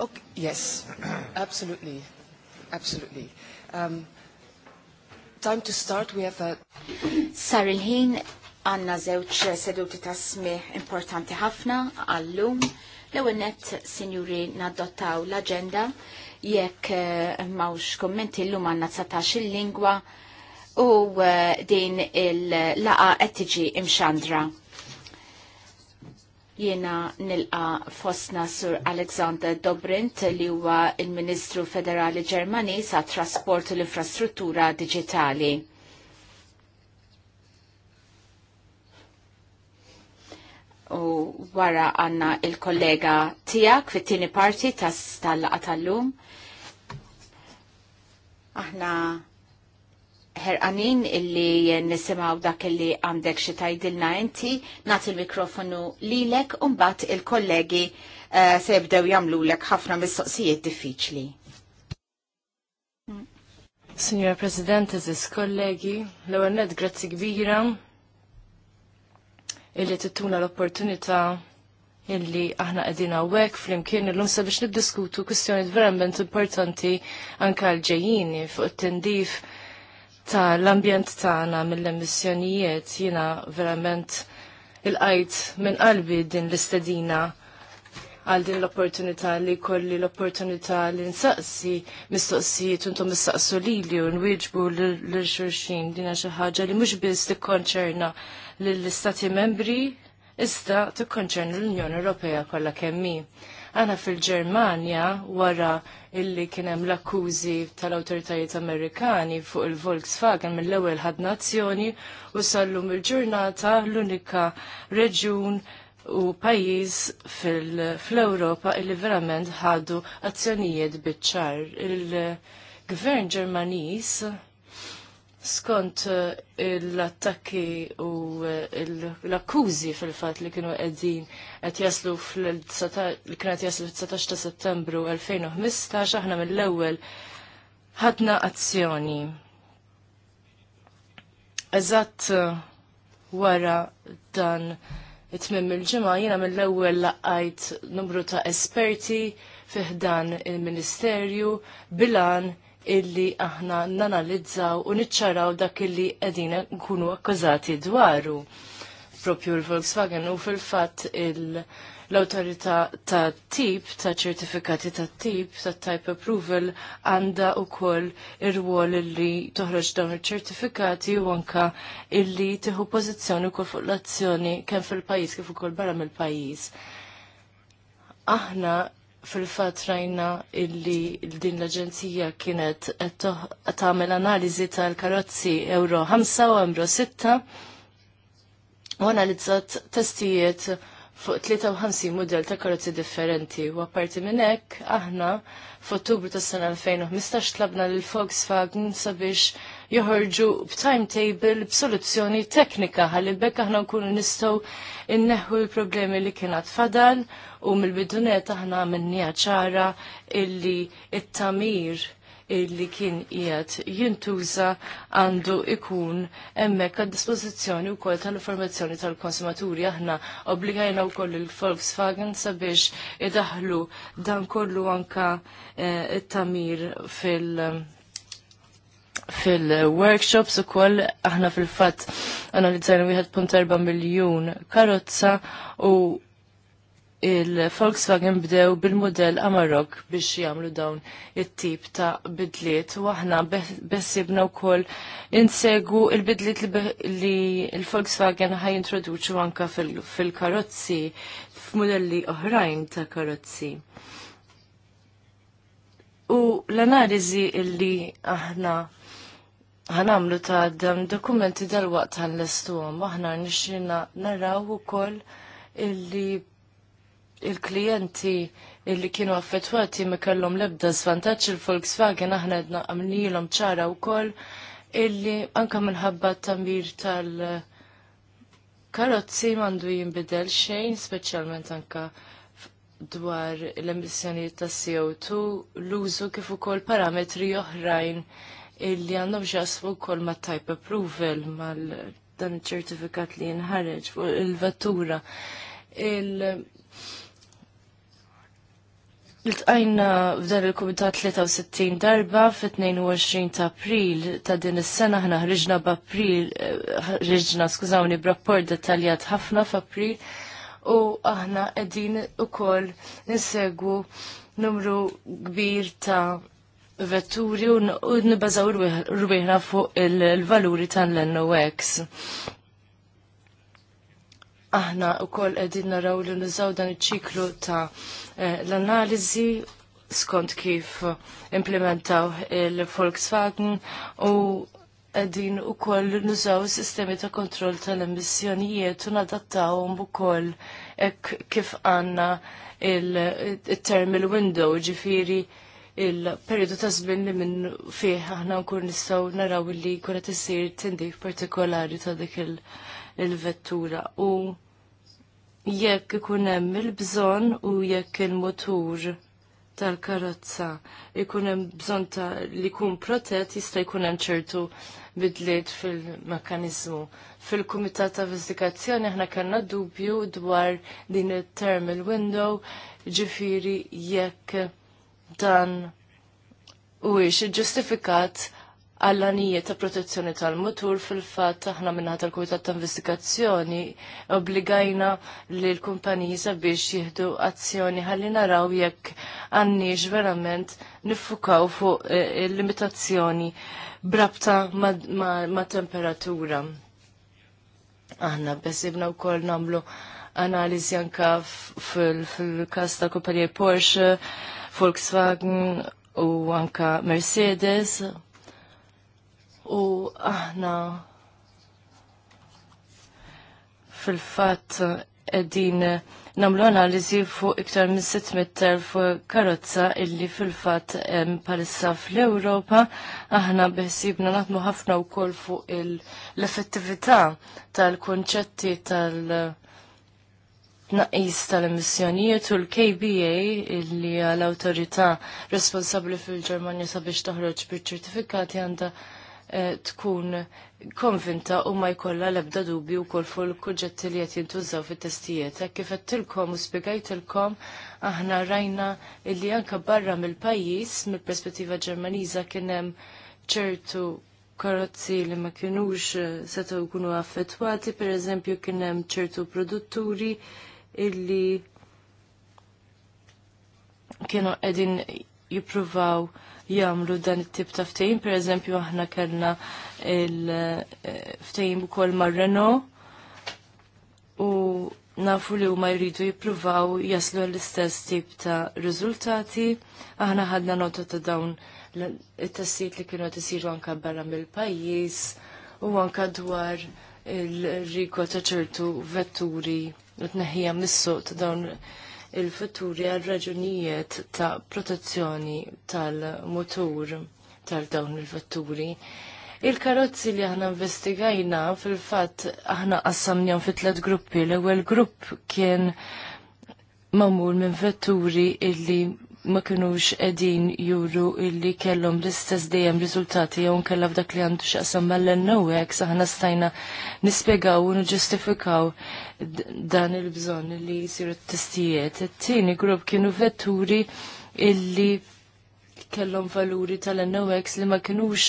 Okay, yes, absolutely, absolutely. Um, time to start, we have a... Sar il-ħin għanna zewċ seduti tasmi importanti ħafna għallum. L-ewennet, sinjuri, naddottaw l-agenda jekk uh, mawx kommenti l-lum għanna tsatax il-lingwa u uh, din il-laqa tiġi imxandra. Jiena nilqa fosna sur Alexander Dobrint li huwa il-Ministru Federali Ġermani sa' trasport u l-infrastruttura digitali. U wara għanna il-kollega tijak fit-tini parti tas tal-laqatallum. Aħna ħerqanin illi nisimaw dak illi għandek xi tajdilna inti, nagħti il-mikrofonu lilek u mbagħad il-kollegi eh, se jibdew jagħmlulek ħafna mistoqsijiet diffiċli. Signora President, eżis kollegi, l-ewwel nett grazzi kbira illi tittuna l-opportunità illi aħna qegħdin hawnhekk flimkien illum sabiex niddiskutu kwistjonijiet verament importanti anke għall ġejjini fuq it-tendif Ta' l ambjent tagħna mill-emissjonijiet jiena verament il-qajt minn qalbi din l-istedina għal din l-opportunità li kolli l-opportunità li nsaqsi mistoqsijiet untu mistaqsu li li unwieġbu l-xurxin dina xi ħaġa li mhux biss tikkonċerna lill-istati membri iżda tikkonċerna l-Unjoni Ewropea kollha kemm Għana fil-Ġermanja wara illi kienem l-akkużi tal-autoritajiet Amerikani fuq il-Volkswagen mill-ewwel ħad nazzjoni u sallum il-ġurnata l-unika reġun u pajjiż fl-Ewropa illi verament ħadu azzjonijiet biċ-ċar. Il-Gvern Ġermaniż skont eh, l-attakki u eh, l-akkużi fil-fat li kienu qegħdin qed jaslu fl-19 jaslu fil-19 ta' Settembru 2015 aħna mill-ewwel ħadna azzjoni. Eżatt eh, wara dan it-tmim il-ġimgħa jiena mill-ewwel laqajt numru ta' esperti fiħdan il-Ministerju bilan illi aħna nanalizzaw u niċċaraw dak illi qegħdin nkunu akkużati dwaru propju l-Volkswagen u fil-fatt l autorita ta' tip, ta' ċertifikati ta' tip, ta' type approval għanda u koll ir-wol illi toħroġ dawn il-ċertifikati u anka illi tiħu pozizjoni u koll fuq l-azzjoni kem fil-pajis kif u koll barra mill-pajis. Aħna fil-fat rajna illi din l-Aġenzija kienet tagħmel analiżi tal-karozzi Euro 5 u Euro 6 u analizzat testijiet fuq 53 mudell ta' karozzi differenti u apparti minn hekk aħna f'Ottubru tas-sena 2015 tlabna lil Volkswagen sabiex joħorġu b'timetable b'soluzzjoni teknika ħalli bekk aħna nkunu nistgħu inneħu l-problemi li kienet fadal u mill-bidunet aħna minnija ċara illi it-tamir illi kien qiegħed jintuża għandu ikun hemmhekk għad-dispożizzjoni wkoll tal-informazzjoni tal-konsumaturi aħna obbligajna wkoll il-Volkswagen sabiex idaħlu dan kollu anka eh, it-tamir fil- fil-workshops u koll aħna fil-fat analizzajna 1.4 miljon karozza u il-Volkswagen bdew bil-modell Amarok biex jagħmlu dawn it-tip ta' bidliet u aħna besibna wkoll insegu il-bidliet li l-Volkswagen ħaj introduċu anka fil-karozzi f'modelli oħrajn ta' karozzi. U l-analiżi illi aħna ħanamlu ta' dam dokumenti dal-waqt ħanlestuhom aħna nixxina naraw ukoll illi il-klijenti illi kienu affettwati me kellhom l-ebda il-Volkswagen aħna qed naqamlilhom ċara wkoll illi anke minħabba tambir tal- Karozzi mandu jimbidel xejn, speċjalment anka dwar l-emissjonijiet ta' CO2, l-użu kif ukoll parametri oħrajn illi għandhom xasfu kol ma type approval mal dan iċ ċertifikat li jinħareġ fuq il-vettura. Il- Iltqajna f'dan il-Kumitat 63 darba fit-22 ta' April ta' din is-sena ħna ħriġna b'April, eh, ħriġna skużawni b'rapport dettaljat ħafna f'April u aħna qegħdin ukoll insegwu numru kbir ta' vetturi u nibbażaw rwieħna fuq il-valuri tal-NOx. Aħna u koll edin naraw li nizaw dan iċ-ċiklu ta' eh, l-analizi skont kif implementaw il-Volkswagen u edin u koll nużaw sistemi ta' kontroll tal-emissjonijiet u nadattawhom ukoll kif għanna il-terminal window ġifiri il-periodu ta' żmien li minn fih aħna nkun nistgħu naraw li jkun qed isir tindif partikolari ta' dik il-vettura u jekk ikun hemm il-bżonn u jekk il-motur tal-karozza ikun hemm bżonn ta' li jkun protett jista' jkun hemm ċertu bidliet fil-mekkanizmu. Fil-Kumitat ta' Investigazzjoni aħna kellna dubju dwar din it-term il-window ġifiri jekk dan huwiex ġustifikat għall-anijiet ta' protezzjoni tal-mutur fil-fat aħna minna tal komitat ta' Investigazzjoni obbligajna li l-kumpaniji sabiex jihdu azzjoni ħalli naraw jekk għanniġ verament nifukaw fuq eh, limitazzjoni brabta ma' temperatura. Aħna besibna u kol namlu analizi fil-kas ta' kumpanija Porsche Volkswagen u anka Mercedes u aħna fil-fat edin namlu analizi fuq iktar minn 600.000 karozza illi fil-fat palissa fl-Europa aħna beħsibna naħdmu ħafna u kol fuq l-effettività tal-konċetti tal-, -konċetti tal tnaqqis tal-emissjonijiet u l-KBA li għal autorità responsabbli fil-Ġermanja sabiex toħroġ biċ-ċertifikati għandha eh, tkun konvinta u ma jkollha l-ebda dubju wkoll fuq il-kuġġetti li qed jintużaw fit-testijiet. Hekk kif għettilkom u spjegajtilkom aħna rajna li anke barra mill-pajjiż mill-perspettiva Ġermaniża kien hemm ċertu karozzi li ma kienux eh, setgħu jkunu affettwati, pereżempju kien hemm ċertu produtturi illi kienu qegħdin jippruvaw jamlu dan it-tip ta' ftehim, per eżempju aħna kellna il-ftehim u kol marreno u nafu li huma jridu jippruvaw jaslu l-istess tip ta' riżultati. Aħna ħadna nota ta' dawn it-tessijiet li kienu qed isiru anke barra mill-pajjiż u anke dwar il-rikwa ta' ċertu vetturi u tneħħija mis-suq ta' dawn il-vetturi għal raġunijiet ta' protezzjoni tal-motur tal-dawn il-vetturi. Il-karozzi li aħna investigajna fil-fatt aħna qassamnjom fit tlet gruppi. L-ewwel grupp kien mamur minn vetturi illi ma kinux edin juru illi kellhom l-istess dejjem riżultati jew nkella f'dak li għandu x'aqsam mal-nowek saħna stajna nispjegaw u niġġustifikaw dan il-bżonn li jsiru t-testijiet. It-tieni grupp kienu vetturi illi kellhom valuri tal-NOX li ma kinux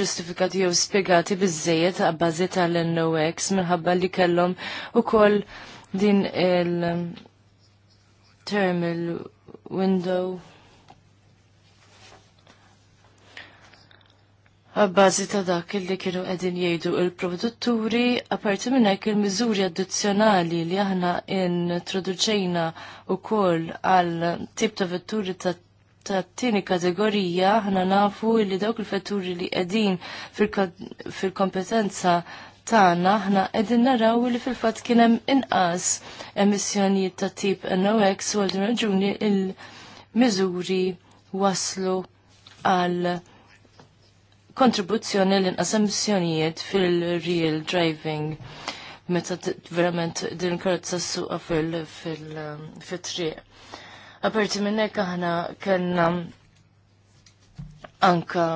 ġustifikati jew spjegati biżejjed għabbażi tal-NOX minħabba li kellhom ukoll din il-term il window Għabbażi ta' dak li kienu qegħdin jgħidu il-produtturi, apparti minn hekk il-miżuri addizzjonali li aħna introduċejna wkoll għal tip ta' vetturi ta' ta' tieni kategorija, aħna nafu li dawk il-vetturi li qegħdin fil-kompetenza tagħna aħna qegħdin naraw li fil-fatt kien hemm inqas emissjonijiet ta' tip NOx u għal raġuni il-miżuri waslu għal kontribuzzjoni l-inqas emissjonijiet fil-real driving meta verament din karozza suqa fil-triq. Aperti minnek aħna kellna anka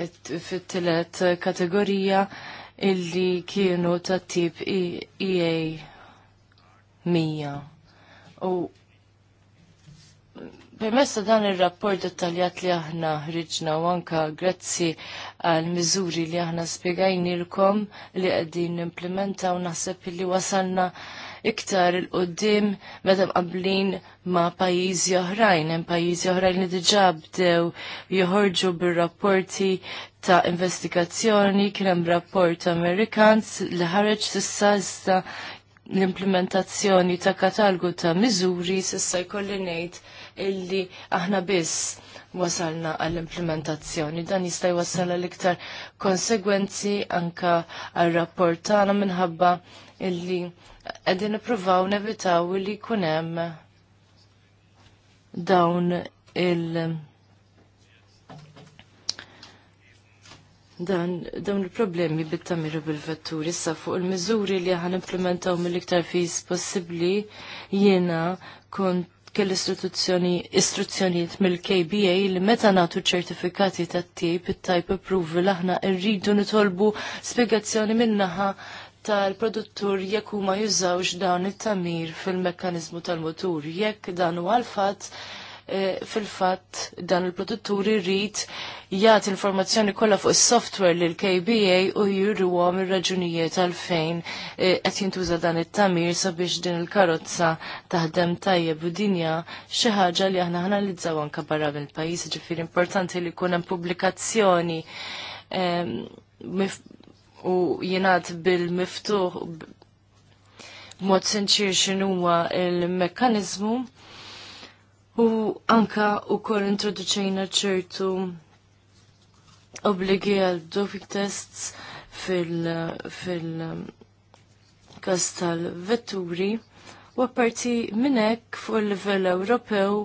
fit-tilet kategorija illi kienu ta' tip EA Mija. U permessa dan il-rapport dettaljat li aħna ħriġna u anka grazzi għal miżuri li aħna spiegajnilkom li għedin implementa u naħseb li wasalna iktar il-qoddim meta mqablin ma' pajjiżi oħrajn, hemm pajjiżi oħrajn li diġà bdew joħorġu bir-rapporti ta' investigazzjoni kien hemm rapport Amerikan li ħareġ sissa iżda l-implementazzjoni ta' katalgu ta' miżuri sissa jkolli ngħid illi aħna biss wasalna għall-implementazzjoni. Dan jista' jwassal l-iktar konsegwenzi anka għal-rapport tagħna minħabba illi qegħdin nippruvaw nevitaw li jkun hemm dawn il- dan dawn il-problemi bit-tamiru bil vetturi Issa fuq il-miżuri li ħan implementaw mill-iktar fis possibbli jiena kont kell istruzzjoni istruzzjonijiet mill-KBA li meta nagħtu ċertifikati tat tip it-type approval aħna rridu nitolbu spjegazzjoni min-naħa tal-produttur jekk huma jużawx dan it-tamir fil mekkaniżmu tal-motur. Jekk dan huwa l-fatt E, fil-fatt dan il-produtturi rrit jgħat informazzjoni kollha fuq is-software l KBA u jirruhom il raġunijiet għalfejn e, qed jintuża dan it-tamir sabiex din il-karozza taħdem tajjeb u dinja xi ħaġa li aħna analizzaw anke barra mill-pajjiż, ġifieri importanti li jkun hemm pubblikazzjoni e, u jingħad bil-miftuħ b'mod sinċir x'inhuwa il-mekkaniżmu U anka u kol introduċejna ċertu obligi għal doping tests fil, fil tal-vetturi u apparti minnek fuq il-livell Ewropew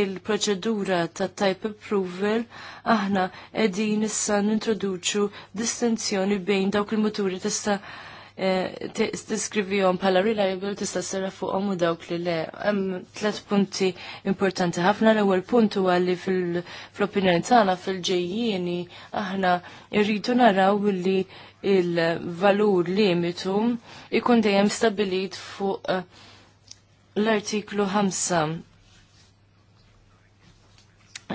il-proċedura ta' type approval aħna edin issa nintroduċu distinzjoni bejn dawk il-moturi tista' Eh, tiskrivihom bħala reliable tista' ssara fuqhom u dawk li le. Hemm tliet punti importanti ħafna l-ewwel puntu għalli li fl-opinjoni tagħna fil ġejjini aħna rridu naraw li il-valur limitu ikun dejjem stabilit fuq eh, l-artiklu 5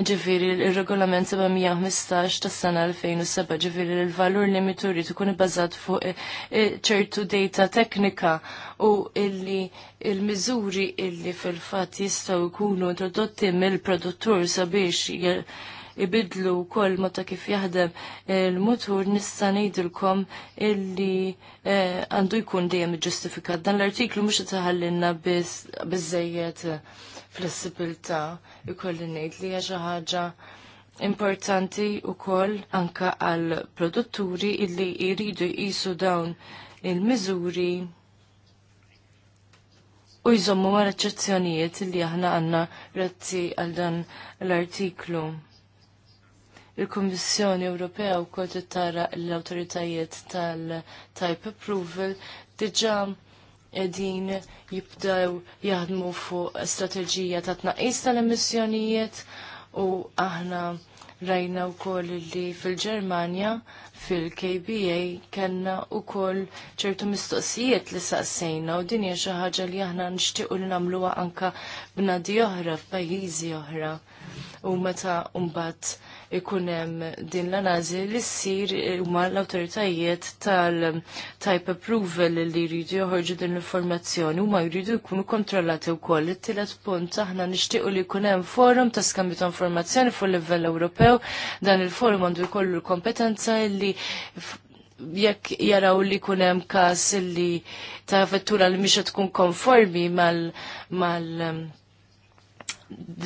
ġifiri il-regolament 715 tas sena 2007 ġifiri il-valur limituri tkun ikun bazat fuq eh, eh, ċertu data teknika u illi il-mizuri illi fil-fat jistaw ikunu introdotti mill-produttur sabiex ibidlu kol mota kif jaħdem il-mutur nista' ngħidilkom illi eh, għandu jkun dejjem ġustifikat. Dan l-artiklu mhux taħallinna biżejjed flessibilta' ikolli ngħid li hija xi ħaġa importanti wkoll anka għal produtturi illi jridu jqisu dawn il-miżuri u jżommu ma reċezzjonijiet li aħna għandna grazzi għal dan l-artiklu. Il-Kommissjoni Ewropea wkoll tittara l-awtoritajiet tal-Type Approval diġa' edin jibdew jaħdmu fuq strateġija ta' tnaqqis tal-emissjonijiet u aħna rajna u koll li fil ġermania fil-KBA kanna u koll ċertu mistoqsijiet li saqsejna u dinja xaħġa li aħna nishtiqu li namluwa anka b'nadi oħra f'pajjiżi oħra u meta umbat ikun hemm din l-analiżi li ssir eh, huma l-awtoritajiet tal-type approval li jridu joħorġu din l-informazzjoni huma jridu jkunu kontrollati wkoll. It-tielet punt aħna nixtiequ li jkun hemm forum ta' skambju ta' informazzjoni fuq livell Ewropew dan il-forum għandu jkollu l-kompetenza li jekk jaraw li kunem kas li ta' vettura li miex tkun konformi mal, mal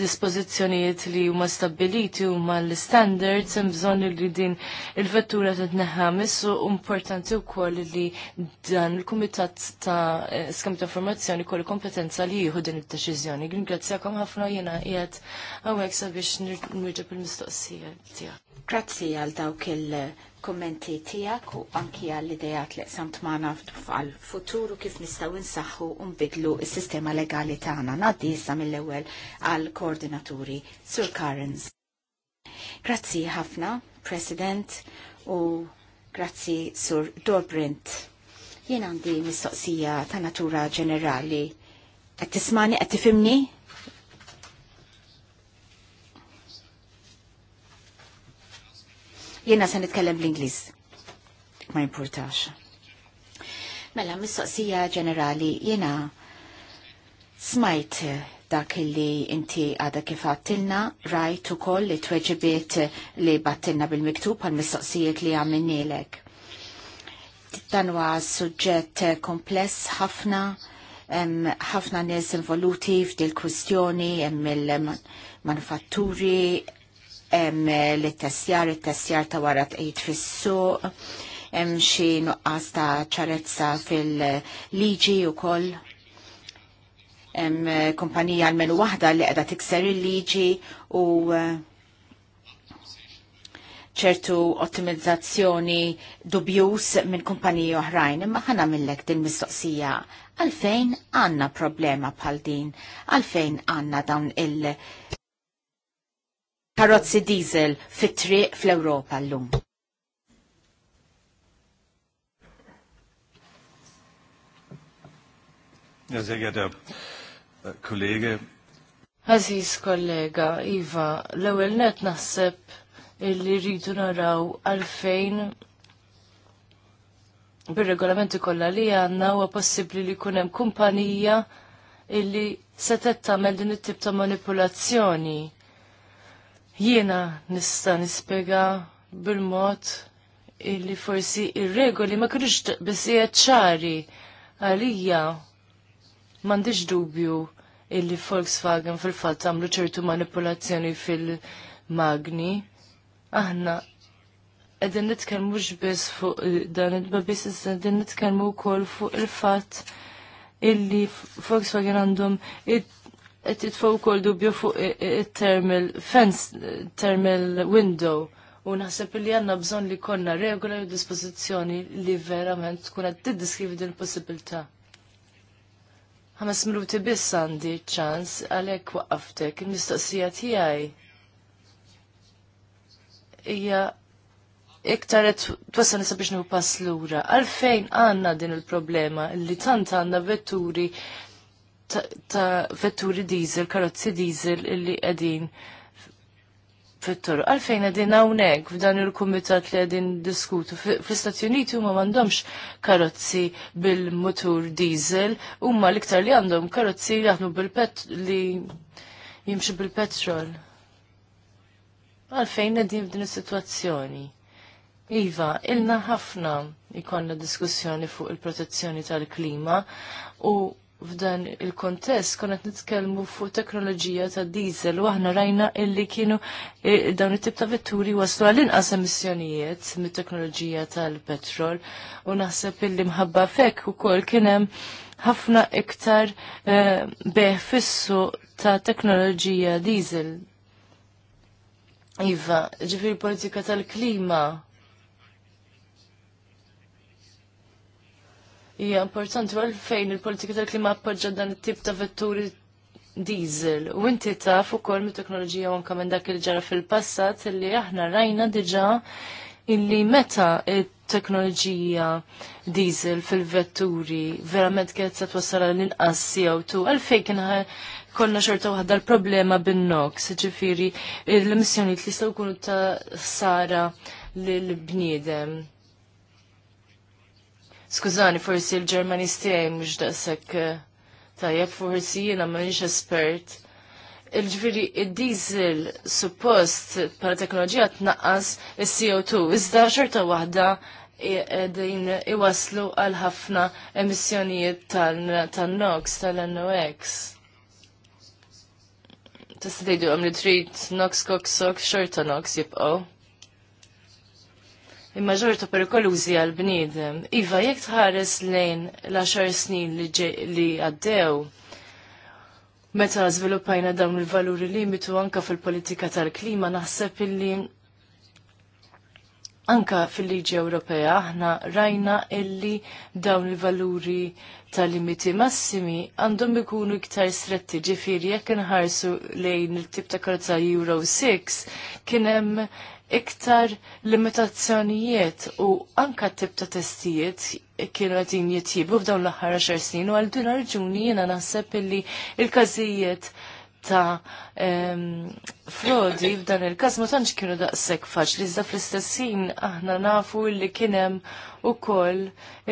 dispożizzjonijiet li huma stabiliti huma l-standards hemm bżonn li din il-vettura titneħħamis u importanti wkoll li dan il-kumitat ta' skam ta' informazzjoni kollu kompetenza li jieħu din id-deċiżjoni. Ringrazzjakom ħafna jiena qiegħed hawnhekk sabiex nirġeb il-mistoqsija tiegħek. Grazzi għal dawk il- kommenti tijak u anki għall-idejat li samt maħna għal-futuru kif nistaw insaxħu unbidlu il-sistema legali taħna. Naddi jissa mill ewwel għal-koordinaturi Sir Karens. Grazzi ħafna, President, u grazzi Sur Dobrint. Jien għandi mistoqsija ta' natura ġenerali. Għattismani, tismani, tifimni? Jena se nitkellem bl-Ingliż. Ma importax. Mela, mistoqsija ġenerali, jena smajt dak li inti għada kif għattilna, rajt u koll li tweġibiet li battilna bil-miktub għal mistoqsijiet li għamminnilek. Dan huwa suġġett kompless ħafna, ħafna nies involuti f'dil kwistjoni hemm il-manufatturi, hemm eh, l-tessjar, it-tessjar ta' wara tqejt fis-suq, hemm xi nuqqas ta' ċarezza fil-liġi wkoll hemm eh, kumpanija għalmenu waħda li qiegħda tikser il-liġi u eh, ċertu ottimizzazzjoni dubjus minn kumpaniji oħrajn, imma ħana millek din mistoqsija għalfejn għanna problema bħal din, għalfejn għanna dawn il- karozzi diesel fit-triq fl-Ewropa llum. Ja, sehr geehrter äh, Kollege. Aziz kollega, Iva, l-ewel net naħseb illi rridu naraw għalfejn bir-regolamenti kollha li għandna huwa possibbli li jkun hemm kumpanija illi se tagħmel din it-tip ta' manipulazzjoni Jiena nista' nispjega bil-mod illi forsi ir-regoli ma kienux biżejjed ċari għalija m'għandix dubju illi Volkswagen fil-fatt għamlu ċertu manipolazzjoni fil-magni. Aħna qegħdin nitkelmu biss fuq dan il-babis iżda qegħdin nitkellmu wkoll fuq il-fatt illi Volkswagen għandhom id qed jitfgħu wkoll dubju fuq it termal fence, thermal window. U naħseb li għanna bżon li konna regola u dispożizzjoni li verament tkun qed tiddiskrivi din possibilità. Ħames minuti biss għandi ċans għalhekk waqaftek il-mistoqsija tiegħi hija iktar twassan nisa biex nħu pass lura. Għalfejn għanna din il-problema li tant għanna vetturi ta' vetturi diesel, karozzi diesel illi qegħdin fit Għalfejn qegħdin hawnhekk f'dan il-kumitat li qegħdin diskutu fl-Istati Uniti huma m'għandhomx karozzi bil-mutur diesel, huma l-iktar li għandhom karozzi li jaħdmu bil-pet li jimxu bil-petrol. Għalfejn qegħdin f'din is-sitwazzjoni. Iva, ilna ħafna jikonna diskussjoni fuq il-protezzjoni tal-klima u f'dan il-kontest konet nitkellmu fuq teknoloġija ta' diesel u aħna rajna illi kienu e, dawn it-tip ta' vetturi waslu għall-inqas emissjonijiet mit-teknoloġija tal-petrol u naħseb illi mħabba fekk ukoll kien hemm ħafna iktar e, beħ fissu ta' teknoloġija diesel. Iva, ġifir politika tal-klima hija importanti għal fejn il-politika tal-klima appoġġa dan it-tip ta' vetturi diesel. U inti taf ukoll mit-teknoloġija anke minn dak il-ġara fil-passat li aħna rajna diġà illi meta il teknoloġija diesel fil-vetturi verament kienet se wassara l-inqas CO2 għalfejn kien konna xorta waħda l-problema bin-nox, ġifiri l-emissjoni li jistgħu jkunu ta' sara lill bniedem Skużani, forsi l-Ġermanisti għaj mux daqsek eh, tajab, forsi jena manix espert. Il-ġviri, il dizil suppost pala teknoloġija tnaqqas il-CO2, iżda xorta wahda eh, din iwaslu għal ħafna emissjonijiet tal-NOx, tal-NOx. Tista' tgħidu għam li trid NOx, COX, SOX, xorta NOx jibqgħu imma ġorta perikolużi għal bniedem. Iva, jekk tħares lejn l-10 snin li għaddew, meta zviluppajna dawn il-valuri limitu anka fil-politika tal-klima naħseb illi anka fil-liġi Ewropea aħna rajna illi dawn il-valuri tal-limiti massimi għandhom ikunu iktar stretti ġifiri jekk inħarsu lejn il-tip ta' karza Euro 6 kien hemm iktar limitazzjonijiet u anka tip ta' testijiet kienu għedin jitjibu f'dawn l-aħħar 10 snin u għal din raġuni jiena naħseb illi il-każijiet ta' um, frodi f'dan il kaz ma tantx kienu daqshekk faċli iżda fl-istessin aħna nafu li kien hemm ukoll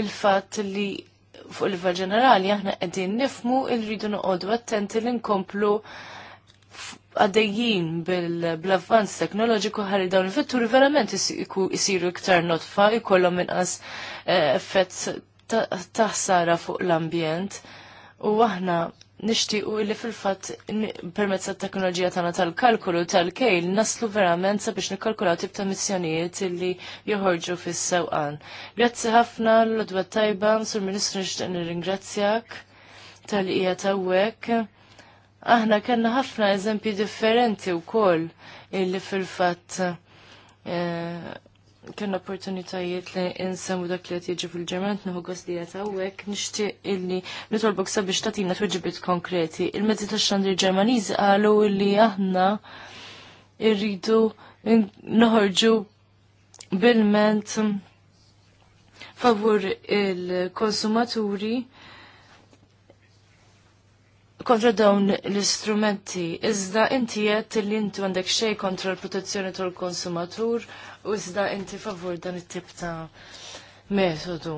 il-fatt li fuq il-livell ġenerali aħna qegħdin nifmu il rridu noqogħdu attenti li nkomplu għaddejjin bil-avvanz teknoloġiku ħalli dawn il-vetturi verament isiru iktar notfa, jkollhom inqas eh, effett taħsara fuq l-ambjent. U aħna nixtiequ li fil-fatt permezz tat-teknoloġija tagħna tal-kalkulu tal-kejl naslu verament sabiex nikkalkulaw tip ta' missjonijiet li joħorġu fis-sewqan. Grazzi ħafna l-odwa tajba, Sur Ministru nixtieq nirringrazzjak tal-qija tawwek Aħna kellna ħafna eżempji differenti wkoll illi fil-fatt eh, kien opportunitajiet li insemmu dak li qed jiġi fil-ġermant nħu gost li qed hawnhekk nixtieq illi nitolbok sabiex tatina tweġibiet konkreti. Il-mezzi tax xandri ġermaniz qalu illi aħna irridu nħorġu bil-ment favur il-konsumaturi kontra dawn l-istrumenti. Iżda inti qed li intu għandek xej kontra l-protezzjoni tal-konsumatur u iżda inti favur dan it-tip ta' metodu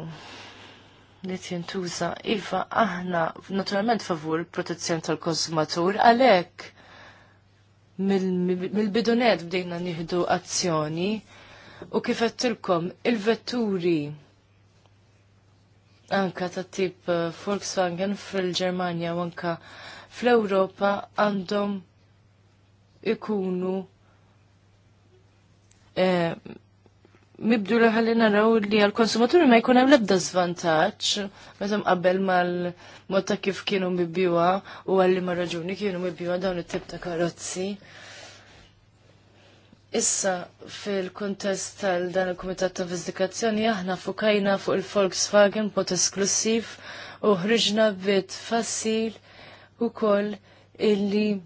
li tintuża. Iva, aħna naturalment favur protezzjoni tal-konsumatur għalhekk mill-bidunet bdejna nieħdu azzjoni u kif il-vetturi anka ta' tip eh, Volkswagen fil-Germania u anka fl-Europa għandhom ikunu mibdura eh, mibdu ħalli naraw li għal-konsumaturi ma jkun hemm l-ebda żvantaġġ meta mqabbel mal-mod ta' kif kienu mibjuha u għalli ma raġuni kienu mibjuha dawn it-tip ta' karozzi. Issa, fil-kontest tal dan il-Komitat ta' Investigazzjoni, aħna fukajna fuq il-Volkswagen pot esklusiv u ħriġna bit fassil u koll illi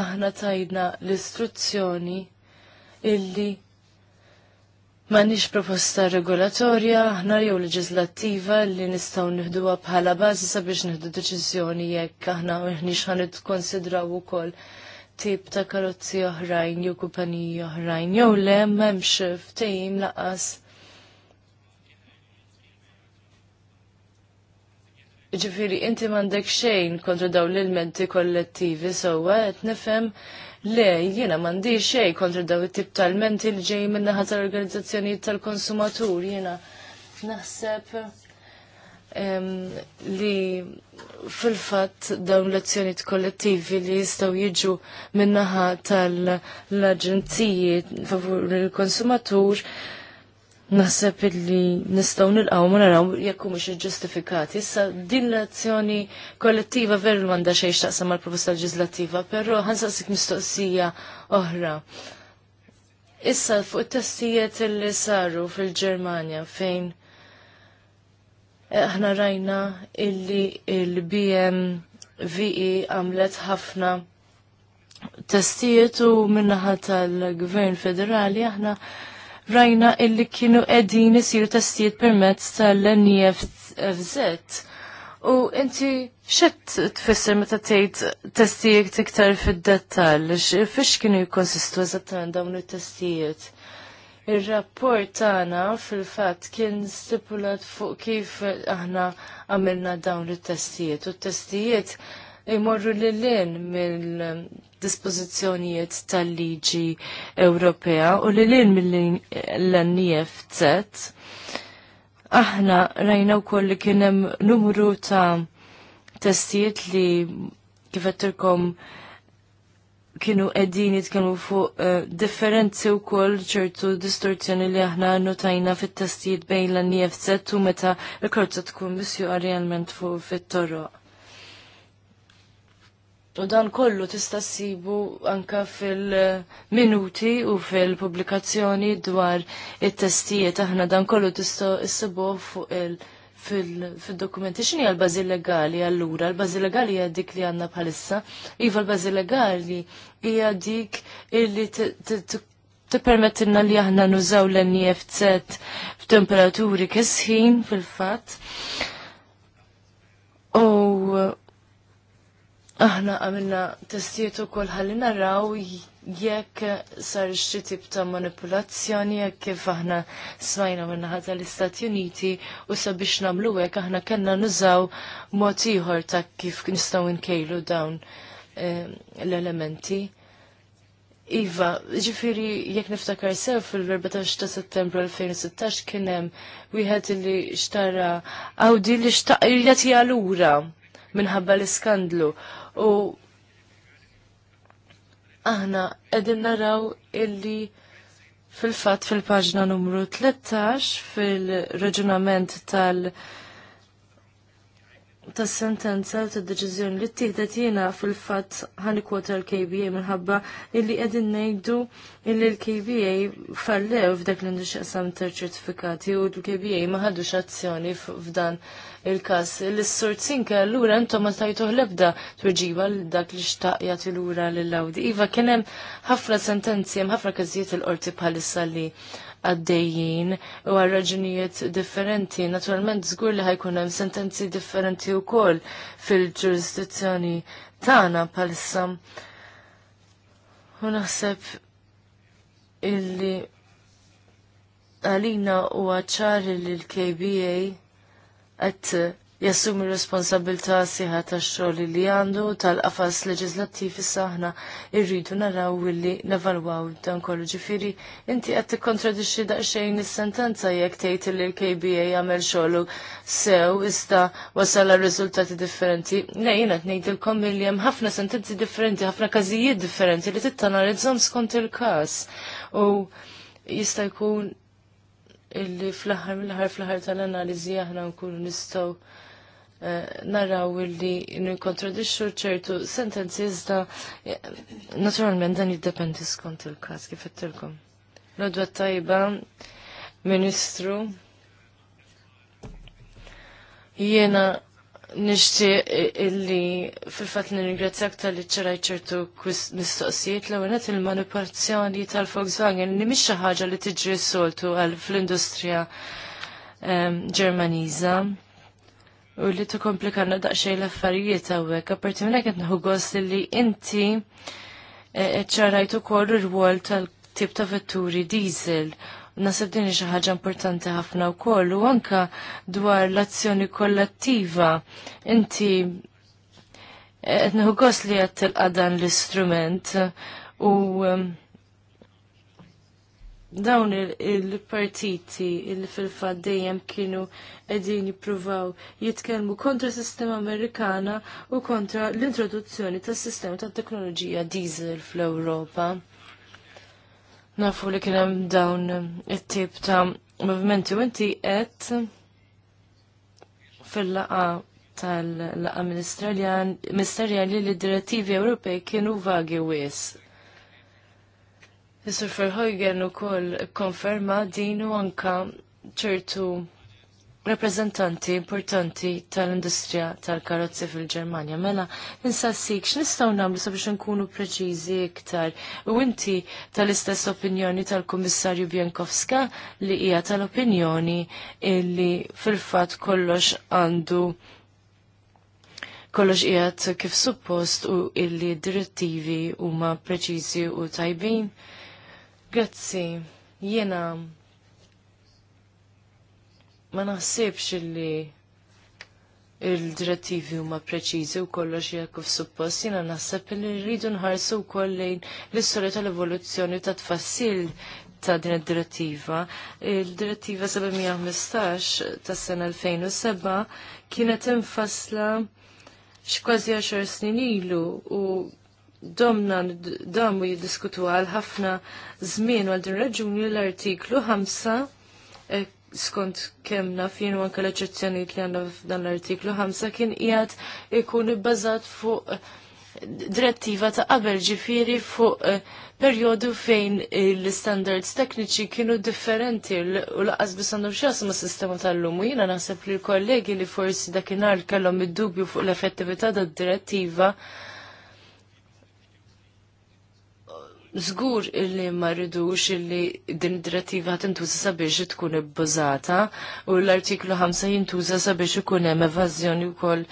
aħna tajna l-istruzzjoni illi nix proposta regolatorja, aħna jew leġislattiva li nistgħu nieħduha bħala bażi sabiex nihdu deċiżjoni jekk aħna m'aħniex ħanet konsidraw ukoll tip ta' karozzi oħrajn jew kumpaniji oħrajn jew le m'hemmx ftehim laqas. ġifiri, inti mandek xejn kontra daw l-elementi kollettivi, sewwa għet nifem Le, jiena mandi xej kontra daw it-tip tal-menti li ġej minna ħata organizzazzjoni tal-konsumatur, jiena naħseb li fil-fat dawn l l-azzjoni kollettivi li jistaw jiġu minnaħa tal-aġenziji favur il-konsumatur. il konsumatur naħseb illi nistgħu nilqgħu ma naraw jekk mhux iġġustifikati. Issa din l-azzjoni kollettiva veru m'għandha xejn x'taqsam mal-proposta leġislattiva, però ħansaqsik mistoqsija oħra. Issa fuq it-testijiet li saru fil-Ġermanja fejn eh, aħna rajna illi il VE għamlet ħafna testijiet u min-naħa tal-Gvern Federali aħna rajna illi kienu edin isiru testijiet permezz tal-NEFZ. U inti xed tfisser meta tgħid testijiet iktar fid-dettall, fiex kienu jikkonsistu eżattament dawn it-testijiet? Ir-rapport tagħna fil-fatt kien stipulat fuq kif aħna għamilna dawn it-testijiet u t-testijiet imorru lil lin dispożizzjonijiet tal-liġi Ewropea u li lin mill nfz e Aħna rajna wkoll li kien hemm numru ta' testijiet li kifettilkom kienu edin jitkellmu fuq uh, differenzi u koll ċertu distorzjoni li aħna notajna fit-testijiet bejn l-NFZ e u meta l-korza tkun bisju realment fuq fit-toroq. U dan kollu tista' ssibu anka fil-minuti u fil-pubblikazzjoni dwar it-testijiet aħna dan kollu tista' issibu fuq il- fil-dokumenti x'inhi l-bażi legali allura? L-bażi legali hija dik li għandna bħalissa. Iva l-bażi legali hija dik illi tippermettilna li aħna nużaw l-NIFZ f'temperaturi kisħin fil-fatt. U aħna għamilna testijiet kol ħalli naraw jekk sar xi tip ta' manipulazzjoni jekk kif aħna smajna minn ħadd l-Istati Uniti u sabiex nagħmlu hekk aħna kellna nużaw mod ieħor ta' kif nistgħu nkejlu dawn eh, l-elementi. Iva, ġifiri, jek niftakar sew fil-14 ta' settembru 2016 kien hemm wieħed li xtara Audi li xtaq li lura minħabba l-iskandlu u aħna edin naraw illi fil-fatt fil-paġna numru 13 fil-reġunament tal- tas sentenza u tad deċiżjoni li ttieħdet jiena fil-fatt kwota l-KBA minħabba illi qegħdin ngħidu illi l-KBA fallew f'dak li ta' ċertifikati u l-KBA ma ħadux azzjoni f'dan il-każ. L-sur Zinka allura intom ma tajtuh ebda tweġiba l dak li xtaq jagħti lura lill-awdi. Iva kien hemm ħafna sentenzi hemm ħafna każijiet il-qorti bħalissa li għaddejjin u għal raġunijiet differenti. Naturalment żgur li ħajkun hemm sentenzi differenti wkoll fil-ġurisdizzjoni tagħna bħalissa. U naħseb illi għalina u għacċar li l-KBA għat jassumi responsabilta siħa ta' xogħol li għandu tal-qafas leġislattiv issa aħna irridu naraw willi nevalwaw dan kollu ġifieri inti qed tikkontradixxi daqsxejn is-sentenza jekk tgħid li l-KBA jagħmel xogħlu sew ista wasal riżultati differenti. Nejjina qed ngħidilkom milli hemm ħafna sentenzi differenti, ħafna każijiet differenti li tittanalizzhom skont il-każ. U jista' jkun illi fl-aħħar mill-aħħar fl-aħħar tal-analiżi aħna nkunu nistgħu Eh, naraw illi nikontradixxu ċertu sentenzi iżda eh, naturalment dan jiddependi skont il-każ kif ittilkom. Lodwa tajba, Ministru, jiena nixtieq illi fil-fatt nirringrazzjak tal-li ċeraj ċertu mistoqsijiet l għenet il-manipolazzjoni tal-Volkswagen li mhix xi ħaġa li tiġri soltu għal fl-industrija ehm, Ġermaniża. Um, u li t-komplikanna daqxej l-affarijiet għawek. Għaparti minna għetna naħu għos li inti e, e, ċarajtu kol r-wol tal-tip ta' vetturi diesel nasib din xi ħaġa importanti ħafna u u anka dwar l-azzjoni kollattiva inti qed nieħu gost li qed tilqa' dan l-istrument u um, dawn il-partiti il fil-fat dejjem kienu edin jipruvaw jitkellmu kontra s sistema Amerikana u kontra l-introduzzjoni tas sistema ta' teknoloġija diesel fl-Ewropa. Nafu li kienem dawn it-tip ta' movimenti u inti qed fil-laqa tal-laqa ministerjali li d-direttivi Ewropej kienu vagi wis Isur Ferħojgen u koll konferma dinu anka ċertu rappresentanti importanti tal-industrija tal-karozzi fil-Germania. Mela, insassik, x'nistgħu nagħmlu sabiex nkunu preċiżi iktar? U inti tal-istess opinjoni tal-Kummissarju Bjankowska li hija tal-opinjoni illi fil-fatt kollox għandu kollox qiegħed kif suppost u illi direttivi huma preċiżi u tajbin. Grazzi, jiena ma naħsibx illi il-direttivi huma preċiżi u kollox jekk f'suppost jiena naħseb li rridu nħarsu wkoll lejn l-istorja tal-evoluzzjoni ta' tfassil ta' din id-direttiva. Il-direttiva 715 tas sena 2007 kienet infassla x'kważi 10 snin ilu u domna damu jiddiskutu għal ħafna żmien għal din raġuni l-artiklu 5 e, skont kemm naf u anke l eċezzjoni li għandna f'dan l-artiklu 5 kien qiegħed ikun ibbażat fuq e, direttiva ta' qabel ġifiri fuq e, perjodu fejn l-standards tekniċi kienu differenti u laqas biss għandhom x'jas ma' sistema tal-lum u jiena naħseb li l-kollegi li forsi dakinhar kellhom id-dubju fuq l-effettività tad-direttiva Zgur illi ma rridux illi din id-direttiva tintuża sabiex tkun ibbużata u l-artiklu 5 jintuża sabiex ikun hemm evażjoni wkoll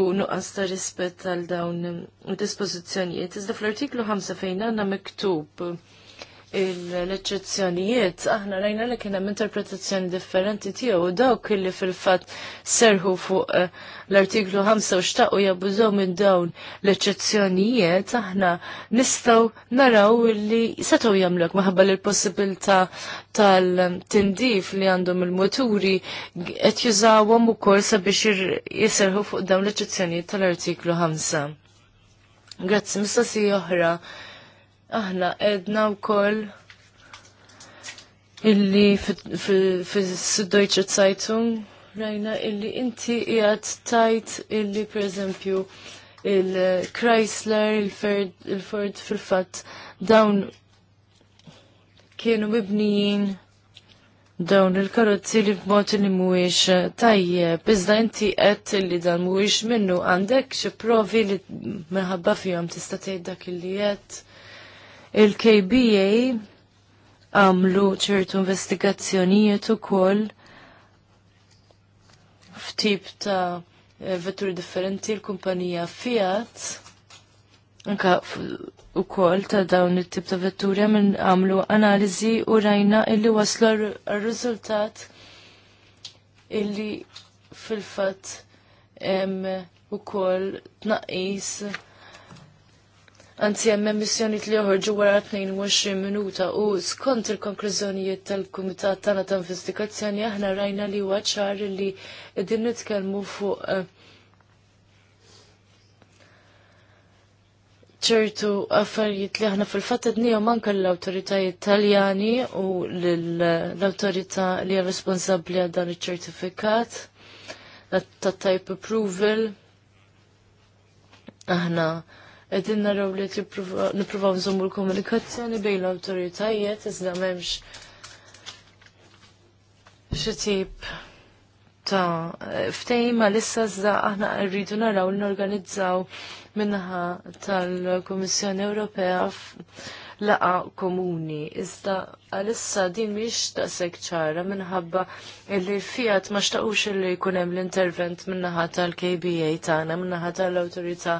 u nuqqas ta' rispett għal dawn id dispożizzjonijiet. Iżda fl-artiklu 5 fejn għandna miktub l-eċezzjonijiet, aħna rajna li kien hemm interpretazzjoni differenti tiegħu dawk illi fil-fatt serħu fuq eh, l-artiklu 5 u xtaqu jabużaw minn dawn l-eċezzjonijiet, aħna nistgħu naraw li setgħu jagħmlek maħabba l possibilità tal-tindif li għandhom il-moturi qed jużawhom ukoll sabiex jiserħu fuq dawn l-eċezzjonijiet tal-artiklu 5. Grazzi, mistoqsija oħra aħna edna wkoll illi fil-Deutsche Zeitung rajna illi inti jgħat tajt illi pereżempju il-Chrysler, il-Ford fil-fatt dawn kienu mibnijin dawn il-karozzi li b'mod li mhuwiex tajjeb, iżda inti qed li dan mhuwiex minnu għandek xe provi li minħabba fihom tista' tgħid dak illi qed. Il-KBA għamlu ċertu investigazzjonijiet ukoll ftip ta' vetturi differenti l-kumpanija Fiat anka koll ta' dawn it-tip ta' vetturi minn għamlu analiżi u rajna illi waslu r-riżultat illi fil-fatt u koll tnaqis Anzi, hemm emissjonijiet li joħorġu wara 22 minuta u skont il-konklużjonijiet tal-Kumitat tagħna ta' investigazzjoni aħna rajna li huwa ċar li qegħdin nitkellmu fuq eh, ċertu affarijiet li aħna fil-fatt qednihom anke l-awtoritajiet Taljani u l-awtorità li hija responsabbli għal dan iċ-ċertifikat ta' type approval aħna qegħdin naraw li nippruvaw nżommu l-komunikazzjoni bejn l autoritajiet iżda m'hemmx xi ta' ftejma lissa iżda aħna rridu naraw li norganizzaw minnaħa tal-Kummissjoni Ewropea laqa komuni. Iżda għalissa din miex ta' ċara minħabba illi fijat ma xtaqux illi jkun hemm l-intervent minnaħa tal-KBA tagħna minnaħa tal-awtorità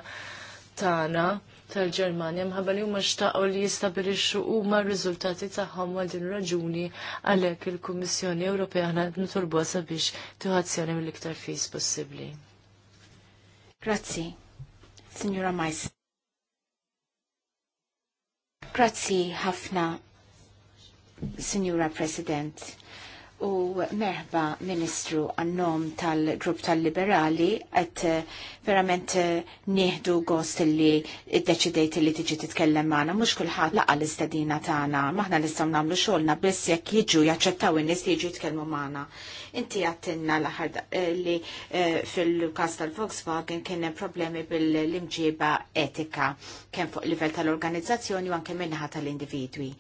Tana tal-Ġermanja mħabba li huma xtaqgħu li jistabilixxu huma r-riżultati tagħhom għal din raġuni għalhekk il-Kummissjoni Ewropea aħna qed nitolbuha sabiex tuħazzjoni mill-iktar fis possibbli. Grazzi, Signora Mais. Grazzi ħafna, Signora President u meħba Ministru għannom tal-Grupp tal-Liberali għet eh, verament eh, nieħdu gost li id-deċidejt li tiġi titkellem maħna, mux kullħat laqqa l-istadina taħna, maħna l-istam namlu xolna, biss jek jiġu jaċċettaw in-nis jiġu jitkellmu maħna. Inti għattinna laħad eh, li fil-kas tal-Volkswagen kien problemi bil limġiba etika, kien fuq livell tal-organizzazzjoni u anke minnaħat tal-individwi.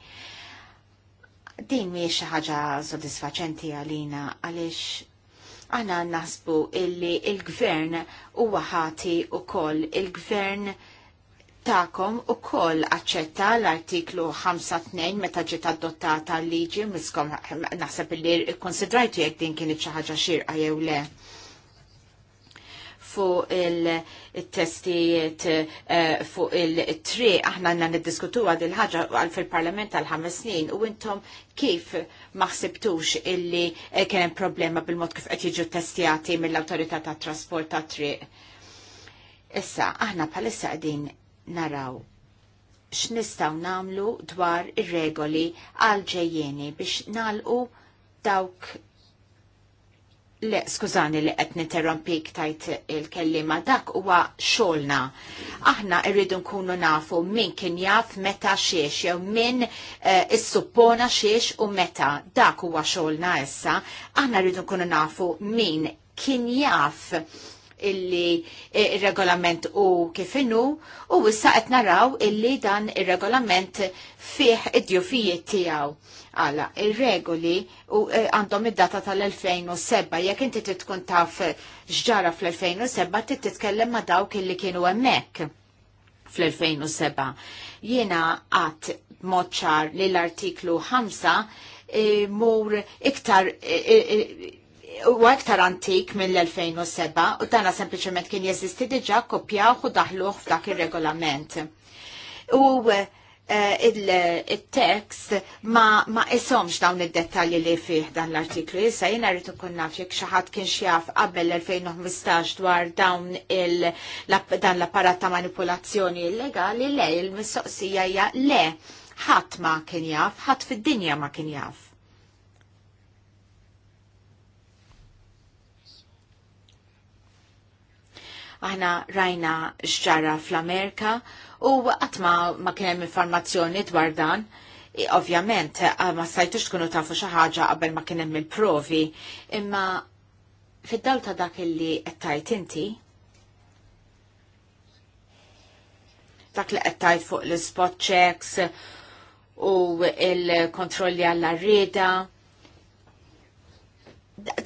Din mi xi ħaġa sodisfaċenti għalina għaliex għana nasbu illi il-gvern u ħati u koll il-gvern ta'kom u koll accetta l-artiklu 5.2 meta ġiet adottata l-liġi miskom naħseb illi konsidrajtu jekk din kienet xi ħaġa xirqa jew le fuq il-testijiet eh, fuq il-tri aħna għanna niddiskutu għad il-ħagġa għal fil-parlament għal ħames snin u intom kif maħsibtux illi eh, kienem problema bil-mod kif qed jiġu testijati mill autorita tat trasport tat triq. Issa, aħna palissa għedin naraw x'nistgħu namlu dwar ir-regoli għal ġejjeni biex nalqu dawk Le, skużani li qed niterrompik tajt il-kellima dak huwa xogħolna. Aħna rridu nkunu nafu min kien jaf meta xiex jew min eh, issuppona xiex u meta dak huwa xogħolna issa. Aħna rridu nkunu nafu min kien jaf illi eh, il-regolament u kifinu u issa qed naraw illi dan ir-regolament fih id-djufijiet tiegħu għala il-regoli eh, għandhom id-data tal-2007, jekk inti titkun taf eh, xġara fl-2007, titkellem ma dawk li kienu emmek fl-2007. Jiena għat moċċar li l-artiklu 5 eh, mur iktar u għaktar antik mill-2007 u tana sempliciment kien jesisti diġa kopjaw u daħluħ f'dak il-regolament. U Eh, il-tekst ma, ma isomx dawn id-dettalji li fih dan l-artiklu. Issa jina rrit nkun naf jekk xi ħadd kien xjaf qabel 2015 dwar dawn il, dan l-apparat ta' manipulazzjoni illegali, le, il-mistoqsija hija le, ħadd ma kien jaf, ħadd fid-dinja ma kien jaf. Aħna rajna xġara fl-Amerika u għat ma kienem informazzjoni dwar dan. Ovvjament, ma stajtux tkunu tafu xi ħaġa qabel ma kien hemm il-provi, imma fid dal ta' dak li qed inti, dak li qed fuq l-spot checks u il-kontrolli għall-arrieda.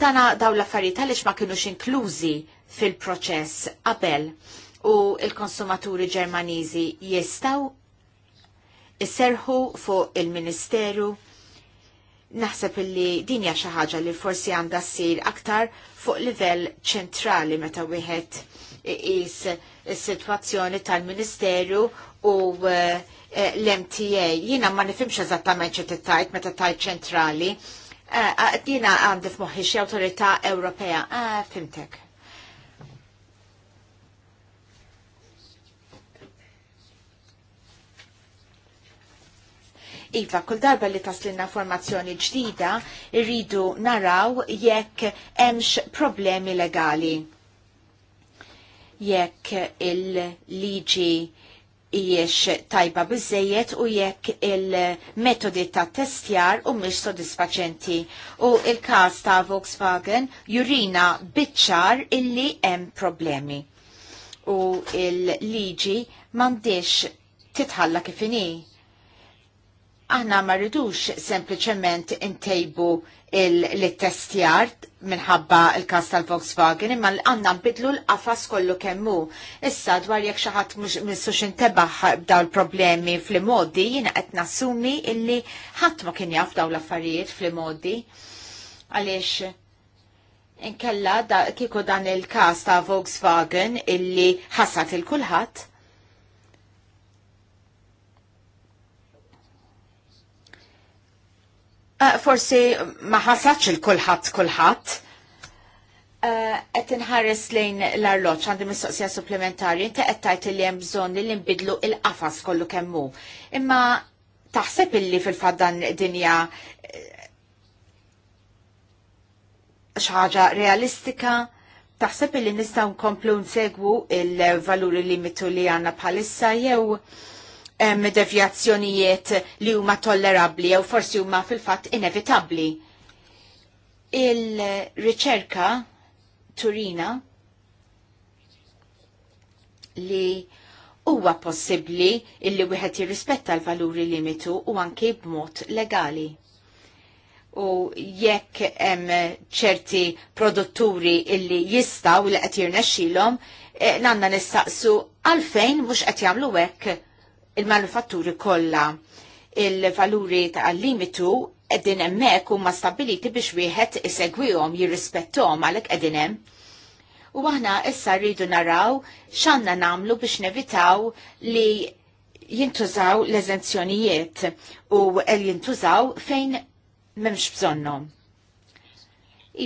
Dana daw l-affarijiet għaliex ma kienux inklużi fil-proċess qabel u il-konsumaturi ġermaniżi jistaw isserħu fuq il-Ministeru naħseb illi din hija xi ħaġa li forsi għandha ssir aktar fuq livell ċentrali meta wieħed iqis is-sitwazzjoni tal-Ministeru u eh, l-MTA. Jiena ma nifhimx eżattament xi tittajt meta tajt ċentrali. Eh, eh, jiena għandi f'moħħi xi awtorità Ewropea. Ah, fimtek. Iva, kull darba li taslinna formazzjoni ġdida, rridu naraw jekk hemmx problemi legali. Jekk il-liġi jiex tajba bizzejiet u jekk il-metodi ta' testjar u mish sodisfaċenti. U il-kas ta' Volkswagen jurina bitċar illi hemm problemi. U il-liġi mandiex titħalla kifini aħna ma rridux sempliċement intejbu il-testjar minħabba il-kas tal-Volkswagen imma għanna nbidlu l-qafas kollu kemmu. Issa dwar jekk xi ħadd missux intebaħ b'daw il-problemi fl-modi jiena qed nassumi illi ħadd ma kien jaf daw l-affarijiet fl-modi. Għaliex inkella da, kieku dan il-kas ta' Volkswagen illi ħassat il-kulħadd Eh, forsi ma ħasatx il-kulħadd kulħadd. Eh, qed inħares lejn l-arloġġ għandi mistoqsija supplementari, inti qed tajt li hemm bżonn li nbidlu il-qafas kollu kemm hu. Imma taħseb illi fil-fatt dan dinja eh, xaġa realistika? Taħseb illi nistgħu nkomplu nsegwu il-valuri limitu li għandna bħalissa jew hemm devjazzjonijiet li huma tollerabbli jew forsi huma fil-fatt inevitabbli. Il-riċerka turina li huwa possibbli illi wieħed jirrispetta l-valuri limitu u anke b'mod legali. U jekk hemm ċerti produtturi illi jistaw li qed jirnexxilhom, eh, għandna nistaqsu għalfejn mhux qed jagħmlu hekk il-manufatturi kollha il-valuri ta' limitu edin emmek u ma stabiliti biex wieħed isegwihom jirrispettom għalhekk qegħdin hemm. U aħna issa rridu naraw x'għandna namlu biex nevitaw li jintużaw l-eżenzjonijiet u l jintużaw fejn memx bżonnom.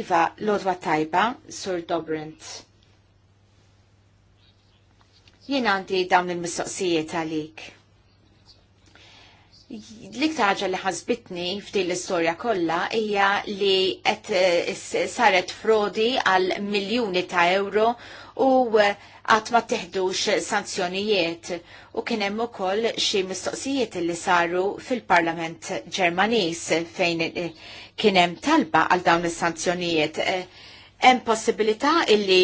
Iva, lodwa tajba, Sur Dobrint. Jien għandi dawn il-mistoqsijiet għalik. L-iktar ħaġa li ħazbitni f'din l-istorja kollha hija li qed eh, saret frodi għal miljuni ta' euro u eh, qatt ma teħdux sanzjonijiet u kien hemm ukoll xi mistoqsijiet li saru fil-Parlament Ġermaniż fejn eh, kien hemm talba għal dawn is-sanzjonijiet. Hemm possibilità illi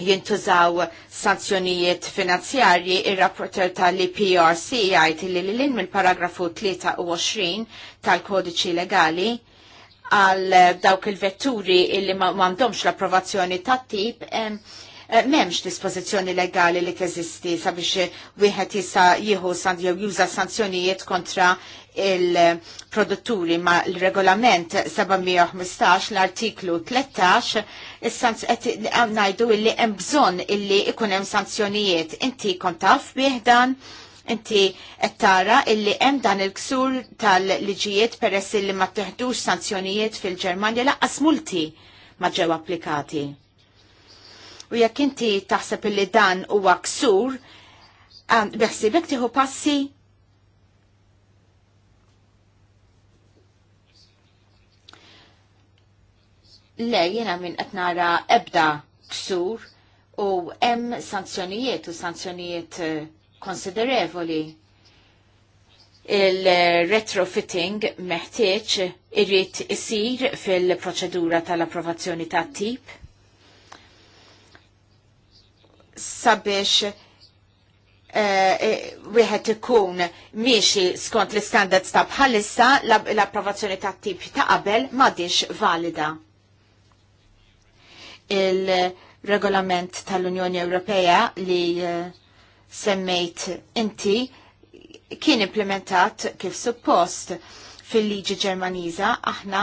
jintużaw sanzjonijiet finanzjarji ir-rapporter tal-IPRC jgħid li l-lin mill-paragrafu 23 tal-kodiċi legali għal dawk il-vetturi illi m'għandhomx l-approvazzjoni tat-tip Eh, memx dispożizzjoni legali li teżisti sabiex wieħed jista' jieħu jew juża sanzjonijiet kontra il-produtturi ma l-regolament 715 l-artiklu 13 il-sanz najdu illi hemm bżonn illi ikun hemm sanzjonijiet inti kontaf biħdan inti qed tara illi hemm dan il-ksur tal-liġijiet peress illi ma teħdux sanzjonijiet fil-Ġermanja laqqas multi ma ġew applikati U jekk inti taħseb li dan huwa ksur, beħsibek tieħu passi Le, jena minn qed nara ebda ksur u hemm sanzjonijiet u sanzjonijiet eh, konsiderevoli il-retrofitting meħtieġ irrid isir fil-proċedura tal-approvazzjoni tat-tip sabiex eh, eh, wieħed ikun miexi skont l-standards ta' bħalissa l-approvazzjoni ta' tip ta' qabel m'għadix valida. Il-regolament tal-Unjoni Ewropea li eh, semmejt inti kien implementat kif suppost fil-liġi Ġermaniża aħna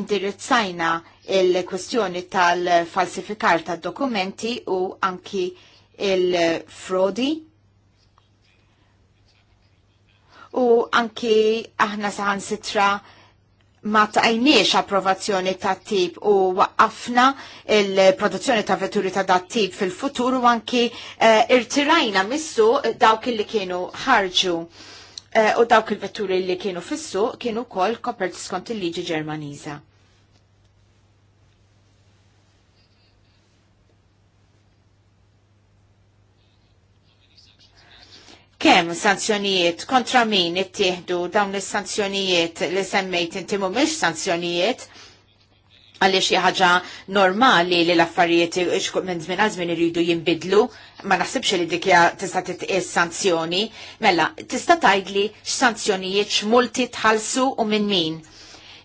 indirizzajna il-kwestjoni tal-falsifikar tad dokumenti u anki il-frodi u anki aħna saħan sitra ma tajniex approvazzjoni ta' tip u waqqafna il-produzzjoni ta' vetturi ta' dat tip fil-futur u anki uh, irtirajna missu dawk li kienu ħarġu uh, u dawk il-vetturi li kienu fissu kienu kol kopert skont il-liġi ġermaniza. kemm sanzjonijiet kontra min ittieħdu dawn is-sanzjonijiet li semmejt inti mhumiex sanzjonijiet għaliex xi ħaġa normali li l-affarijiet minn żmien għal żmien iridu jinbidlu, ma naħsibx li dik tista' titqies sanzjoni, mela tista' tgħidli x'sanzjonijiet x'multi tħallsu u minn min.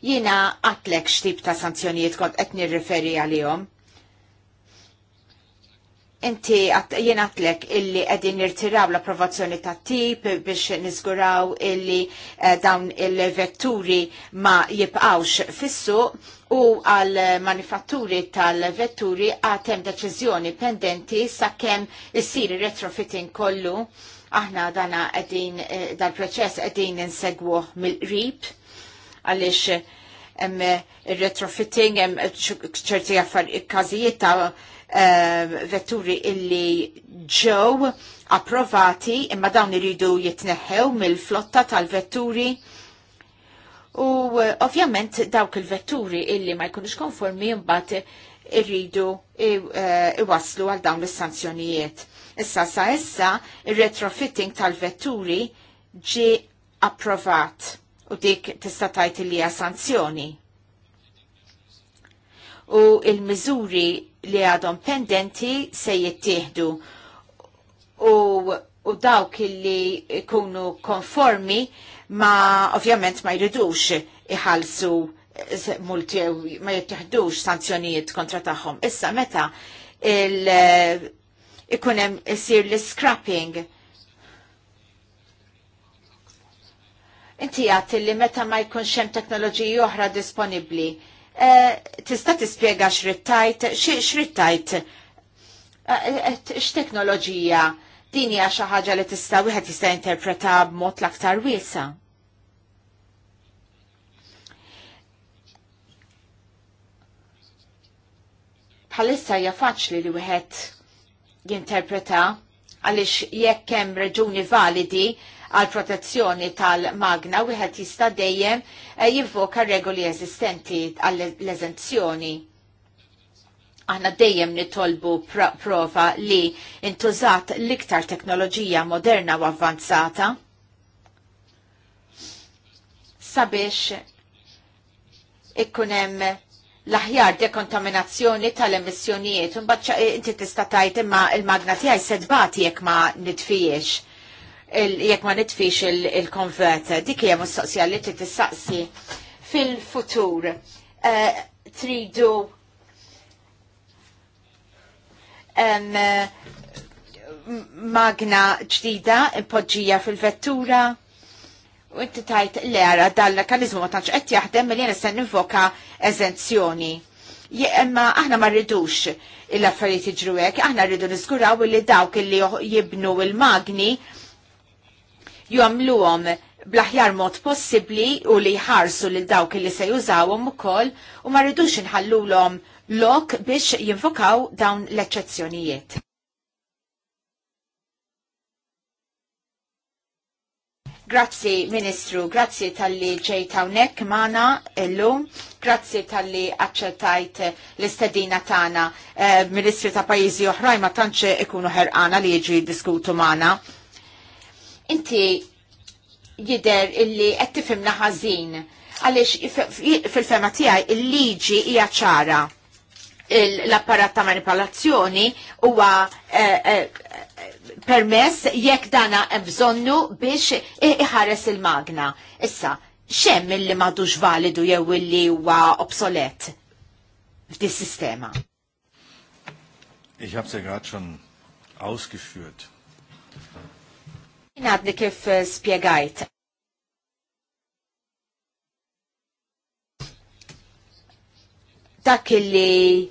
Jiena għatlek x'tip ta' sanzjonijiet kont qed nirreferi għalihom Inti jien għatlek illi qegħdin nirtiraw l-approvazzjoni ta' tip biex nizguraw illi eh, dawn il-vetturi ma jibqawx fis-suq u għal manifatturi tal-vetturi għatem deċizjoni pendenti sakkem issir retrofitting kollu. Aħna dana għedin eh, dal-proċess għedin nsegwu mill rip għalix hemm eh, retrofitting, hemm eh, ċerti għaffar każijiet ta' eh, vetturi illi ġew approvati imma dawn iridu jitneħħew mill-flotta tal-vetturi u ovvjament dawk il-vetturi illi ma jkunux konformi mbagħad irridu iwaslu għal dawn is-sanzjonijiet. Issa sa issa ir-retrofitting tal-vetturi ġi approvat u dik tista' tajt li hija sanzjoni. U il-miżuri li għadhom pendenti se jittieħdu u, u dawk li jkunu konformi ma ovvjament ma jridux iħalsu multi ma jittieħdux sanzjonijiet kontra tagħhom. Issa meta il ikunem isir l-scrapping Inti għat li meta ma jkunx hemm teknoloġiji oħra disponibbli. Eh, tista' tispjega xrittajt, xrittajt, eh, eh, x'teknoloġija din hija xi ħaġa li tista' wieħed jista' interpreta b'mod l-aktar wiesa'. bħalissa hija faċli li wieħed jinterpreta għaliex jekk hemm reġuni validi għal protezzjoni tal-magna wieħed jista' dejjem eh, jivvoka regoli eżistenti għall-eżenzjoni. Aħna dejjem nitolbu prova li intużat l-iktar teknoloġija moderna u avvanzata sabiex ikkunem l-aħjar dekontaminazzjoni tal-emissjonijiet, un inti tista' tajt imma il-magna tiegħi sedbati jekk ma nitfijiex jekk ma nitfix il-konvert. Dik hija mistoqsija li trid tistaqsi fil-futur. Eh, tridu magna ġdida impoġġija fil-vettura u inti tajt l-era dal-mekanizmu ma tantx qed jaħdem li jena se nivoka eżenzjoni. Imma aħna ma rridux l-affarijiet jiġru hekk, aħna rridu niżguraw li dawk li jibnu il-magni jomlu bl-aħjar mod possibbli u li jħarsu lil dawk li se jużawhom ukoll u ma rridux inħallulhom lok biex jinvokaw dawn l-eċċezzjonijiet. Grazzi Ministru, grazzi tal-li tawnek hawnhekk magħna lum grazzi tal-li aċċettajt l-istedina tagħna eh, Ministri ta' pajjiżi oħrajn ma tantx ikunu ħerqana li jiġu diskutu magħna inti jider illi qed tifhimna ħażin għaliex fil-fema tiegħi il-liġi hija ċara l-apparat ta' manipolazzjoni huwa eh, eh, permess jekk dana bżonnu biex iħares il-magna. Issa, xem li madux validu jew illi huwa obsolet f'dis sistema? Ich habe es ja gerade schon ausgeführt. Għadni kif eh, spiegajt. Dak li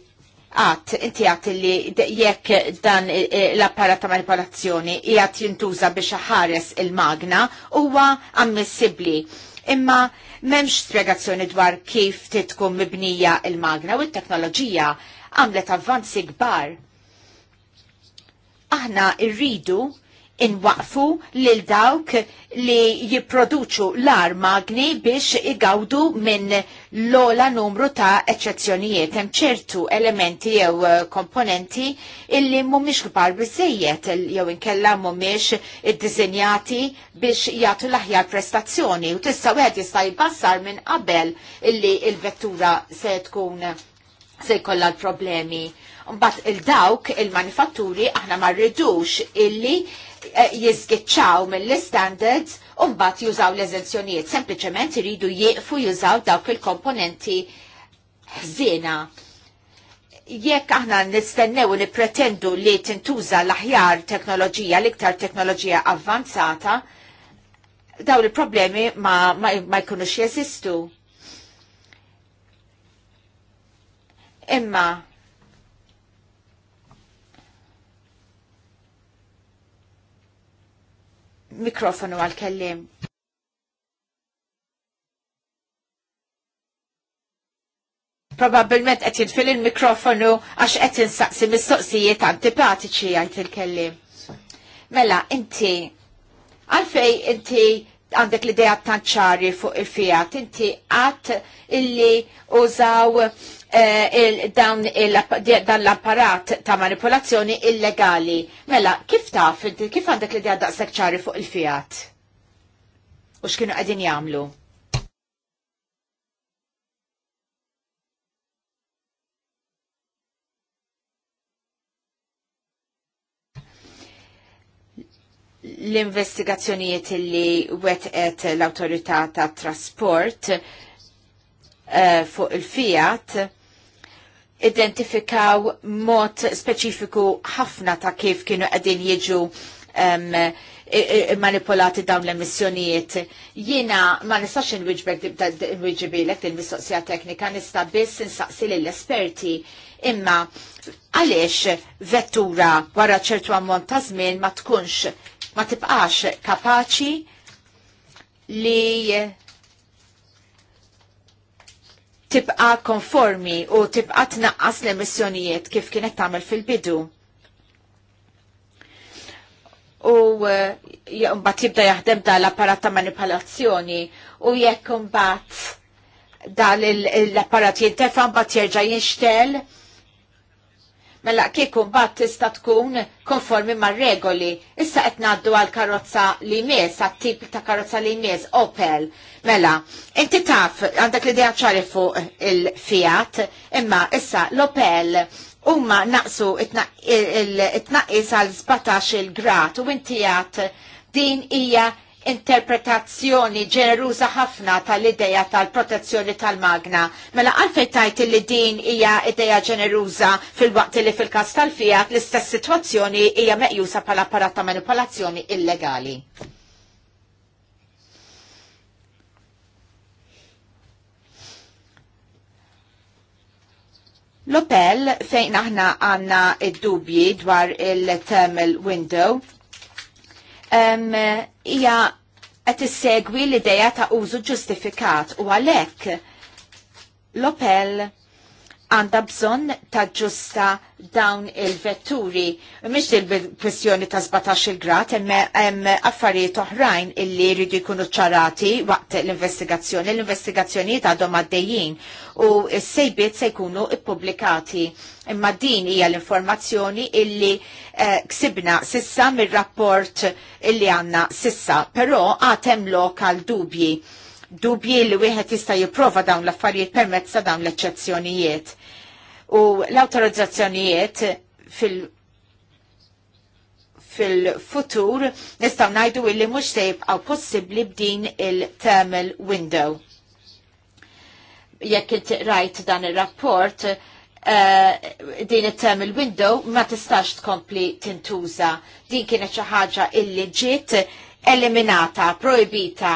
għat, inti għat li jekk dan eh, eh, l-apparat ta' manipolazzjoni jgħat jintuża biex ħares il-magna huwa ammissibli. Imma memx spiegazzjoni dwar kif titkun mibnija il-magna u t-teknoloġija għamlet avvanzi kbar. Aħna irridu inwaqfu lil dawk li jipproduċu l-ar magni biex igawdu minn l-ola numru ta' eccezzjonijiet. Hemm ċertu elementi jew eh, komponenti illi mhumiex kbar biżejjed jew inkella mhumiex iddisinjati biex jagħtu l-aħjar prestazzjoni u tista' wieħed jista' jbassar minn qabel illi l-vettura se tkun se jkollha l-problemi. Mbagħad il-dawk il-manifatturi aħna ma rridux illi Eh, jizgitċaw mill-standards unbat jużaw l-eżenzjonijiet. Sempliciment iridu jieqfu jużaw dawk il-komponenti ħżina. Jekk aħna nistennew li pretendu li tintuża l-aħjar teknoloġija, l-iktar teknoloġija avvanzata, daw il-problemi ma, ma, ma jkunux jeżistu. Imma, Mikrofonu għal-kellim. Probabilment qed jinfil il-mikrofonu għax qed insaqsi mistoqsijiet antipatiċi għajt il-kellim. Mela, inti, għalfej inti għandek l-ideja tanċari fuq il-fijat, inti għat illi użaw Eh, dan l-apparat ta' manipolazzjoni illegali. Mela, kif taf, kif għandek li għadda sekċari fuq il-fijat? U x'kienu qegħdin jagħmlu? l-investigazzjonijiet li wetqet l-autorità ta' trasport uh, fuq il-fijat identifikaw mod speċifiku ħafna ta' kif kienu qegħdin jiġu um, manipolati dawn l-emissjonijiet. Jina ma nistax nwiġbek nwiġibilek il-mistoqsija teknika, nista biss nsaqsi l-esperti imma għaliex vettura wara ċertu ammont ta' żmien ma tkunx ma tibqax kapaċi li tibqa konformi u tibqa tnaqqas l-emissjonijiet kif kienet tagħmel fil-bidu. U eh, mbagħad jibda jaħdem dan l-apparat ta' manipolazzjoni u jekk mbagħad dan l-apparat jintefa' mbagħad jerġa' jinxtel Mela kieku mbagħad tista' tkun konformi mar-regoli. Issa qed ngħaddu għal karozza li mies, għat-tip ta' karozza li mies, Opel. Mela, inti taf għandek l-idea ċari fuq il-Fiat, imma issa l-Opel huma naqsu it-tnaqqis għal 17 il-grat u inti għat din hija interpretazzjoni ġeneruża ħafna tal-ideja tal-protezzjoni tal-magna. Mela għalfej tajt li din hija ideja ġeneruża fil-waqt li fil-kas tal-fijat l-istess situazzjoni hija meqjusa bħala apparat ta' manipolazzjoni illegali. L-Opel fejn aħna għanna id-dubji dwar il-thermal window hija qed segwi l-idea ta' użu ġustifikat u għalhekk l-Opel għanda bżon ta' ġusta dawn il-vetturi. Mix il-kwestjoni ta' 17 grad, hemm affarijiet oħrajn illi rridu jkunu ċarati waqt l-investigazzjoni. L-investigazzjoni ta' dom għaddejjin u s-sejbiet se jkunu ippubblikati. Imma din hija l-informazzjoni illi eh, ksibna sissa mir-rapport illi għanna sissa, però għatem lokal dubji dubji li wieħed jista' jipprova dawn l-affarijiet permezza dawn l-eċċezzjonijiet u l-autorizzazzjonijiet fil- fil-futur nistaw najdu illi mux għaw possibli b'din il-thermal window. Jekk il rajt dan il-rapport, uh, eh, din il-thermal window ma tistax tkompli tintuża. Din kienet xi ħaġa illi ġiet eliminata, proibita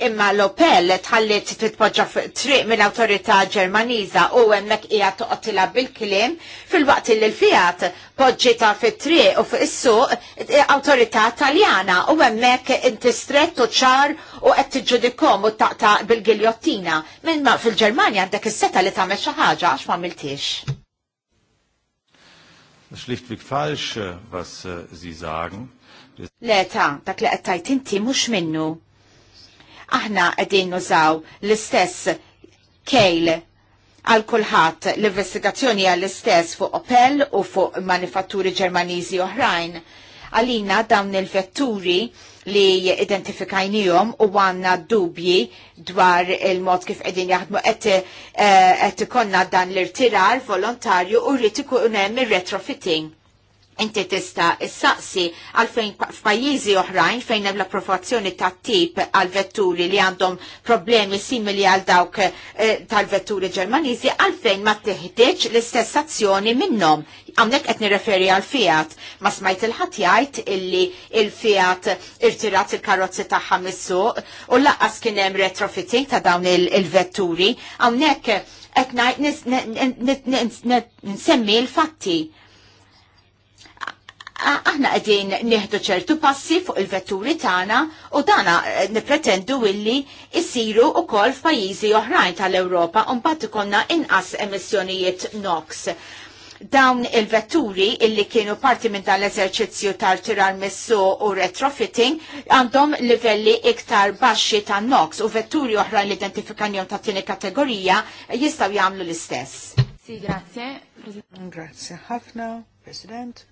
imma l-Opel tħallit titpoġġa fuq triq minn autorità ġermaniża u hemmhekk hija toqgħodilha bil-kliem fil-waqt li l-Fiat poġġita fit-triq u fuq is-suq eh, autorità Taljana u hemmhekk inti strett u ċar u qed tiġġudikhom u taqta' bil-giljottina. Minn ma fil-Ġermanja għandek is-seta li tagħmel xi ħaġa għax m'għamiltix. Schlichtweg falsch, äh, was äh, Sie sagen. Leta, dak li qed tajt inti mhux minnu Aħna qegħdin nużaw l-istess kejl għal kulħadd l-investigazzjoni għall istess fuq Opel u fuq manifatturi Ġermaniżi oħrajn. Għalina dawn il-vetturi li identifikajnijom u għanna dubji dwar il-mod kif għedin jaħdmu għet eh, konna dan l-irtirar volontarju u rritiku ikun hemm il-retrofitting. Inti tista s-saqsi għalfejn f'pajjiżi oħrajn fejn hemm l-approvazzjoni ta' tip għal vetturi li għandhom problemi simili għal dawk tal-vetturi Ġermaniżi għalfejn ma teħtieġ l-istess azzjoni minnhom. Hawnhekk qed nirreferi għal Fiat. Ma smajt il-ħadd jgħid illi il-Fiat irtirat il-karozzi tagħha mis-suq u laqqas kien hemm retrofitting ta' dawn il-vetturi. Hawnhekk qed nsemmi l-fatti aħna qegħdin nieħdu ċertu passi fuq il-vetturi tagħna u dana eh, nipretendu illi jsiru wkoll f'pajjiżi oħrajn tal-Ewropa u mbagħad ikollna inqas emissjonijiet NOx dawn il-vetturi illi kienu parti minn dan l-eżerċizzju tal-tirar missu u retrofitting għandhom livelli iktar baxxi ta' NOx u vetturi oħra li identifikanjom ta' tieni kategorija jistaw jagħmlu l-istess. Si, grazie. Grazie ħafna, President.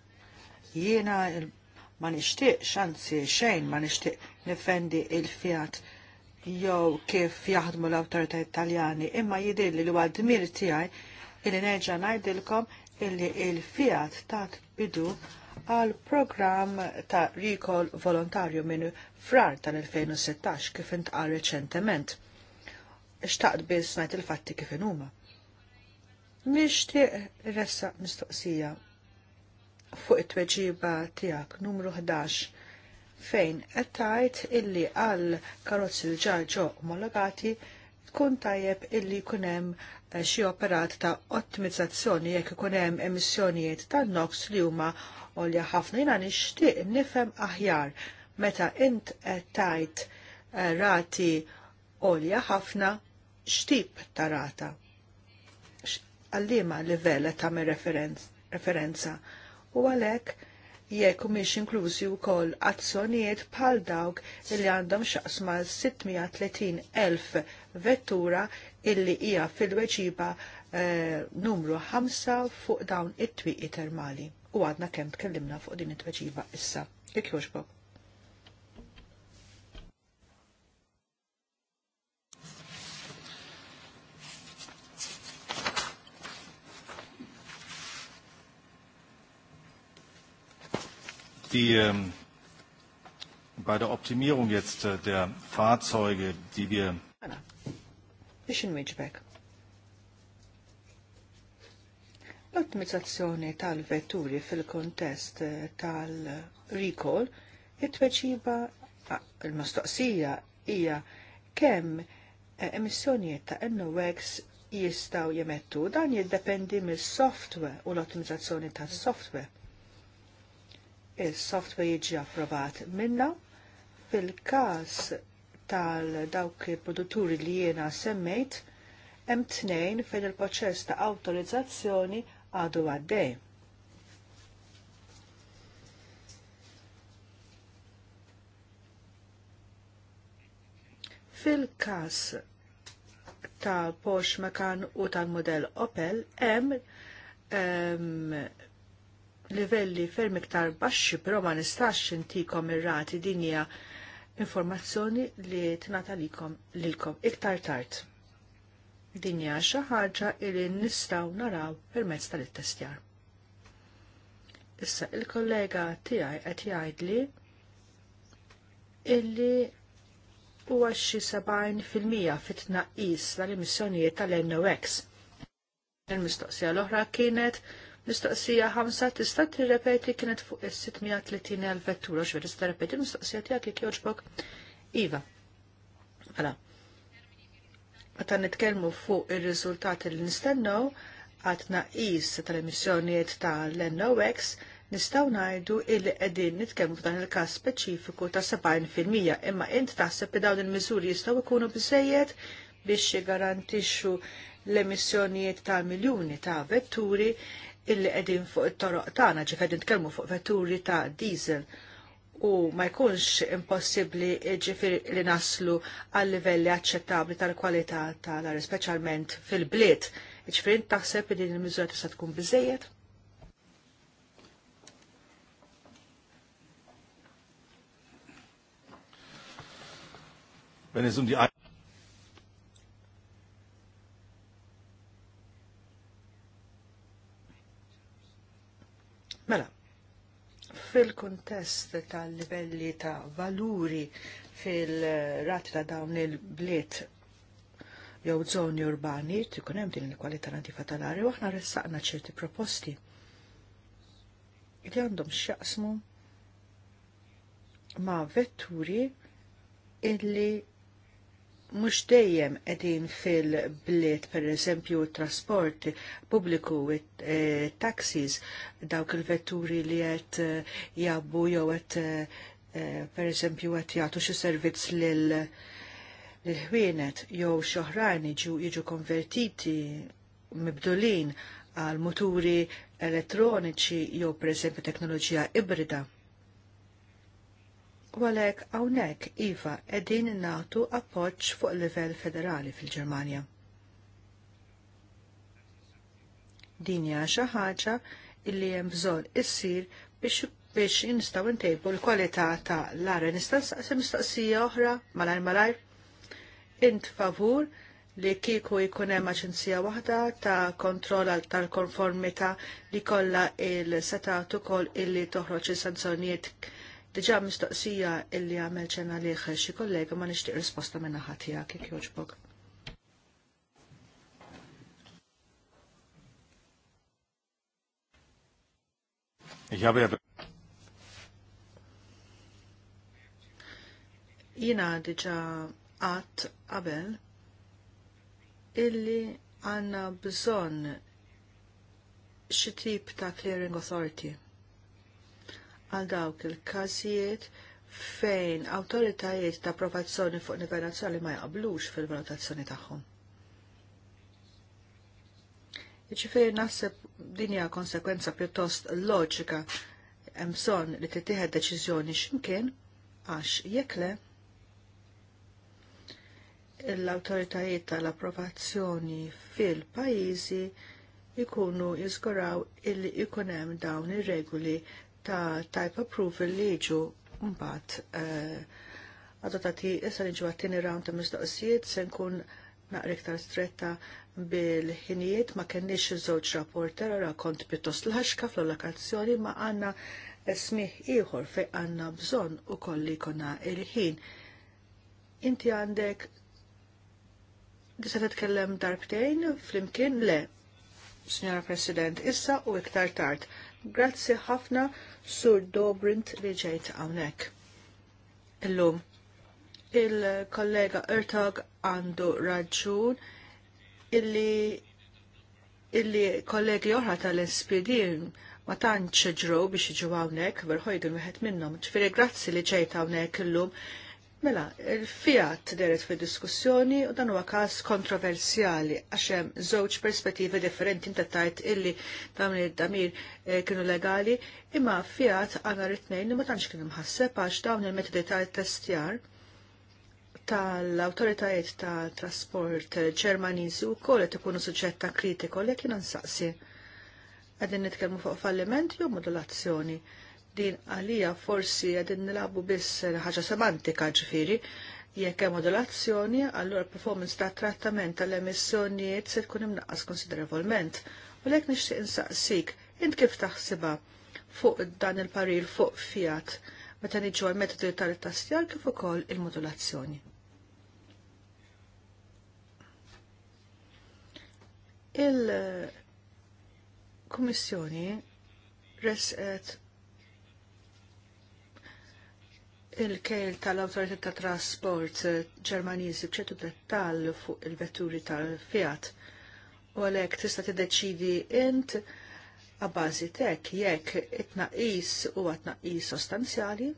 Jiena ma nishtiq xanzi xejn ma nixtieq nifendi il-fiat jew kif jaħdmu l-awtorità Italjani, imma jidir li huwa mir tiegħi illi nerġa' ngħidilkom illi il-fiat tat bidu għal program ta' recall volontarju minn frar tal-2016 kif intqal reċentement. Ixtaqt biss ngħid il-fatti kif inhuma. Nixtieq ressa mistoqsija fuq it-tweġiba tiegħek numru 11 fejn qed tgħid illi għal karozzi li ġarġo omologati tkun tajjeb illi jkun hemm eh, xi operat ta' ottimizzazzjoni jekk ikun hemm emissjonijiet ta' NOx li huma għolja ħafna jiena nixtieq nifhem aħjar meta int qed tajt eh, rati għolja ħafna x'tip ta' rata għallima livell ta' referenza u għalhekk jekk mhix inklużi wkoll azzjonijiet bħal dawk li għandhom xaqsma 630 elf vettura illi hija fil-weġiba eh, numru 5 fuq dawn it-twieqi termali. U għadna kemm tkellimna fuq din it-tweġiba issa. Jekk jogħġbok. die ähm, bei der Optimierung jetzt äh, der Fahrzeuge, die wir. L-ottimizzazzjoni tal-vetturi fil-kontest äh, tal-recall jitweċiba ah, l-mistoqsija hija kemm eh, emissjonijiet ta' NOx jistaw jemettu dan jiddependi mill-software u l-ottimizzazzjoni tas-software il-software jiġi approvat minna. Fil-kas tal-dawk il-produtturi li jiena semmejt, hemm tnejn fejn il-proċess ta' awtorizzazzjoni għadu għaddej. Fil-kas tal Porsche Macan u tal model Opel hemm ehm, livelli ferm iktar baxxi, però ma nistax intikom ir-rati din hija informazzjoni li tnata likom lilkom iktar tard. Din hija xi ħaġa li nistgħu naraw permezz tal-ittestjar. Issa il-kollega tiegħi qed jgħidli illi huwa xi sebgħin fil-mija fit-tnaqqis tal-emissjonijiet tal-NOx. Il-mistoqsija l-oħra kienet Mistoqsija 5 tista' tirrepeti kienet fuq is-630 vettura x'veri tista' repeti mistoqsija tiegħek jekk jogħġbok. Iva. Mela. Meta nitkellmu fuq ir-riżultati li nistennew għad naqis tal-emissjonijiet tal-NOx nistaw najdu illi qegħdin nitkellmu f'dan il-każ speċifiku ta' 70% imma int taħseb li dawn il-miżuri jistgħu jkunu biżejjed biex jgarantixxu l-emissjonijiet ta' miljuni ta' vetturi illi qegħdin fuq it-toroq tagħna ġif qegħdin tkellmu fuq vetturi ta' diesel u ma jkunx impossibbli ġifir li naslu għal livelli aċċettabbli tal-kwalità tal-ar, speċjalment fil-bliet. Ġifir taħseb li din il-miżura tista' tkun biżejjed? Wenn es um die Mela, fil-kontest tal-livelli ta' valuri fil-rati ta' dawn il-bliet jew żoni urbani tkun hemm din il-kwalità nadifa tal-arja u aħna ressaqna ċerti proposti li għandhom x'jaqsmu ma' vetturi illi mux dejjem edin fil-bliet, per eżempju, trasport pubbliku, eh, taxis, dawk il-vetturi li għet eh, jabbu jew għet, eh, per eżempju, għet jgħatu xi servizz lil l-ħwienet jew xoħrajn jiġu konvertiti mibdulin għal muturi elettroniċi jew per eżempju teknoloġija ibrida Walek hawnhekk iva qegħdin nagħtu appoġġ fuq livell federali fil-Ġermanja. Din hija xi ħaġa illi hemm bżonn issir biex biex nistgħu ntejbu l-kwalità ta' l-ara Nistaqsija mistoqsija oħra malajr malajr. Int favur li kieku jkun hemm aġenzija waħda ta' kontroll tal-konformità li kollha il-setat ukoll illi toħroġ is-sanzjonijiet Diġa mistoqsija illi għamel ċena liħħe xi kollega ma nixtieq risposta minna ħatija kik joġbog. jina diġa għat għabel illi għanna bżon xi tip ta' clearing authority għal dawk il-każijiet fejn awtoritajiet ta' approvazzjoni fuq nivell nazzjonali ma jaqblux fil-valutazzjoni tagħhom. Jiġifieri naħseb din hija konsekwenza pjuttost loġika hemm bżonn li titieħed deċiżjoni x'imkien għax jekk le l-awtoritajiet tal-approvazzjoni fil-pajjiżi jkunu jiżguraw illi jkun hemm dawn ir-regoli ta' type approval li jiġu mbagħad eh, adottati issa niġu għattini round ta' mistoqsijiet se nkun naqra iktar stretta bil-ħinijiet ma kenniex iż-żewġ rapporter ra kont pjuttost l-ħaxka fl lokazzjoni ma għandna smih ieħor fej għandna bżonn ukoll li jkollna il-ħin. Inti għandek tista' tkellem darbtejn flimkien le, Signora President, issa u iktar tard. Grazzi ħafna Sur Dobrint li ġejt hawnhekk. Illum il-kollega Ertog għandu raġun illi illi kollegi oħra tal inspidin ma tantx ġrow biex jiġu hawnhekk, verħojdu wieħed minnhom. Ġifieri grazzi li ġejt għawnek illum Mela, il-fiat deret fi diskussjoni u dan huwa każ kontroversjali għax hemm żewġ perspettivi differenti inta tajt illi dawn d damir eh, kienu legali, imma fiat għandna ritnejn li ma tantx kien imħasseb għax dawn il-metodi ta' testjar tal-autoritajiet ta' trasport ċermaniżi u kol qed ikunu suġġetta kritiku li kien nsaqsi. Qegħdin nitkellmu fuq falliment jew modulazzjoni din għalija forsi għedin nilabu biss ħaġa semantika ġifiri, jekk hemm modulazzjoni, allura performance ta' trattament tal-emissjonijiet se tkun imnaqqas konsiderevolment. U lek nixtieq insaqsik, int kif taħsibha fuq dan il-parir fuq fiat meta niġu għal metodi tal-tastjar kif ukoll il-modulazzjoni. Il-Kummissjoni resqet il-kejl tal-Autorità ta' Trasport eh, Ġermaniżi bċetu dettall fuq il-vetturi tal-Fiat u għalhekk tista' tiddeċidi int għabbażi tek jekk it-tnaqqis u għat-tnaqqis sostanzjali,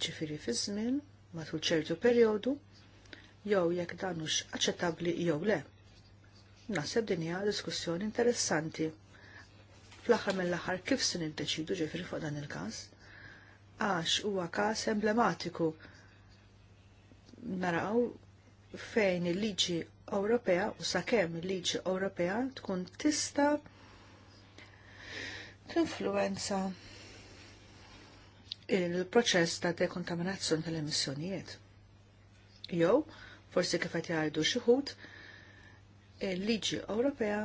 iġifiri fi żmien matul ċertu perjodu, jew jekk dan hux aċċettabbli jew le. Naħseb din hija diskussjoni interessanti. Fl-aħħar mill-aħħar kif se niddeċidu ġifiri fuq dan il-każ? għax huwa każ emblematiku naraw fejn il-liġi Ewropea u sakemm il-liġi Ewropea tkun tista tinfluwenza il-proċess ta' dekontaminazzjoni tal-emissjonijiet. Jew, forsi kif qed jgħidu xi il-liġi Ewropea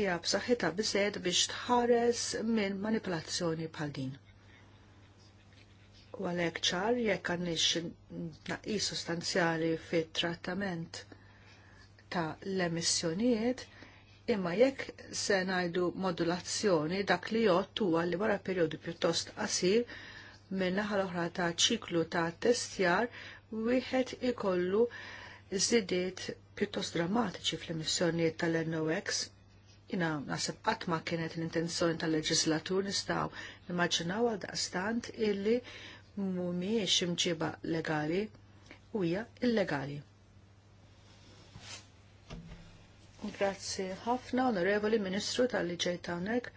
hija b'saħħitha biżgħed biex tħares minn manipolazzjoni bħal din. U għalhekk ċar jekk għandix naqis sostanzjali fit-trattament ta' l-emissjonijiet, imma jekk se ngħidu modulazzjoni dak li jgħod huwa li wara perjodu pjuttost qasir minn naħa l-oħra ta' ċiklu ta' testjar wieħed ikollu żidiet pjuttost drammatiċi fl-emissjonijiet tal-NOx. Jina naħseb qatt ma kienet l-intenzjoni tal-leġislatur nistaw nimmaġinaw għal daqstant illi mhumiex imġiba legali u hija illegali. Grazzi ħafna Onorevoli Ministru tal-Liġej Tanek.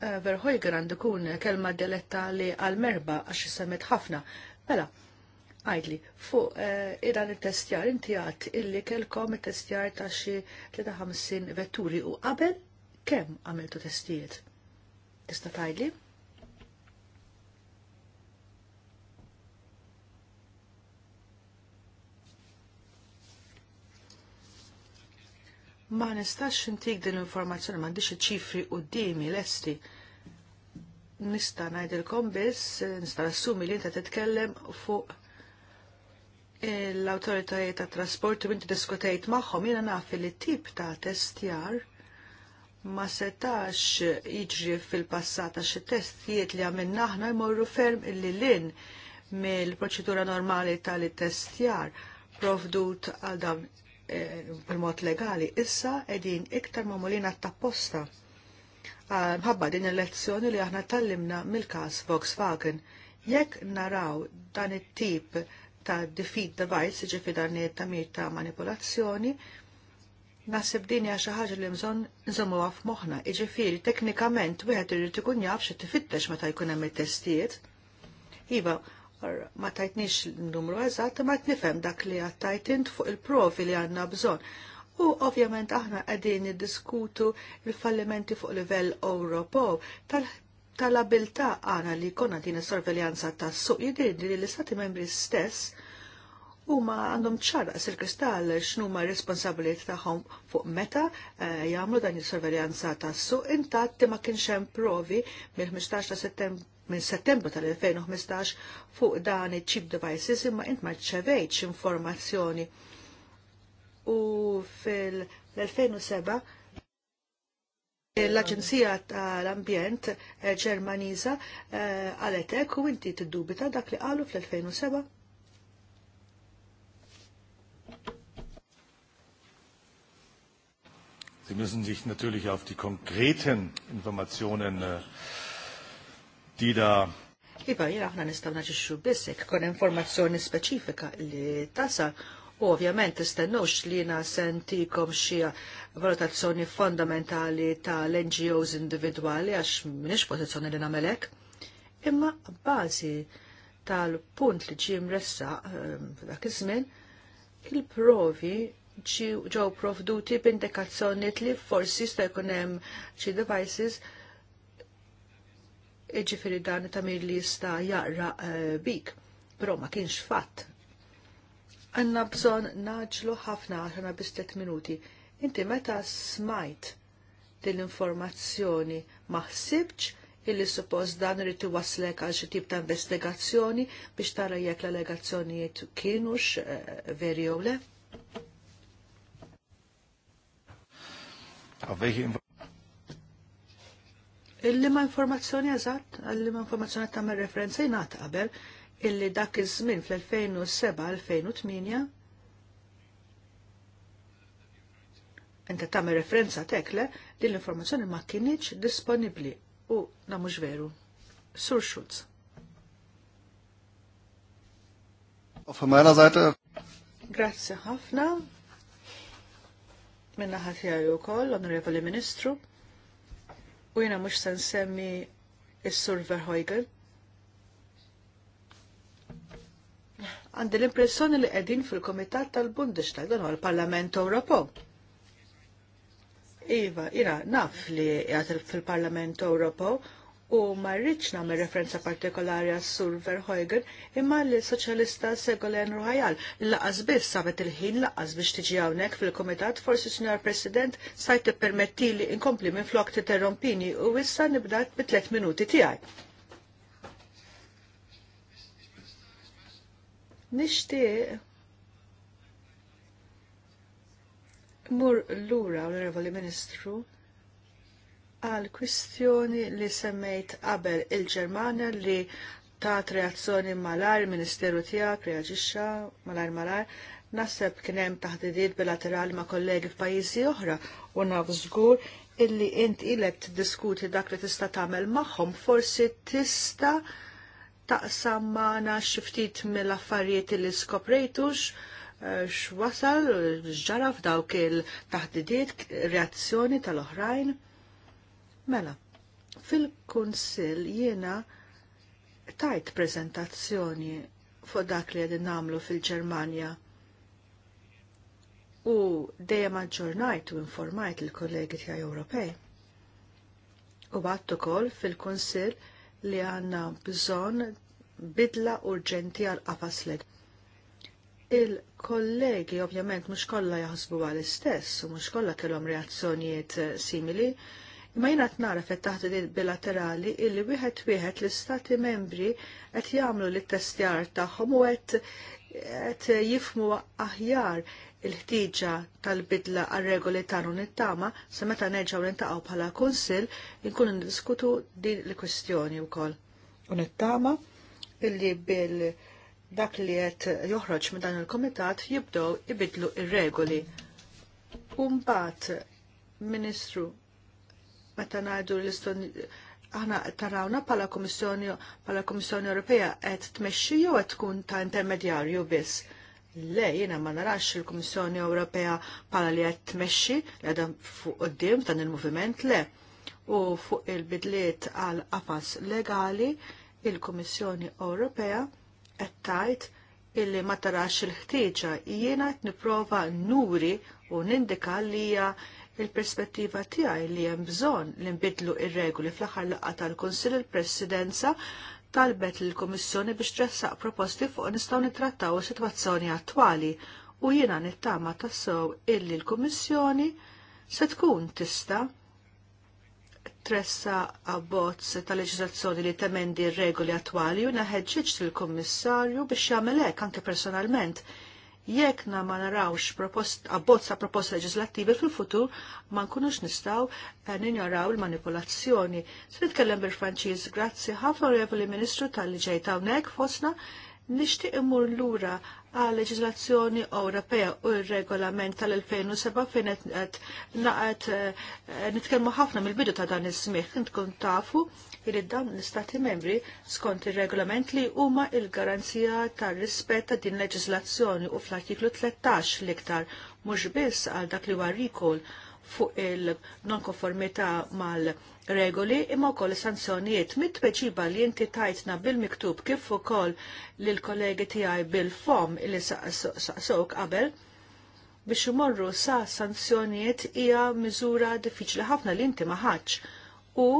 Eh, Verħoj għandu kun kelma deletta li għal-merba għax semmet ħafna. Mela, għajdli, fuq uh, eh, iran il-testjar inti għat illi kelkom il-testjar ta' xi 53 vetturi u qabel kemm għamiltu testijiet? Tista' tajli? Ma nistax intik din l-informazzjoni m'għandix iċ-ċifri qudiemi lesti. Nista' ngħidilkom biss, nista' assumi li inta titkellem fuq l-autoritajiet ta' trasport u inti diskutejt magħhom jiena naf li tip ta' testjar ma setax jiġri fil-passat għax testijiet li għamilna naħna jmorru ferm illi lin mill-proċedura normali tal-testjar provdut għal dawn Eh, il-mod legali, issa edin iktar mamulina tapposta. Ah, mħabba din il-lezzjoni li aħna tallimna mill-kas Volkswagen. Jekk naraw dan it-tip ta' defeat device, ġifi dan it-tamir ta' manipolazzjoni, nasib din hija xi ħaġa li bżonn nżommuha f'moħħna. Jiġifieri teknikament wieħed irid ikun jaf xi tifittex meta jkun hemm it-testijiet. Iva, ma tajtnix l-numru eżatt ma tnifhem dak li għattajt int fuq il-provi li għanna bżon. U ovvjament aħna għedin diskutu il-fallimenti fuq livell Ewropow tal-abilta għana li konna din sorveljanza ta' suq jidir li l-istati membri stess u ma għandhom ċara il-kristall xnu ma responsabiliet taħħom fuq meta eh, jagħmlu dan il-sorveljanza tas-suq intat ma kienx hemm provi mill-15 ta' settembru minn settembru tal-2015 fuq dan il-chip devices imma int ma ċevejċ informazzjoni. U fil-2007 l-Aġenzija tal-Ambjent eh, Ġermaniza eh, għaletek u inti t-dubita dak li qalu fl-2007? Sie müssen sich natürlich auf die konkreten Informationen äh, die Iba, jena aħna nistaw naġiċu bissek kon informazzjoni speċifika li tasa u ovvjament istennux li jena sentikom xie valutazzjoni fondamentali tal-NGOs individuali għax minix pozizjoni li namelek. Imma bazi tal-punt li ġim ressa ehm, f'dak iż-żmien, il-provi ġew provduti b'indikazzjoni li forsi sta jkun hemm xi devices ġifiri dan ta' mir li jista jaqra eh, bik, pero ma kienx fatt. Għanna bżon naġlu ħafna ħana bistet minuti. Inti meta smajt din informazzjoni ma illi suppost dan rritu waslek għal xi tip ta' investigazzjoni biex tara jekk l-allegazzjonijiet kienux eh, veri jew le? Illi ma informazzjoni eżatt, illi ma informazzjoni ta' referenza jnata qabel, illi dak iż-żmien fl-2007-2008 Inta tagħmel referenza tekle din l-informazzjoni ma kienieċ disponibbli u na mhux veru. Sur Schutz. Von Grazie ħafna. Minna ħatja jukoll, koll, Onorevoli Ministru u jina mux sen semmi il-Sur Verheugel. Għandi l-impressjoni li qegħdin fil-Komitat tal-Bundestag dan għal-Parlament Ewropo. Iva, ira naf li għat fil-Parlament Ewropo u ma rridx nagħmel referenza partikolari għas Sur Verhoeven imma l soċjalista Segolen Ruhajal laqas biss sabet il-ħin laqas biex tiġi hawnhekk fil-Kumitat forsi Sinjor President sajt tippermettili li inkompli minn flok titerrompini u issa nibdat bi tliet minuti tiegħi. Nixtieq Mur l-lura, l-Revoli Ministru, għal kwistjoni li semmejt qabel il-Ġermana li tat reazzjoni malar, il-Ministeru tijak reagisċa malar malar, naseb kienem taħdidid bilaterali ma' kollegi f'pajjiżi oħra u naf illi int ilek tiddiskuti dak li tista' tagħmel magħhom forsi tista' taqsam magħna xi ftit mill-affarijiet li skoprejtux eh, x'wasal x'ġara f'dawk il-taħdidiet reazzjoni tal-oħrajn Mela, fil-Kunsill jiena tajt prezentazzjoni fuq dak li għedin namlu fil-Ġermanja u dejjem aġġornajt u informajt il-kollegi tiegħi Ewropej. U bat ukoll fil-Kunsil li għandna bżonn bidla urġenti għal qafasled. Il-kollegi ovvjament mhux kollha jaħsbu għal istess u mhux kollha kellhom reazzjonijiet eh, simili, Ma jina t-nara fet taħt bilaterali illi wieħed wieħed l-istati membri qed jagħmlu l-testjar tagħhom u qed jifmu aħjar il-ħtiġa tal-bidla għal regoli ta' nittama sa meta nerġgħu nintaqgħu bħala kunsill inkunu ndiskutu din il-kwestjoni wkoll. U nittama illi bil dak li qed joħroġ minn dan il-komitat jibdew ibidlu ir-regoli. Umbat Ministru meta ngħidu l-Estonja aħna tarawna pala Kummissjoni pala Kummissjoni Ewropea qed tmexxi jew qed tkun ta' intermedjarju biss. Le, jiena ma narax il kummissjoni Ewropea pala li qed tmexxi li għadha fuq qudiem dan il-moviment le. U fuq il-bidliet għal qafas legali il kummissjoni Ewropea qed tajt illi ma tarax il-ħtieġa jiena qed nipprova nuri u nindika li hija il-perspettiva tiegħi li hemm bżonn li nbidlu ir-regoli fl-aħħar laqgħa tal-Kunsill il-Presidenza talbet lill kummissjoni biex tressaq proposti fuq nistgħu nittrattaw is-sitwazzjoni attwali u jiena nittama tassew illi l-Kummissjoni se tkun tista' tressa abbozz tal leġizazzjoni li temendi r-regoli attwali u naħeġġeġ il-Kummissarju biex jagħmel hekk anke personalment jekk na ma narawx propost, abbozza proposta leġislattivi fil-futur ma nkunux nistaw eh, ninjaraw il-manipolazzjoni. Sfit kellem bil-Franċiż, grazzi ħafna Revoli Ministru tal-liġej hawnhekk fosna nixtieq imur lura għal leġislazzjoni Ewropea u r-regolament tal-2007 fejn qed naqgħed eh, eh, nitkellmu ħafna mill-bidu ta' dan is-smih, tkun tafu jirid dawn l-Istati membri skont ir-regolament li huma il-garanzija tar-rispett ta' din leġislazzjoni u fl-artiklu 13 l-iktar mhux biss għal dak li war recall fuq il-nonkonformità mal-regoli imma wkoll sanzjonijiet mit-tweġiba li inti tajtna bil-miktub kif ukoll l kollegi tiegħi bil-fom li saqsok qabel biex imorru sa sanzjonijiet hija miżura diffiċli ħafna li inti maħaġġ u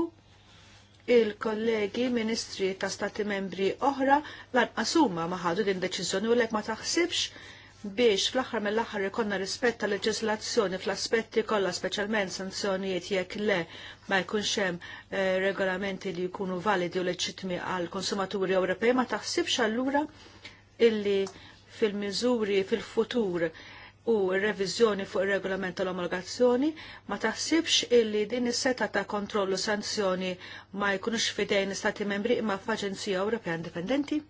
il-kollegi ministri ta' stati membri oħra lan ma ħadu din deċiżjoni u lek ma taħsibx biex fl-aħħar mill-aħħar ikonna rispetta leġislazzjoni fl-aspetti kollha speċjalment sanzjonijiet jekk le ma jkunx hemm eh, regolamenti li jkunu validi u leċitmi għal konsumaturi Ewropej ma taħsibx allura illi fil-miżuri fil-futur u r-reviżjoni fuq ir-regolament tal-omologazzjoni ma taħsibx illi din is-seta ta' kontrollu sanzjoni ma jkunux fidejn stati membri imma f'Aġenzija Ewropea Indipendenti?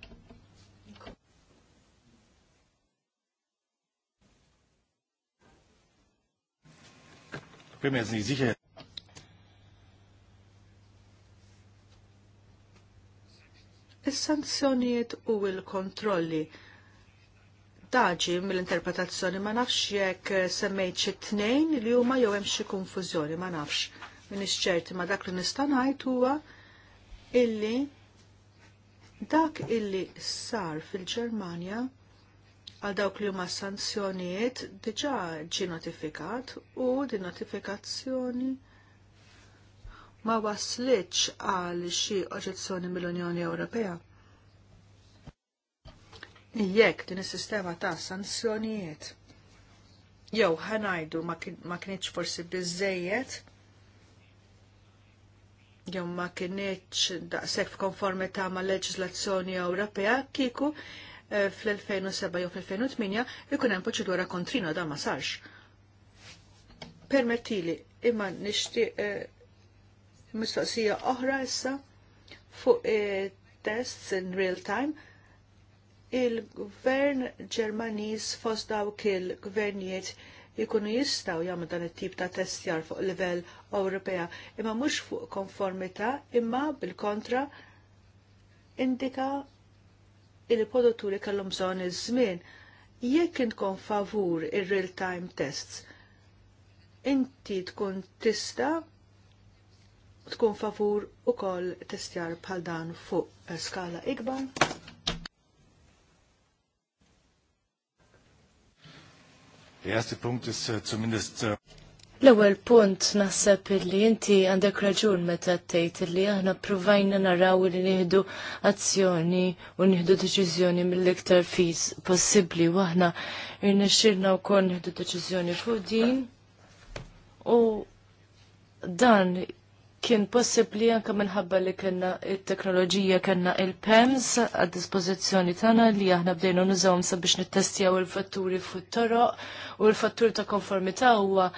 Is-sanzjonijiet u l-kontrolli daġi mill-interpretazzjoni ma nafx jekk eh, semmejt xi tnejn li huma jew hemm xi konfużjoni ma nafx. Minix ċerti ma dak li nista' ngħid huwa illi dak illi sar fil-Ġermanja għal dawk li huma sanzjonijiet diġà ġie notifikat u din notifikazzjoni ma waslitx għal xi oġezzjoni mill-Unjoni Ewropea jekk din is-sistema ta' sanzjonijiet jew ħanajdu ma kienx forsi biżejjed jew ma kienieċ daqshekk f'konformità ma' leġislazzjoni Ewropea kieku eh, fl-2007 jew fl-2008 ikun hemm proċedura kontrina da ma sarx. Permettili imma nixtieq eh, mistoqsija oħra issa fuq eh, tests in real time il-gvern Ġermaniż fost dawk il-gvernijiet jikunu jistaw jagħmlu dan it-tip ta' testjar fuq livell Ewropea, imma mhux fuq konformità, imma bil-kontra indika il-produtturi kellhom bżonn iż-żmien. Jekk intkom favur ir-real-time tests, inti tkun tista tkun favur ukoll testjar bħal dan fuq skala ikbar. erste Punkt ist äh, zumindest äh L-ewwel punt naħseb illi inti għandek raġun meta tgħid illi aħna provajna naraw li nieħdu azzjoni u nieħdu deċiżjoni mill-iktar fis possibbli u aħna irnexxirna wkoll nieħdu deċiżjoni fuq din u dan kien possibli anka minħabba li kena il-teknoloġija kena il-PEMS għad dispożizzjoni tagħna li aħna bdejna nużawhom sabiex nittestjaw il-fatturi fuq toroq u l fatturi ta' konformità huwa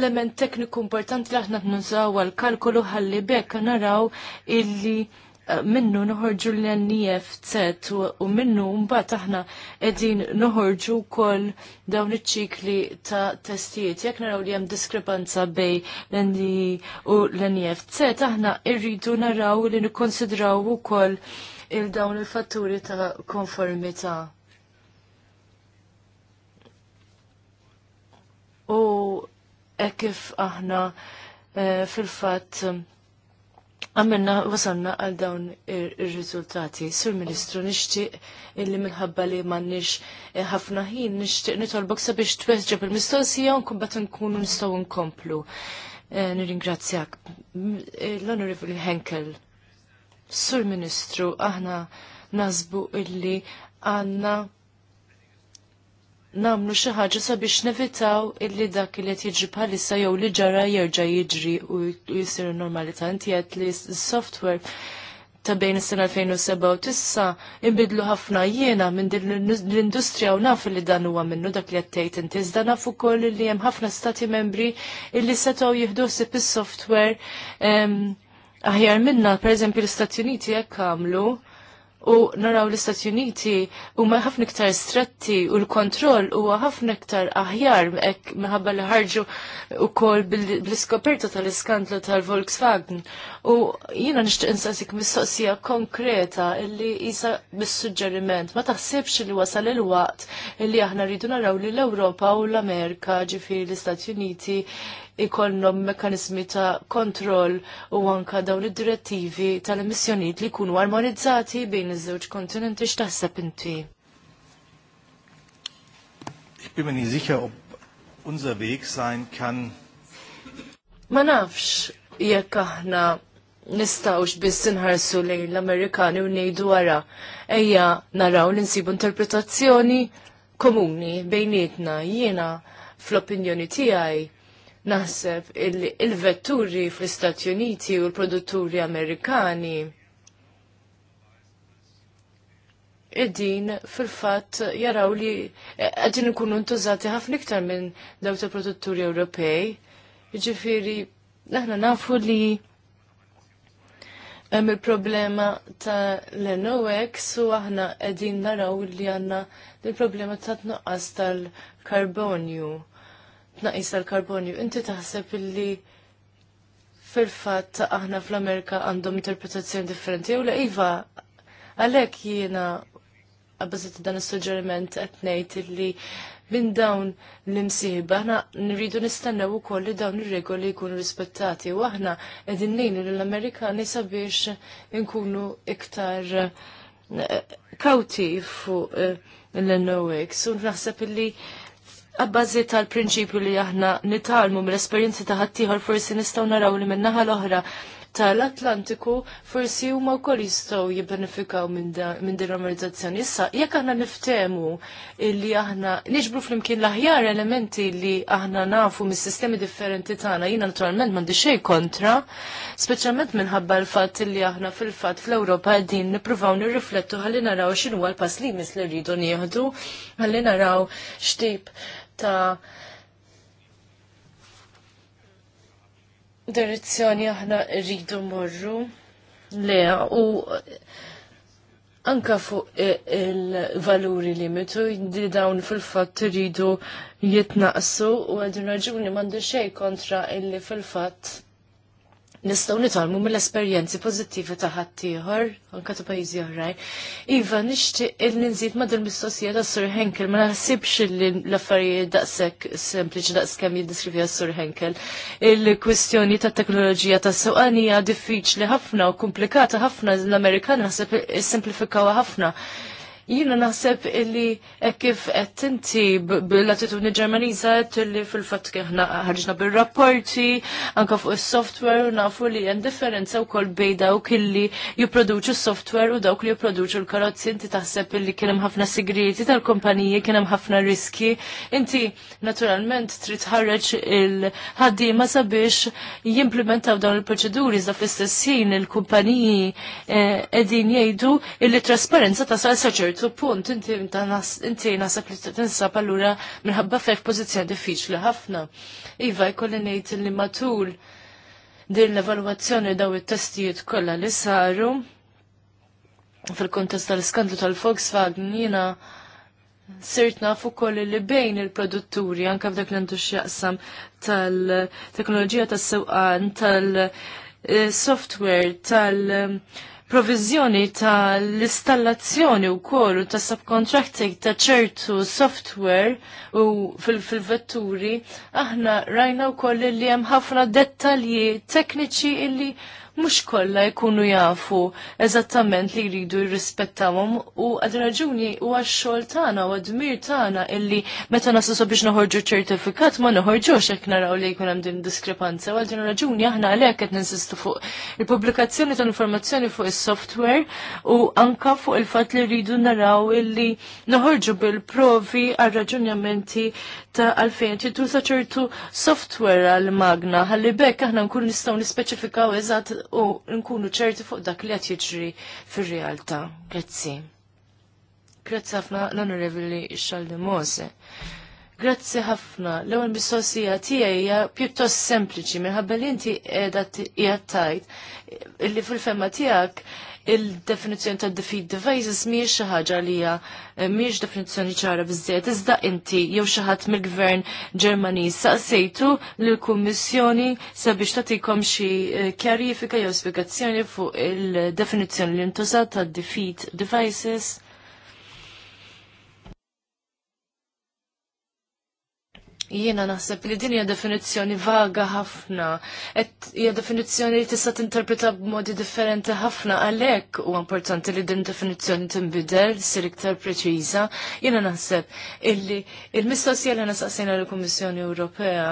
element tekniku importanti li aħna nużaw għal kalkulu ħalli bekk naraw illi Eh, minnu nħorġu l-NFZ e u minnu mbagħad aħna qegħdin noħorġu wkoll dawn iċ-ċikli ta' testijiet. Jekk naraw li hemm diskrepanza bej l-NI e u l-NFZ e aħna rridu naraw li nikkonsidraw ukoll il-dawn il-fatturi ta' konformità. U hekk kif aħna eh, fil-fatt għamilna wasalna għal dawn ir-riżultati. Sur Ministru, nixtieq illi minħabba li m'għandniex eh, ħafna ħin, nixtieq nitolbok sabiex tweġġeb il-mistoqsija u nkun nkunu nistgħu nkomplu. Eh, nirringrazzjak. Eh, L-Onorevoli Henkel. Sur Ministru, aħna nazbu illi għandna namlu xi ħaġa sabiex nevitaw illi dak li qed jiġri bħalissa jew li ġara jerġa' jiġri u jsir normalità. Inti qed li s-software ta' bejn is-sena 2007 u tissa inbidlu ħafna jiena minn din l-industrija u naf li dan huwa minnu dak li qed tgħid inti iżda naf ukoll li hemm ħafna stati membri illi setgħu jieħdu ħsieb is-software aħjar minna, pereżempju l-Istati Uniti jekk għamlu u naraw l-Istati Uniti huma ħafna iktar stretti u l-kontroll huwa ħafna iktar aħjar hekk minħabba li ħarġu wkoll bl-iskoperta tal-iskandlu tal-Volkswagen. U jiena nixtieq insasik mistoqsija konkreta illi isa bis-suġġeriment. Ma taħsibx li wasal il-waqt illi aħna rridu naraw li l-Ewropa u l-Amerika ġifi l-Istati Uniti ikollhom mekanizmi ta' kontroll u anka dawn id-direttivi tal-emissjonijiet li jkunu armonizzati bejn iż-żewġ kontinenti x'taħseb inti? Ich bin mir nicht sicher, ob unser Weg sein kann. Ma nafx jekk aħna nistawx biss inħarsu lejn l-Amerikani u ngħidu wara ejja naraw li nsibu interpretazzjoni komuni bejnietna jiena fl-opinjoni tiegħi naħseb il-vetturi il fl-Istati Uniti u l-produtturi Amerikani id-din fil-fat jaraw li għadin ikunu ntużati ħafna iktar minn dawk ta' produtturi Ewropej. Ġifiri, aħna nafu li hemm il-problema ta' l-NOx u aħna qegħdin naraw li għandna il-problema ta' tnuqqas tal-karbonju tnaqis tal-karbonju. Inti taħseb illi fil-fatt aħna fl-Amerika għandhom interpretazzjoni differenti. U Iva, għalek jiena għabbazet dan il qed għetnejt illi minn dawn l-imsiħba, aħna nridu nistennew u koll li dawn il-regoli jkunu rispettati. U aħna edin nejnu l-Amerikani sabiex nkunu iktar eh, kauti fuq eh, l-NOX. U naħseb illi għabbażi tal-prinċipju li aħna nitalmu mill-esperjenzi ta' ħaddieħor forsi nistgħu naraw li min-naħa l-oħra tal-Atlantiku forsi huma wkoll jistgħu jibbenefikaw minn din l-organizzazzjoni. Issa jekk aħna niftemu li aħna niġbru flimkien l-aħjar elementi li aħna nafu mis-sistemi differenti tagħna jiena naturalment m'għandi xejn kontra, speċjalment minħabba l-fatt li aħna fil-fatt fl-Ewropa qegħdin nippruvaw nirriflettu ħalli naraw x'inhu l-pass li mis li rridu nieħdu, ħalli naraw x'tip ta' direzzjoni aħna rridu morru le u anka fuq il-valuri limitu li dawn fil-fatt rridu jitnaqsu u għadun raġuni mandu xej kontra illi fil-fatt nistgħu nitolmu mill-esperjenzi pozittivi ta' ħaddieħor anke ta' pajjiżi oħrajn. Iva nixtieq il ninżid ma' mistoqsija ta' Sur Henkel ma naħsibx li l-affarijiet daqshekk sempliċi daqs kemm għas Sur Henkel. Il-kwistjoni ta' teknoloġija ta' sewqanija diffiċli ħafna u komplikata ħafna l-Amerikan naħseb issimplifikawha ħafna. Jina naħseb illi kif qed inti bil-attitudni Ġermaniża qed illi fil-fatt kieħna ħarġna bir-rapporti anke fuq is-software u nafu li hemm differenza wkoll bej dawk illi jipproduċu s-software u dawk li jipproduċu l-karozzi inti taħseb illi kien hemm ħafna sigrieti tal-kumpaniji kien hemm ħafna riski. Inti naturalment trid tħarreġ il-ħaddiema sabiex jimplementaw dawn il-proċeduri iżda fl-istess ħin il-kumpaniji qegħdin eh, jgħidu illi trasparenza tasal saċert ċertu punt inti nasab li tinsab allura minħabba fej f'pożizzjoni diffiċli ħafna. Iva jkolli nejt li matul din l-evalwazzjoni daw it-testijiet kollha li saru fil-kontest tal skandlu tal-Volkswagen jiena sirt nafu koll li bejn il-produtturi anke f'dak l-entuxjaqsam tal-teknoloġija tas-sewqan tal-software tal-, -teknoloġija eh, tas sewqan tal software tal provizjoni ta' l-installazzjoni u kol u ta' subcontracting ta' ċertu software u fil-vetturi, aħna rajna u koll li hemm ħafna dettalji tekniċi illi mhux kollha jkunu jafu eżattament li jridu jirrispettawhom u għad raġuni u għax-xogħol tagħna u għad mir tagħna illi meta nasusu biex noħorġu ċertifikat ma noħorġux jekk naraw li jkun hemm din diskrepanza. U għad raġuni aħna għalhekk qed ninsistu fuq il-pubblikazzjoni ta' informazzjoni fuq is-software u anka fuq il-fatt li rridu naraw illi noħorġu bil-provi għal raġunjamenti ta' għalfejn titlu ċertu software għal-magna, għalli bekk aħna nkun nistaw nispeċifikaw eżat u nkunu ċerti fuq dak li qed jiġri fir-realtà. Grazzi. Grazzi ħafna l-Onorevoli Xaldi Mose. Grazzi ħafna. L-ewwel bisosija tiegħi hija pjuttost sempliċi minħabba li inti qiegħda tgħid illi fil-femma tiegħek il-definizjoni ta' defeat devices miex xi ħaġa li hija eh, miex definizzjoni ċara biżżejjed iżda inti jew xi ħadd mill-Gvern Ġermaniż saqsejtu lill kummissjoni sabiex tagħtikom xi eh, kjarifika jew spjegazzjoni fuq il-definizzjoni li ntużat ta' defeat devices. Jiena naħseb li din hija definizzjoni vaga ħafna, qed hija definizzjoni li tista' tinterpreta b'modi differenti ħafna għalhekk huwa importanti li din definizzjoni tinbidel sir iktar preċiża. Jiena naħseb illi il-mistoqsija li nasaqsejna lill-Kummissjoni Ewropea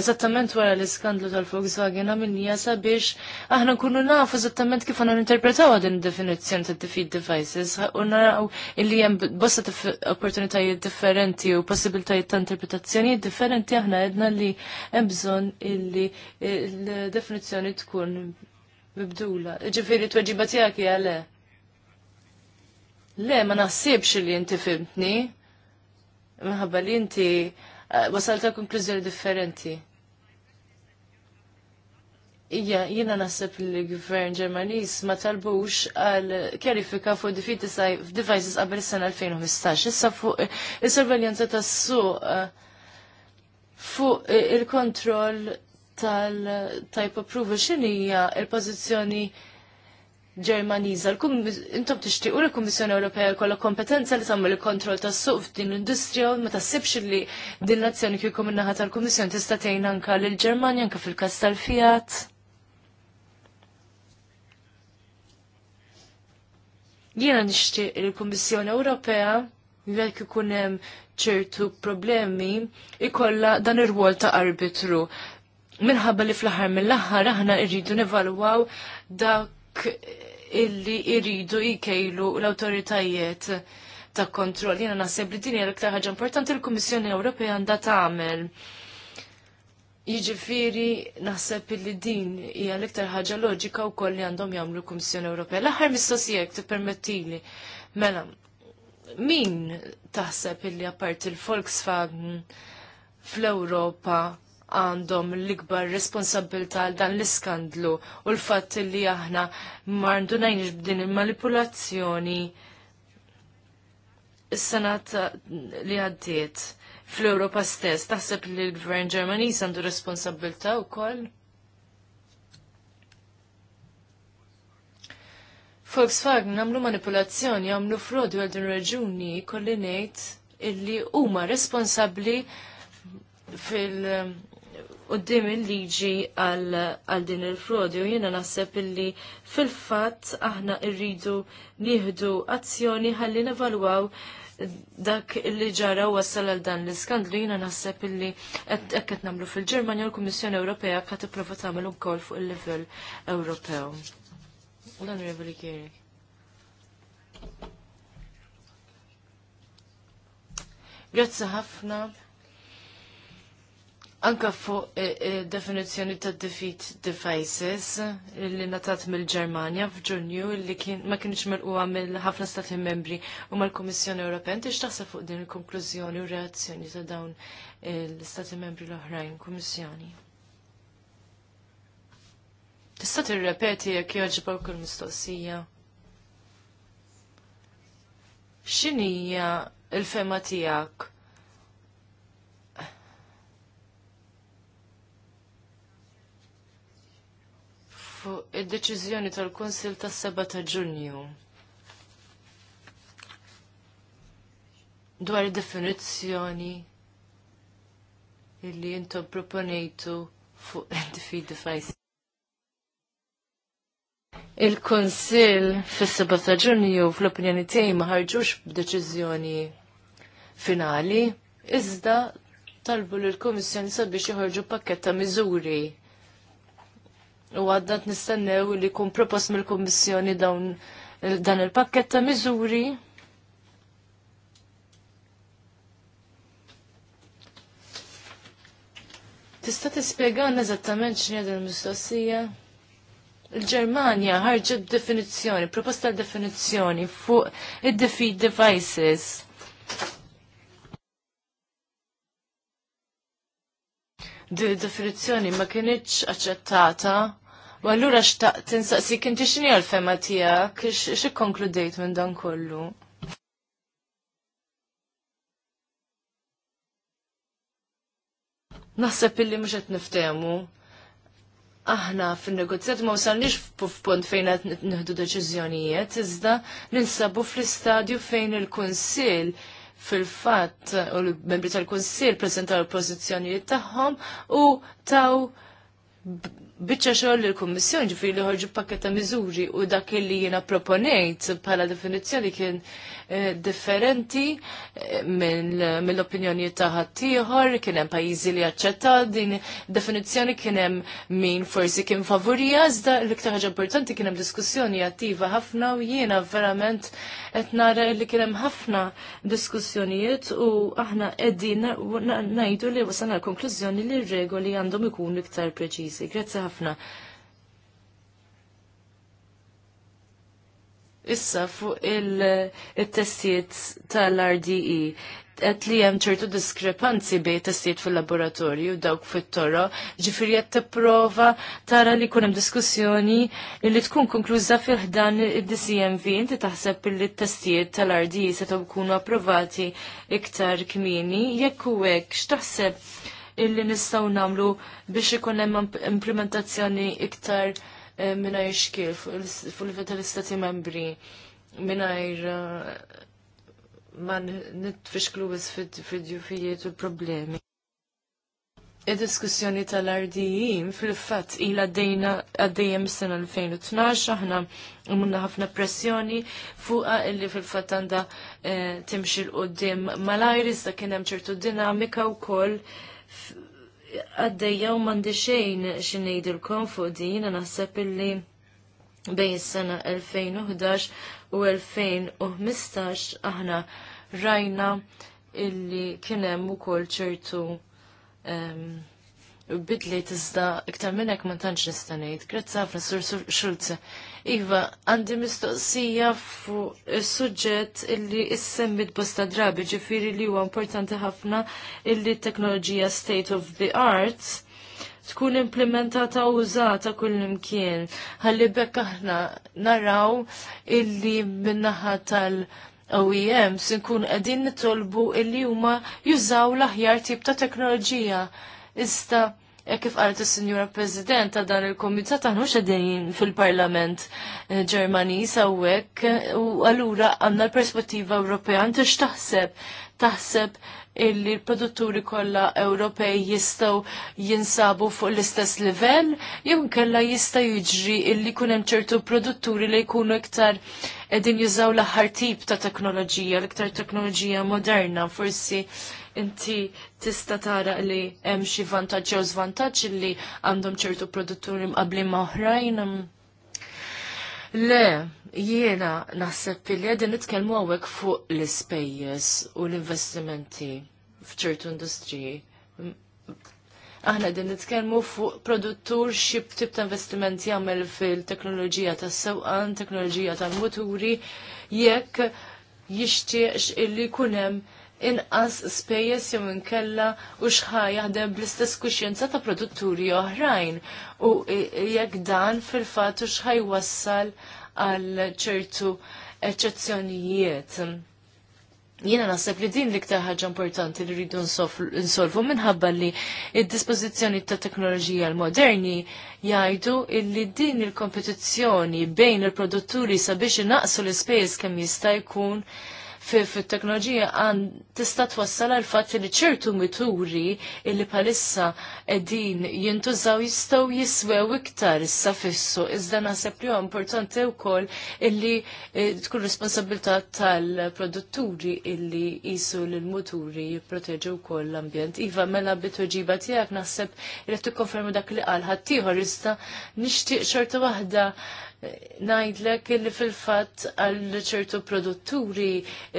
eżattament wara l-iskandlu tal-Volkswagen għamilnija sabiex aħna nkunu nafu eżattament kif għana n-interpretaw din definizzjoni ta' defeat devices u naraw illi jem bosta opportunitajiet differenti u possibilitajiet ta' interpretazzjoni differenti aħna edna li jem bżon illi l-definizzjoni tkun mibdula. Ġifiri t-weġiba tijak għale? Le, ma naħsibx li inti fimtni. Minħabba li inti Eh, Wasalta konklużjoni differenti. Ija, jina nasib l-gvern ġermanis ma talbux għal kjarifika fuq devices qabel s-sena 2015. Issa fuq eh, il-sorveljanza tas su eh, fuq il-kontroll tal-type approval xinija il-pozizjoni il pozizjoni Ġermaniża. Intom tixtiequ li l-Kummissjoni Ewropea kolla kompetenza li tagħmel il kontrol tas-suq f'din l-industrija u ma taħsibx li din l-azzjoni kieku min-naħa tal-Kummissjoni tista' tgħin anke lill-Ġermanja anke fil-każ tal-Fiat. Jiena nixtieq li l-Kummissjoni Ewropea jekk ikun hemm ċertu problemi ikolla dan ir-rwol ta' arbitru minħabba li fl-aħħar mill-aħħar aħna rridu nevalwaw dak dawk illi iridu jkejlu l-autoritajiet ta' kontroll. Jena naħseb li din hija l-iktar ħaġa importanti l-Kummissjoni Ewropea għandha tagħmel. Jiġifieri naħseb li din hija l-iktar ħaġa loġika wkoll li għandhom jagħmlu l-Kummissjoni Ewropea. L-aħħar mistoqsijek tippermettili. Mela, min taħseb illi apparti il-Volkswagen fl-Ewropa għandhom l-ikbar responsabilta għal dan l-iskandlu u l-fatt li aħna marndunajniex b'din il-manipulazzjoni is sanat li għaddiet fl-Europa stess, taħseb li l-Gvern Ġermaniż għandu responsabilta wkoll? Volkswagen għamlu manipulazzjoni, għamlu frodi għal din ir-reġuni kolli ngħid illi huma responsabbli fil- qoddim il-liġi għal din il-frodi u jiena naħseb illi fil-fatt aħna rridu nieħdu azzjoni ħalli nevalwaw dak li ġara wassal għal dan l-iskandlu Jiena naħseb illi qed nagħmlu fil-Ġermanja l-Kummissjoni Ewropea qed tipprova tagħmel ukoll fuq il-livell Ewropew. L-Onorevoli Kieri. Grazzi ħafna. Anka fuq e, e, definizzjoni ta' defeat devices li natat mill-Ġermanja f'Ġunju li kien ma kienx merquwa mill-ħafna stati membri u mal-Kummissjoni Ewropea. Inti x'taħseb fuq din il-konklużjoni u reazzjoni ta' dawn l-istati membri l-oħrajn, Kummissjoni? Tista' tirrepeti jekk jogħġbok il-mistoqsija. X'inhija l-fema tiegħek fuq id-deċiżjoni tal-Kunsil tas-7 ta' Ġunju. Dwar id definizzjoni illi jinto proponejtu fuq il defeat device. Il-Konsil fis-7 ta' Ġunju fl-opinjoni tiegħi ma ħarġux b'deċiżjoni finali, iżda talbu l kummissjoni sabiex joħorġu pakkett ta' miżuri u għaddat nistennew li kun propost mill-Kommissjoni dan il-pakket ta' miżuri. Tista' tispjegana eżattament x'inhi din il-mistoqsija? Il-Ġermanja ħarġet definizzjoni, proposta definizzjoni fuq id-defeat devices. Di definizzjoni ma kienieċ aċċettata U allura xtaqt tinsaqsi kinti xini għal fema tiegħek konkludejt minn dan kollu? Naħseb illi mhux qed niftemu. Aħna fin-negozjat ma wasalniex f'punt fejn qed nieħdu deċiżjonijiet, iżda ninsabu fl-istadju fejn il-Kunsill fil-fatt u l-membri tal-Kunsill preżentaw il-pożizzjonijiet tagħhom u taw biċċa xogħol l kummissjoni ġifieri li ħorġu pakketta miżuri u dak li jiena proponejt bħala definizzjoni kien Eh, differenti eh, mill-opinjoni ta' ħaddieħor, kien hemm pajjiżi li aċċettaw din definizzjoni kien hemm min forsi kien favorija, iżda l-iktar ħaġa importanti kien hemm diskussjoni attiva ħafna u jiena verament qed nara li kien hemm ħafna diskussjonijiet u aħna qegħdin ngħidu li wasana l-konklużjoni li r-regoli għandhom ikunu iktar preċiżi. Grazzi ħafna. Issa fuq il-testijiet tal-RDE qed li hemm ċertu diskrepanzi bej testijiet fil-laboratorju dawk fit-toro, ġifieri qed tipprova tara li jkun hemm diskussjoni li tkun konkluża fil-ħdan id-DCMV inti taħseb li t-testijiet tal-RDI e se jkunu approvati iktar kmieni jekk hu hekk x'taħseb illi nistgħu nagħmlu biex ikun hemm implementazzjoni iktar Eh, mingħajr xkil fuq livell tal-istati membri mingħajr eh, ma nitfixklu bis fid-djufijiet u problemi. Id-diskussjoni tal rdim e fil-fatt ila dejna għaddejjem sena 2012 aħna għamilna ħafna pressjoni fuqa illi fil-fatt għanda eh, timxil qoddim mal-Iris da kien hemm ċertu dinamika wkoll għaddejja u mandi xejn x'inejdilkom fuq din naħseb illi bejn is-sena 2011 u 2015 aħna rajna illi kienem u kol ċertu um, bidli tizda iktar minnek ma tantx nistanejt. Grazzi ħafna, Sur Sur Schulze. Iva, għandi mistoqsija fuq is-suġġett illi issemmit bosta drabi ġifiri li huwa importanti ħafna illi teknoloġija state of the arts tkun implementata u użata kullimkien. Ħalli bekk aħna naraw illi minnaħa tal- OEM sinkun qegħdin nitolbu illi huma jużaw l-aħjar tip ta' teknoloġija. Ista' E kif qalet il sinjura President ta' dan il-Kumitat aħna xedin fil-Parlament eh, Ġermaniż hawnhekk eh, u allura għandna l-perspettiva Ewropea għan x'taħseb taħseb illi l-produtturi kollha Ewropej jistgħu jinsabu fuq l-istess livell jew kella jista' jiġri illi jkun hemm ċertu produtturi li jkunu iktar qegħdin jużaw l-aħħar tip ta' teknoloġija, l-iktar teknoloġija moderna forsi inti tista' tara li hemm xi vantaġġ jew żvantaġġ li għandhom ċertu produtturi mqablin ma' oħrajn. Le, jiena naħseb li qegħdin nitkellmu hawnhekk fuq l-ispejjeż u l-investimenti f'ċertu industriji aħna din nitkellmu fuq produttur xi tip ta' investiment jagħmel fil-teknoloġija tas-sewqan, teknoloġija tal-muturi, jekk jixtieqx illi jkun hemm inqas spejjeż jew inkella u xħaj jaħdem bl-istess kuxjenza ta' produtturi oħrajn u jekk dan fil-fatt u xħaj wassal għal ċertu eċċezzjonijiet. Jiena naħseb li din l-iktar ħaġa importanti li rridu nsolvu minħabba li id-dispożizzjoni ta' teknoloġija l-moderni jgħidu illi din il-kompetizzjoni bejn il-produtturi sabiex inaqsu l-ispejjeż kemm jista' jkun fit-teknoloġija għan tista' twassal għal fatt li ċertu mituri illi palissa qegħdin jintużaw jistgħu jiswew iktar issa fissu. Iżda naħseb li importanti wkoll illi eh, tkun responsabilità tal-produtturi illi jisu l muturi jipproteġu wkoll l-ambjent. Iva mela bitoġiba tiegħek naħseb li tikkonfermi dak li qal ħaddieħor iżda nixtieq xorta waħda najdlek li fil-fat għal ċertu produtturi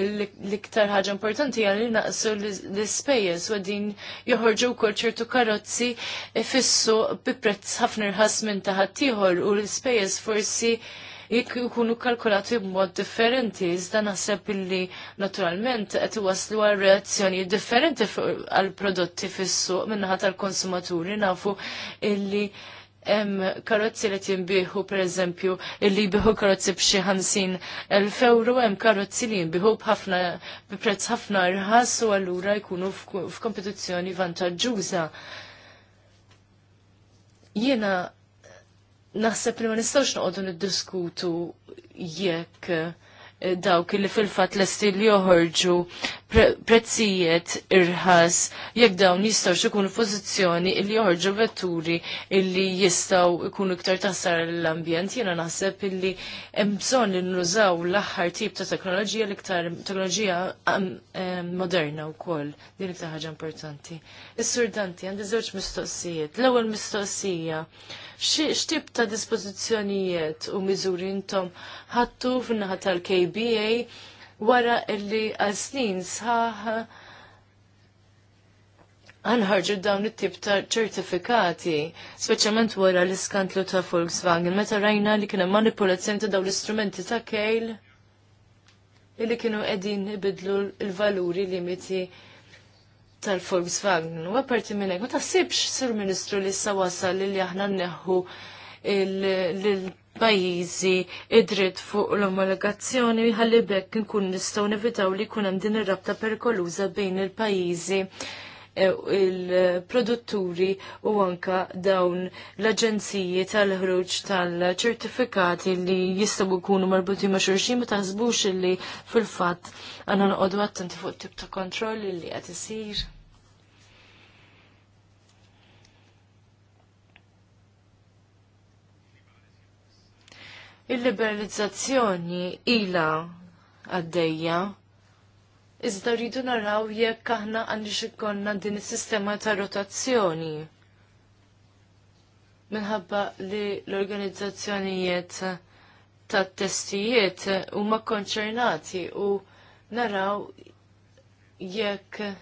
l-iktar ħaġa importanti għal li naqsu l spejes u din joħorġu wkoll ċertu karozzi fissu bi prezz ħafna irħas minn taħattijħor u l spejes forsi jkunu kalkulati b'mod differenti, iżda naħseb illi naturalment qed waslu għal reazzjoni differenti għal prodotti fis-suq għal tal-konsumaturi nafu illi hemm karozzi li tinbieħu pereżempju li bihu karozzi b'xi ħamsin elf euro hemm karozzi li jinbiħu b'ħafna prezz ħafna irħas u allura jkunu f'kompetizzjoni vantaġġuża. Jiena naħseb li ma nistgħux noqogħdu niddiskutu jekk dawk li fil-fat l li joħorġu prezzijiet irħas jekk dawn jistgħu ikunu pożizzjoni li joħorġu vetturi illi jistgħu ikunu iktar taħsar l-ambjent jiena naħseb illi hemm bżonn li nużaw l-aħħar tip ta' teknoloġija l-iktar teknoloġija um, um, moderna wkoll din iktar ħaġa importanti. Is-sur Danti għandi żewġ mistoqsijiet. L-ewwel mistoqsija x'tip ta' dispożizzjonijiet u miżuri intom ħattu fin-naħa tal-KB MBA wara illi għal snin sħaħ għanħarġu dawn it-tip ta' ċertifikati, speċjalment wara l-iskantlu ta' Volkswagen, meta rajna li kienem manipolazzjoni ta' dawn l-istrumenti ta' kejl illi kienu edin ibidlu l-valuri limiti tal-Volkswagen. U għaparti minnek, ma taħsibx, Sir Ministru, li s-sawasa li li aħna neħu pajjiżi id-dritt fuq l-omologazzjoni ħalli bekk nkun nistgħu nevitaw li jkun hemm din ir-rabta perikoluża bejn il-pajjiżi eh, il-produtturi u anka dawn l-aġenziji tal-ħruġ tal-ċertifikati li jistabu kunu marbuti ma' xurxin ma taħsbux li fil-fatt għanna nqodu attenti fuq tip ta' kontroll li qed isir. il-liberalizzazzjoni ila għaddejja. Iżda rridu naraw jekk aħna għandix ikonna din is-sistema ta' rotazzjoni. Minħabba li l-organizzazzjonijiet ta' testijiet huma konċernati u naraw jekk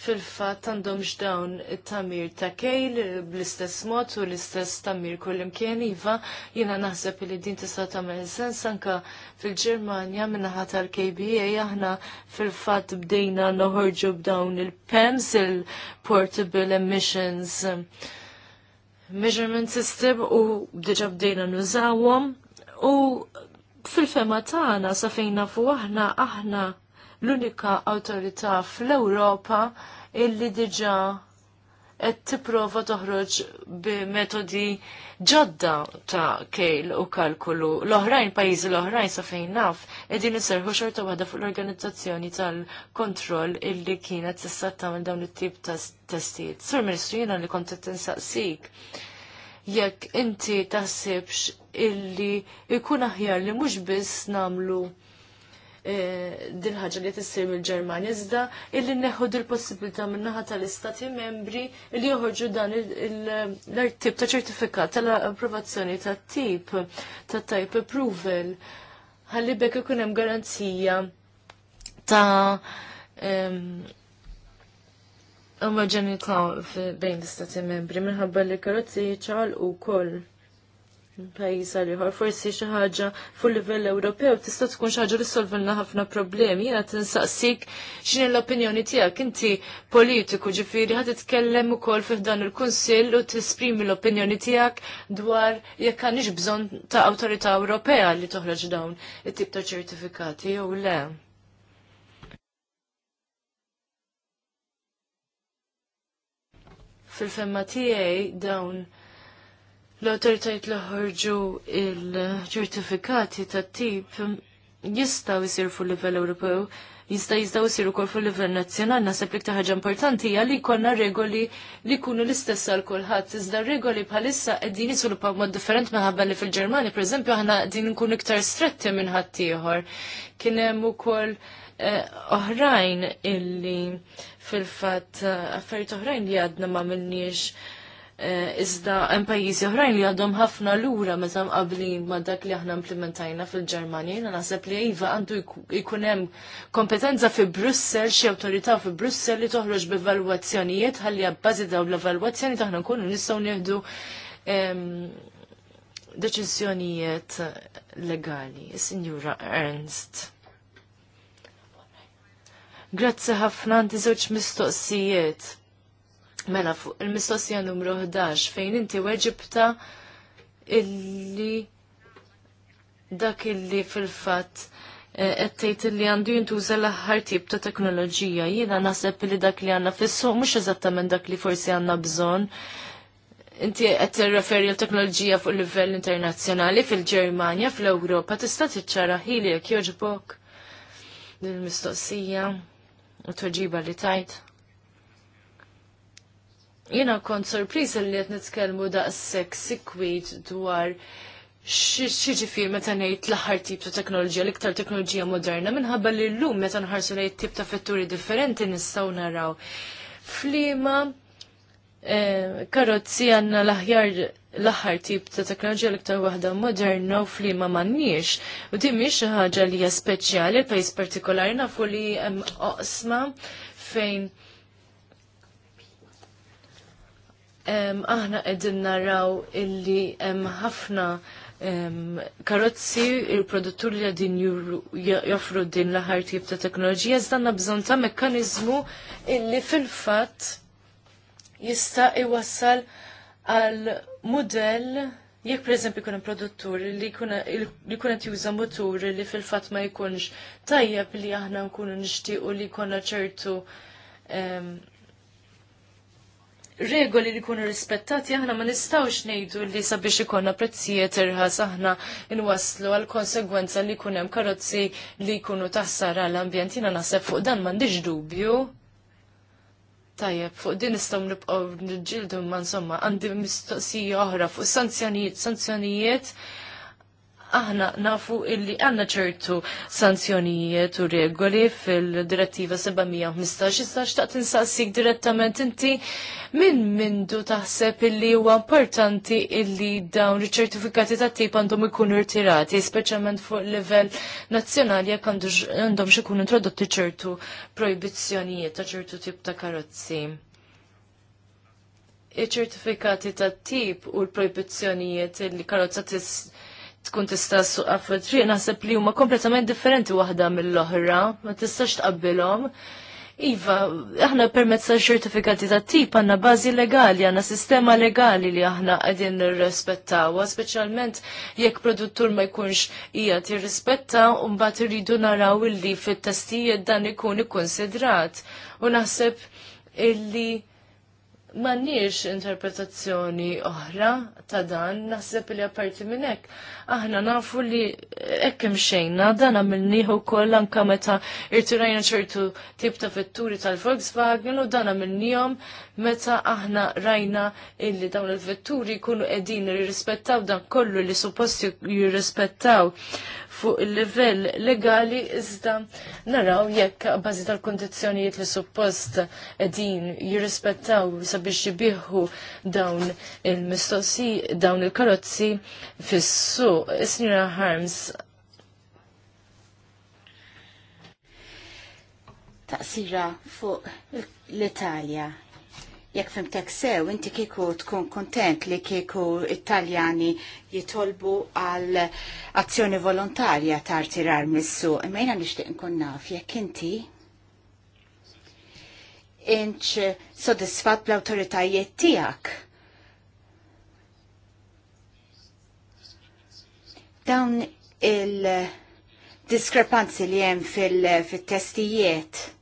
fil-fat għandhom dawn tamir ta' kejl bl-istess mod u l-istess tamir kullimkien iva jina naħseb li din tista' tagħmel sens anka fil-Ġermanja minnaħa tal-KBA aħna fil-fatt bdejna noħorġu b'dawn il-PEMS il-Portable Emissions Measurement System u diġa bdejna nużawhom u fil-fema tagħna sa fejn nafu aħna aħna l-unika awtorità fl-Ewropa illi diġa qed tipprova toħroġ b'metodi ġodda ta' kejl u kalkulu. L-oħrajn pajjiżi l-oħrajn sa fejn naf qegħdin iserħu xorta waħda fuq l-organizzazzjoni tal-kontroll illi kienet tista' tagħmel dawn it-tip ta' testijiet. Sur Ministru jiena li kont qed insaqsik jekk inti taħsibx illi jkun aħjar li mhux biss nagħmlu Eh, din ħaġa li tissir mill ġermani iżda illi neħu dil possibilità min-naħa tal-istati membri li joħorġu dan l-artib ta' ċertifikat tal-approvazzjoni tat-tip ta' type approval ħalli bekk ikun hemm garanzija ta' omogenità bejn l-istati membri minħabba li karozzi ċal u koll pajjiż għal ieħor, forsi xi ħaġa fuq livell Ewropew tista' tkun xi ħaġa li ħafna problemi. Jiena tinsaqsik x'inhi l-opinjoni tiegħek. Inti politiku ġifieri ħad titkellem ukoll fih dan il-Kunsill u tesprimi l-opinjoni tiegħek dwar jekk għandix bżonn ta' awtorità Ewropea li toħroġ dawn it-tip ta' ċertifikati jew le. fil-femma tiegħi dawn l-autoritajt li ħorġu il-ċertifikati ta' tip jistaw jisir fu livell Ewropew, jista' jistaw jisir ukoll fu livell nazzjonal, naħseb li ħaġa importanti hija li jkollna regoli li jkunu l-istess għal kulħadd. Iżda regoli bħalissa qegħdin jisviluppaw mod different minħabba li fil-Ġermani, pereżempju aħna qegħdin nkunu iktar stretti minn ħadd ieħor. Kien hemm ukoll eh, oħrajn illi fil-fatt eh, affarijiet oħrajn li għadna ma' Eh, iżda hemm pajjiżi oħrajn li għandhom ħafna lura meta mqablin ma' dak li aħna implementajna fil-Ġermanja. Jiena naħseb li iva għandu jkun hemm kompetenza fi Brussel, xi awtorità fi Brussel li toħroġ b'evalwazzjonijiet ħalli abbażi dawn l-evalwazzjoni taħna nkunu nistgħu nieħdu deċiżjonijiet legali. Sinjura Ernst. Grazzi ħafna għandi żewġ mistoqsijiet Mela fuq il-mistoqsija numru 11 fejn inti weġibta illi dak illi fil-fatt eh, qed tgħid li għandu jintuża l-aħħar tip ta' teknoloġija. Jiena naħseb li dak li għandna fis-suq mhux eżattament dak li forsi għandna bżonn. Inti qed tirreferi l-teknoloġija fuq livell internazzjonali fil-Ġermanja, fl-Ewropa, tista' tiċċara ħiliek jogħġbok din mistoqsija u tweġiba li tajt. Jena kont sorpriz li qed nitkellmu daqshekk sikwit dwar xieġifir meta ngħid l-aħħar tip ta' teknoloġija, l-iktar teknoloġija moderna, minħabba li llum meta nħarsu lejn tip ta' fetturi differenti nistgħu naraw. Flima eh, karozzi għandna l-aħjar l-aħħar tip ta' teknoloġija l-iktar waħda moderna u flima m'għandniex. U din mhix xi ħaġa li hija speċjali pajjiż partikolari nafu li hemm oqsma fejn aħna qegħdin naraw illi hemm ħafna karozzi il-produttur li għadin joffru din l-aħħar tip ta' teknoloġija żdanna bżonn ta' mekkaniżmu illi fil-fatt jista' iwassal għal modell jekk pereżempju jkun hemm produttur li jkun qed juża li fil-fatt ma jkunx tajjeb li aħna nkunu nixtiequ li jkollna ċertu regoli li kunu rispettati aħna ma nistawx nejdu li sabiex ikonna prezzijiet irħas aħna inwaslu għal konsegwenza li kunem karozzi li kunu taħsar għall ambjent jina naseb fuq dan mandiġ dubju. Tajjeb, fuq din nistgħu nibqaw nġildu ma insomma għandi mistoqsija oħra fuq sanzjonijiet, sanzjonijiet aħna nafu illi għanna ċertu sanzjonijiet u regoli fil-direttiva 715 iżda xtaqt insaqsik direttament inti minn mindu taħseb illi huwa importanti illi dawn iċ-ċertifikati ta' tip għandhom ikunu irtirati, speċjalment fuq livell nazzjonali jekk għandhom ikunu introdotti ċertu projbizzjonijiet ta' ċertu tip ta' karozzi iċ-ċertifikati ta' tip u l-proibizzjonijiet li karozza tis tkun tista' suqqa fuq triq naħseb li huma kompletament differenti waħda mill-oħra, ma tistax tqabbilhom. Iva, aħna permezz ta' ċertifikati ta' tip għanna bażi legali, għanna sistema legali li aħna qegħdin nirrispettaw, speċjalment jekk produttur ma jkunx hija jirrispetta u mbagħad irridu naraw illi fit-testijiet dan ikun ikkunsidrat U naħseb illi Mannix interpretazzjoni oħra ta' dan, naħseb li apparti minn hekk. Aħna nafu li hekk xejna dan għamilniħu koll anka meta irtirajna ċertu tip ta' vetturi tal-Volkswagen u dan għamilnihom meta aħna rajna illi dawn il-vetturi jkunu qegħdin irrispettaw dan kollu li suppost jirrispettaw fuq il-livell legali iżda naraw jekk bażi tal-kondizzjonijiet li suppost din jirrispettaw sabiex jibieħu dawn il-mistoqsi dawn il-karozzi fis-suq. sinjura Harms taqsira fuq l-Italja jekk fimtek sew, inti kieku tkun kontent li kieku italjani jitolbu għal azzjoni volontarja tar tirar missu. Imma nishtiq nkun naf, jekk inti inċ sodisfat bl-autoritajiet tijak. Dawn il-diskrepanzi li jem fil-testijiet. Fil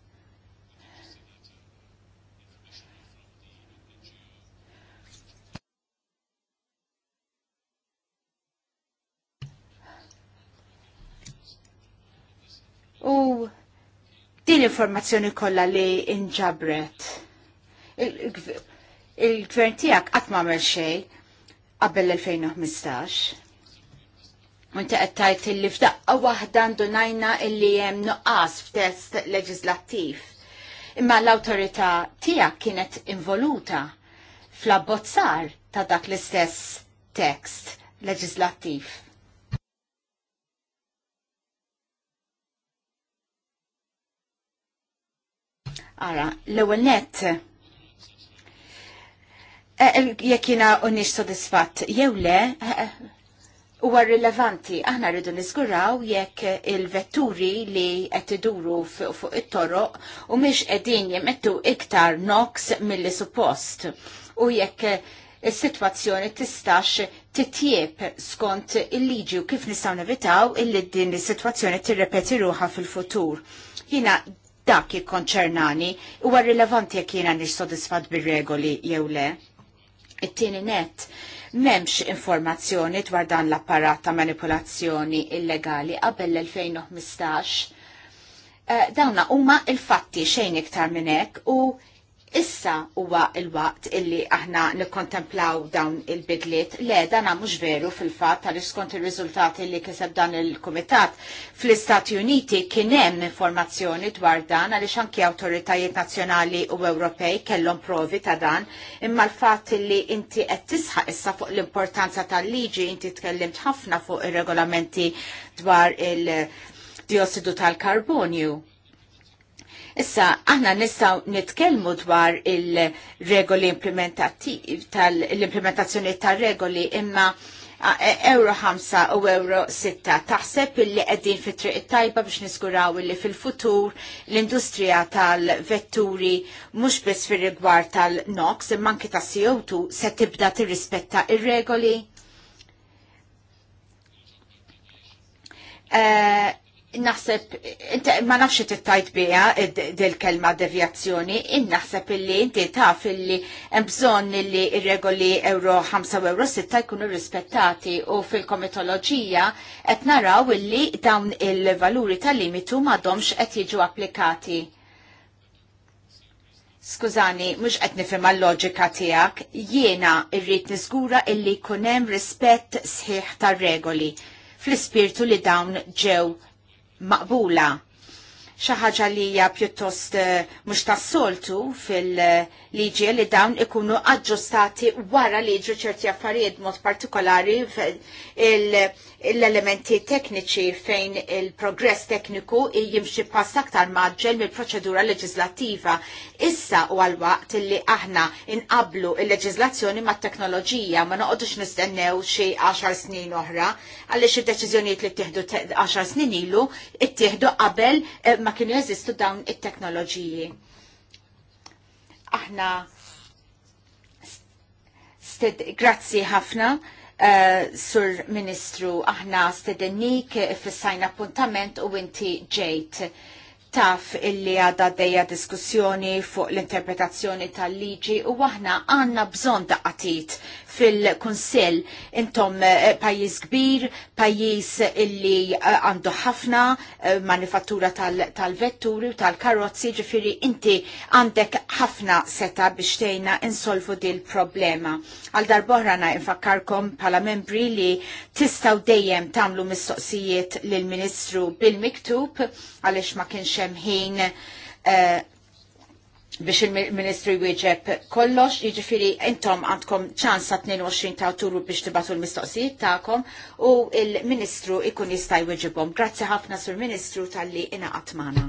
U din informazzjoni kollha li inġabret. Il-gvern tiegħek qatt m'għamel xej qabel l-2015. Unti qed il li f'daqqa waħda għandu najna il-li hemm nuqqas f'test leġislattiv. Imma l-awtorità tiegħek kienet involuta fl-abbozzar ta' dak l-istess tekst leġislattiv Ara, l-ewwel net eh, eh, jekk jiena unix sodisfatt jew le eh, huwa rilevanti aħna rridu niżguraw jekk il-vetturi li qed iduru fuq it-toroq u miex qegħdin jemettu iktar nox milli suppost u jekk is-sitwazzjoni tistax titjieb skont il-liġi u kif nistgħu nevitaw illi din is-sitwazzjoni tirrepeti ruħha fil-futur. Jina dak jikkonċernani huwa rilevanti jekk jiena nissodisfat bir-regoli jew le. It-tieni net memx informazzjoni dwar dan l-apparat ta' manipolazzjoni illegali qabel l-2015. Eh, dawna huma il-fatti xejn iktar minn hekk u issa huwa il-waqt illi aħna nikkontemplaw dawn il-bidliet. Le, dan mhux veru fil-fatt għal skont ir-riżultati li kiseb dan il-Kumitat fl-Istati Uniti kien hemm informazzjoni dwar dan għaliex anki awtoritajiet nazzjonali u Ewropej kellhom provi ta' dan, imma l-fatt li inti qed tisħaq issa fuq l-importanza tal-liġi inti tkellimt ħafna fuq ir-regolamenti dwar il-diossidu tal-karbonju Issa, aħna nistaw nitkelmu dwar il-regoli implementativ tal-implementazzjoni tal-regoli imma e, euro 5 u euro 6 taħseb illi qegħdin fit triq tajba biex niskuraw illi fil-futur l-industrija tal-vetturi mhux biss fir-rigward tal-NOx imma anki ta' CO2 se tibda tirrispetta ir-regoli. Uh, naħseb, ma nafx tittajt bija del kelma devjazzjoni, naħseb illi inti taf illi bżon illi regoli euro 5 euro 6 jkunu rispettati u fil-komitoloġija et naraw illi dawn il-valuri tal-limitu ma domx et jiġu applikati. Skużani, mux qed nifim għall-loġika tiegħek, jiena rrid niżgura illi kunem rispett sħiħ tar-regoli fl-ispirtu li dawn ġew maqbula xi ħaġa li hija pjuttost eh, mhux tas-soltu fil-liġi li dawn ikunu aġġustati wara li jiġu ċerti affarijiet mod partikolari il- l-elementi tekniċi fejn il-progress tekniku jimxi pass aktar maġġel mill-proċedura leġislattiva. Issa u għal-waqt li aħna inqablu il-leġislazzjoni ma' teknoloġija ma noqodux nistennew xi 10 snin oħra, għalli xi deċiżjonijiet li ttieħdu 10 snin ilu ittieħdu qabel eh, ma kienu jeżistu dawn it-teknoloġiji. Aħna grazzi ħafna Eh, sur Ministru, aħna stedennik eh, fissajn appuntament u inti ġejt taf illi għadha dejja diskussjoni fuq l-interpretazzjoni tal-liġi u aħna għanna bżon daqqatit fil-Kunsill. Intom eh, pajjiż kbir, pajjiż illi eh, għandu ħafna eh, manifattura tal-vetturi u tal-karozzi, ġifiri inti għandek ħafna seta biex tejna insolvu dil problema. Għal darbohrana infakkarkom pala membri li tistaw dejjem tamlu mistoqsijiet lil-Ministru bil-miktub għalix ma kienx hemm ħin biex il-Ministru jwieġeb kollox, jiġifieri intom għandkom ċans sa 22 ta' turu biex tibatu l-mistoqsijiet tagħkom u il-Ministru ikun jista' jwieġibhom. Grazzi ħafna sur Ministru tal-li inaqat magħna.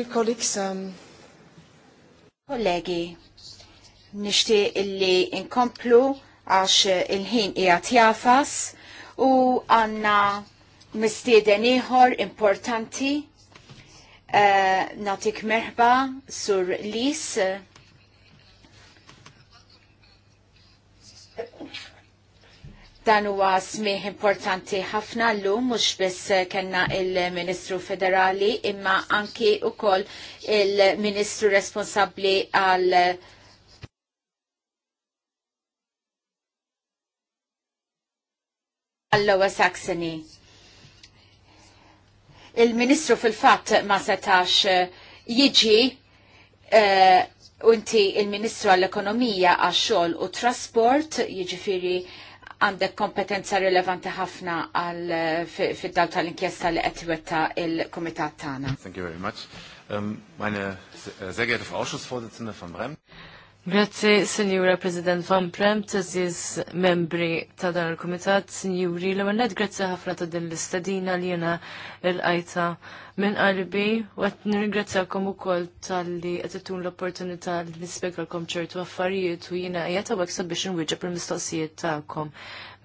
Dear colleagues, um... Kollegi, nishti illi inkomplu għax il-ħin qiegħed jafas u għanna mistieden ieħor importanti uh, natik merħba sur Lis. Uh, Dan huwa smih importanti ħafna llum mhux biss kellna il-Ministru Federali imma anki ukoll il-Ministru responsabbli għal għall-Lower Saxony. Il-Ministru fil-fatt ma setax eh, jiġi eh, unti il-Ministru għall-Ekonomija għax-xogħol u Trasport, jiġifieri għandek kompetenza rilevanti ħafna għal fid-dal tal-inkjesta li qed iwetta il-kumitat tagħna. Thank you very much. Um, meine sehr geehrte Frau Ausschussvorsitzende von Brem. Grazzi, Signora President Van Prem, taziz membri ta' dan il-Komitat, Signori Lemonet, grazzi ħafna ta' din l-istadina li jena l-għajta minn qalbi, u għat nirgrazzjakom u koll tal-li għatetun l-opportunità li nispiegalkom ċertu affarijiet u jena jgħata għak biex nwiġa per mistoqsijiet ta'kom.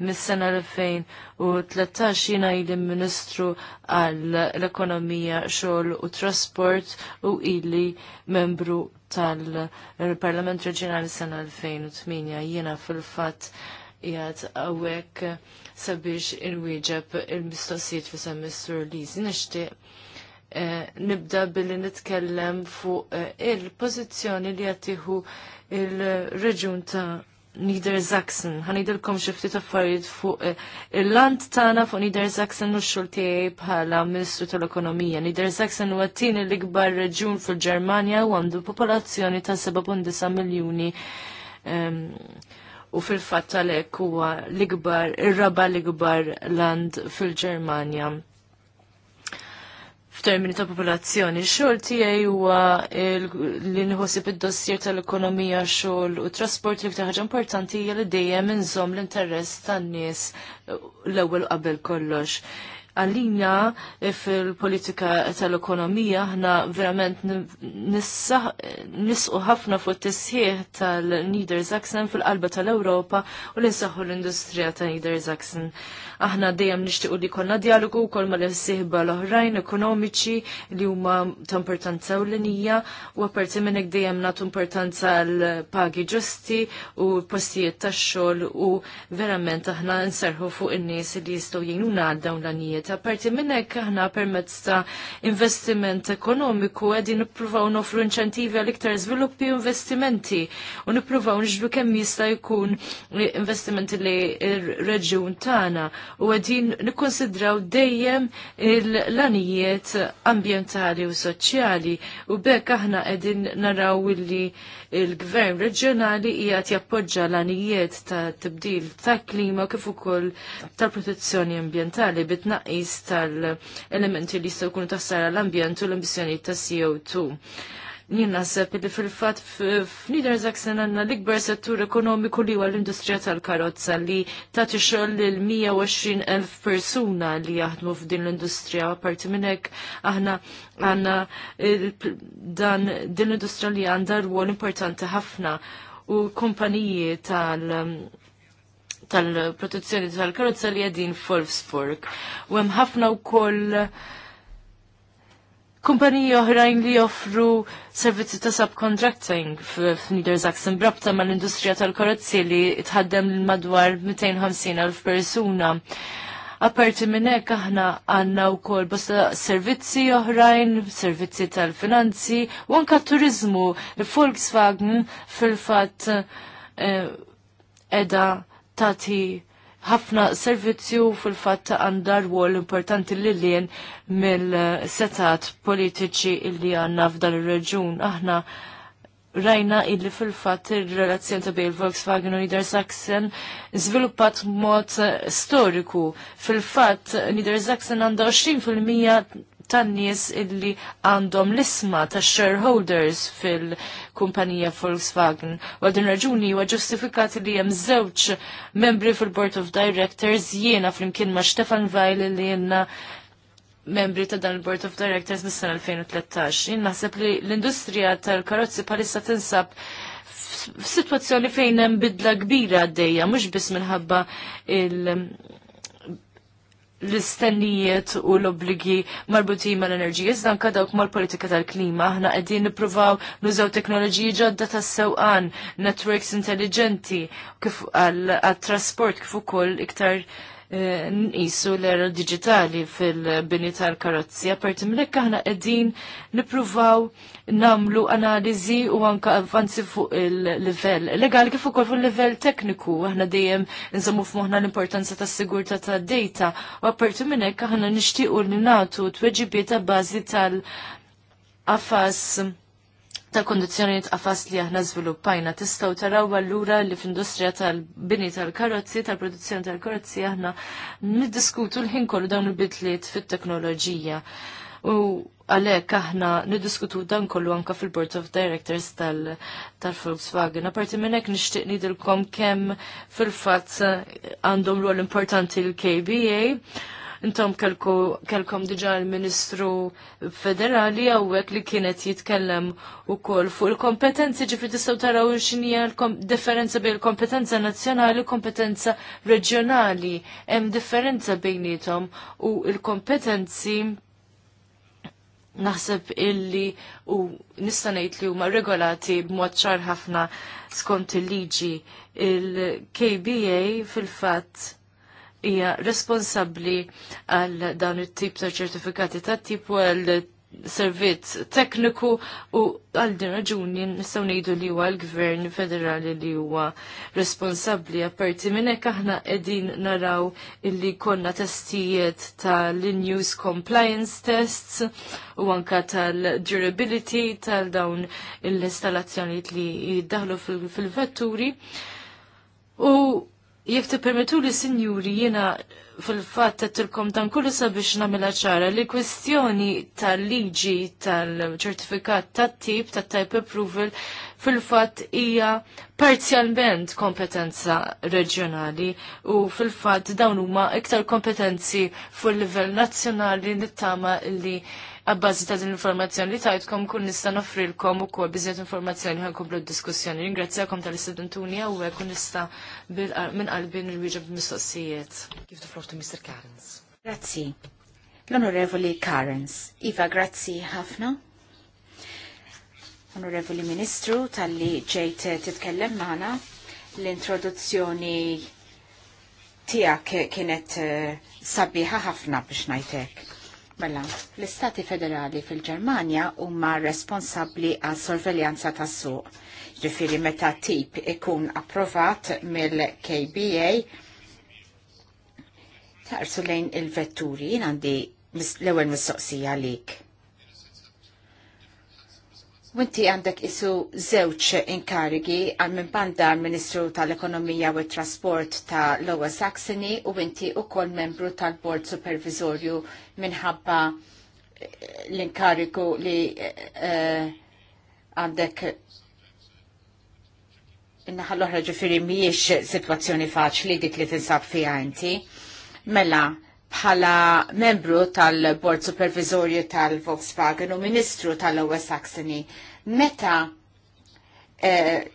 Mis-sena 2013 jena ili ministru għall-ekonomija, xol u trasport u ili membru tal-Parlament Reġjonali sena 2008 jiena fil-fatt jgħat għawek sabiex il-wieġeb il-mistoqsijiet fi semmistur li nixtieq eh, nibda billi nitkellem fuq eh, il-pożizzjoni li jattiħu il-reġun ta' Sachsen Saxon. Għanidilkom xifti taffariet fuq eh, il-land tana fuq Nider Sachsen u xultijaj bħala Ministru tal-Ekonomija. Nider Sachsen u għattini l-ikbar reġun fil-Germania u għandu popolazzjoni ta' 7.9 miljoni ehm, u fil-fat tal-ek huwa l-ikbar, ir-raba l-ikbar land fil-Germania f'termini ta' popolazzjoni. Xogħol tiegħi huwa li inħosib id-dossier tal-ekonomija xogħol u trasport li ħaġa importanti hija li dejjem inżomm l-interess tan-nies l-ewwel qabel kollox. Għalina fil-politika tal-ekonomija ħna verament nisqu ħafna fuq tisħieħ tal-Niedersachsen fil-qalba tal-Ewropa u li nsaħħu l-industrija tal-Niedersachsen. Aħna dejjem nixtiequ li jkollna dialogu wkoll mal l-sihba l-oħrajn ekonomiċi li huma ta' importanza ewlenija u apparti minn hekk dejjem nagħtu importanza l pagi ġusti u postijiet tax-xogħol u verament aħna nserħu fuq in-nies li jistgħu jgħinuna għal dawn l-anijiet. Apparti minn hekk aħna permezz ta' investiment ekonomiku qegħdin nippruvaw nofru inċentivi għal iktar żviluppi u investimenti u nippruvaw nixbu kemm jista' jkun investimenti li r-reġjun tagħna u għedin nikkonsidraw dejjem l-lanijiet ambientali u soċjali u bekk aħna għedin naraw illi il-gvern reġjonali jgħat jappoġġa l-lanijiet ta' tibdil ta' klima kif ukoll tal-protezzjoni ambientali bitnaqis tal-elementi li jistgħu jkunu tassara l-ambjent u l-emissjonijiet ta' CO2 jien naħseb li fil-fatt f'Niedersachsen għandna l-ikbar settur ekonomiku li huwa l-industrija tal-karozza li tagħti xogħol lil 120 elf persuna li jaħdmu f'din l-industrija. Apparti minn hekk aħna għandna dan din l-industrija li għandha rwol importanti ħafna u kumpaniji tal- tal-protezzjoni tal-karozza li għedin Wolfsburg. U hemm ħafna wkoll koll kumpaniji oħrajn li joffru servizzi ta' subcontracting f'Niedersachsen brabta mal industrija tal-karozzi li tħaddem l madwar 250.000 persuna. Apparti minn hekk aħna għandna wkoll bosta servizzi oħrajn, servizzi tal-finanzi u anke turizmu. volkswagen fil-fatt qiegħda eh, tagħti ħafna servizzju fil-fatt għandha rwol importanti li lien mill-setat politiċi illi għandna f'dan ir-reġun. Aħna rajna illi fil fatt il relazzjon ta' bejn volkswagen u Niedersachsen zviluppat mod storiku. Fil-fat Niedersachsen għanda 20% tan-nies illi għandhom l-isma ta' shareholders fil-kumpanija Volkswagen. U din raġuni huwa ġustifikat li hemm żewġ membri fil-Board of Directors jiena flimkien ma' Stefan Weil li jenna membri ta' dan il-Board of Directors mis-sena 2013. Jien naħseb li l-industrija tal-karozzi palissa tinsab f'sitwazzjoni fejn hemm bidla kbira għaddejja, mhux biss minħabba il- l-istennijiet u l-obligi marbutin mal-enerġija, iżda anka dawk mal-politika tal-klima. Aħna qegħdin nippruvaw nużaw teknoloġiji ġodda tas-sewqan, networks intelligenti, kif għal-trasport kif ukoll iktar nqisu l-era digitali fil-bini tal-karozzi. Parti mlek aħna qegħdin nippruvaw namlu analiżi u anka avvanzi fuq il-livell legali kif ukoll fuq il-livell tekniku. Aħna dejjem nżommu f'moħħna l-importanza tas-sigurtà tad-data u apparti minn hekk aħna nixtiequ li nagħtu tweġibiet ta' bażi tal-afas tal-kondizjoniet qafas li aħna żviluppajna tistgħu taraw allura li f'industrija tal-bini tal-karozzi, tal-produzzjoni tal-karozzi aħna niddiskutu l-ħin kollu dawn il-bidliet fit-teknoloġija. U għalhekk aħna niddiskutu dan kollu anka fil-Board of Directors tal-Volkswagen. Aparti minn hekk nixtieq nidilkom kemm fil-fatt għandhom rol importanti l-KBA intom kelkom diġa l-Ministru Federali għawek li kienet jitkellem u kol fuq il-kompetenzi ġifri tistaw taraw xinija differenza bejn il-kompetenza nazjonali u kompetenza reġjonali. Hemm differenza bejnietom u il-kompetenzi naħseb illi u nistanajt li huma regolati b'mod ċar ħafna skont il-liġi il-KBA fil-fatt hija responsabbli għal dan it-tip ta' ċertifikati ta' tip u għal servizz tekniku u għal din raġuni nistgħu ngħidu li huwa l-Gvern Federali li huwa responsabbli apparti minn hekk aħna qegħdin naraw illi konna testijiet tal-in-use compliance tests u anka tal-durability tal-dawn l-installazzjonijiet li jiddaħlu fil-vetturi. U Jek ti permetu li sinjuri jena fil-fat tilkom dan kullu sabiex namela ċara li kwestjoni tal-liġi tal-ċertifikat tat-tip ta' type approval fil-fat hija parzjalment kompetenza reġjonali u fil-fat dawn huma iktar kompetenzi fuq livell nazzjonali nittama li, li għabbażi ta' din l-informazzjoni li tajtkom kun nista' noffrilkom ukoll biżjed informazzjoni ħankomplu d-diskussjoni. Ringrazzjakom tal-istudentuni hawnhekk kun nista' minn qalbi nirwieġa b'mistoqsijiet. Kif tiflor to Mr. Karens? Grazzi. L-Onorevoli Karens. Iva, grazzi ħafna. Onorevoli Ministru, tal-li ġejt titkellem maħna l-introduzzjoni tijak kienet eh, sabiħa ħafna biex najtek. Mela, l-Istati Federali fil-Germania huma responsabbli għal sorveljanza tas suq. Ġifiri meta tip ikun approvat mill-KBA tarsu lejn il-vetturi jien għandi l-ewwel mistoqsija għalik. Winti għandek isu zewċ inkarigi għal minn banda ministru tal-Ekonomija u Trasport ta' Lower Saxony u winti u kol membru tal-Bord Supervisorju minħabba eh, l-inkarigu li eh, għandek Innaħal oħra ġifiri miex situazzjoni faċli dik li tinsab fija inti. Mela, bħala membru tal-Bord Supervisorju tal-Volkswagen u Ministru tal ewe Saxony. Meta eh,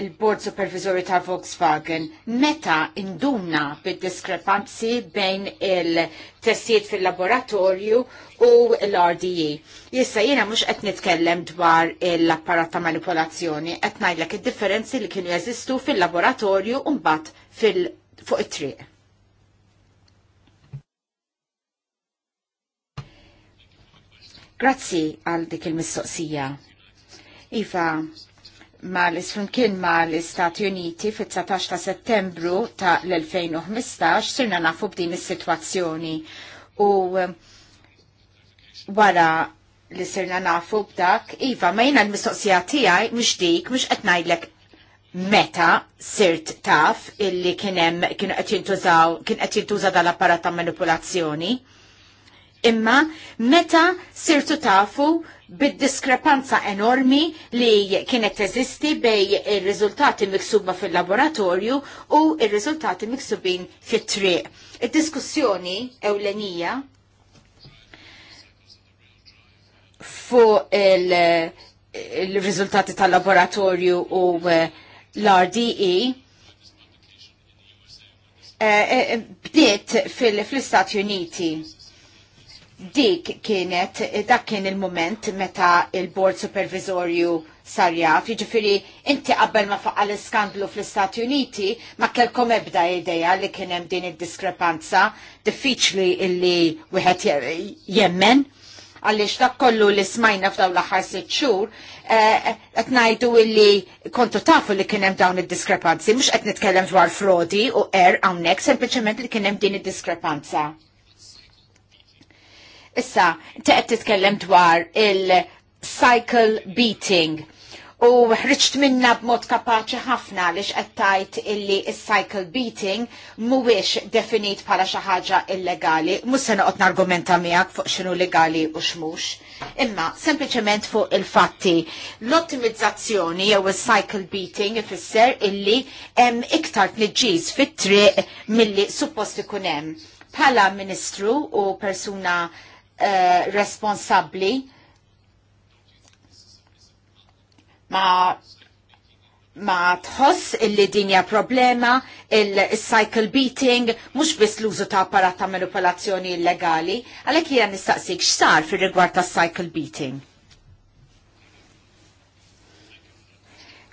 il-Bord Supervisorju tal-Volkswagen, meta indumna bid-diskrepanzi bejn il-testijiet fil-laboratorju u l-RDE. Jissa jena mux qed nitkellem dwar l-apparat ta' manipolazzjoni, qed ngħidlek id-differenzi li kienu jeżistu fil-laboratorju u mbagħad fuq it-triq. Grazzi għal dik il-mistoqsija. Iva, mal ma mal istati Uniti fit-19 ta' settembru ta' l-2015 sirna nafu b'din is-sitwazzjoni u um, wara li sirna nafu b'dak, Iva, ma jina l-mistoqsija tijaj, mux dik, mux etnajdlek meta sirt taf illi kienem kienu qed jintużaw kien qed jintuża dal-apparat ta' manipulazzjoni. Imma meta sirtu tafu bid-diskrepanza enormi li kienet teżisti bej il riżultati miksuba fil-laboratorju u il riżultati miksubin fit-triq. Id-diskussjoni ewlenija fuq il-riżultati il tal-laboratorju u eh, l-RDE eh, eh, bdiet fil-Istati Uniti dik kienet, dak kien il-moment meta il-Bord Supervisorju sarja, jiġifieri inti qabel ma faqqa l skandlu fl-Istati Uniti ma kelkom ebda ideja li kien hemm din id-diskrepanza diffiċli illi wieħed jemmen għaliex dak kollu li smajna f'dawn l-aħħar sitt xhur eh, qed ngħidu illi kontu tafu li kien hemm dawn id-diskrepanzi, mhux qed nitkellem dwar frodi u er hawnhekk sempliċement li kien hemm din id-diskrepanza. Issa, teqet titkellem dwar il-cycle beating u ħriċt minna b'mod kapaċi ħafna li xqettajt illi il-cycle beating mhuwiex definit bħala xi ħaġa illegali, mhux se noqgħod nargumenta miegħek fuq x'inhu legali u x'mhux. Imma sempliċement fuq il-fatti l-ottimizzazzjoni jew il-cycle beating ifisser illi hemm iktar tniġġis fit-triq milli suppost ikun hemm. Bħala Ministru u persuna Eh, responsabli ma ma tħoss illi dinja problema il-cycle beating mux biss l-użu ta' apparat ta' manipolazzjoni illegali għalek jgħan nistaqsik x'sar fil rigward ta' cycle beating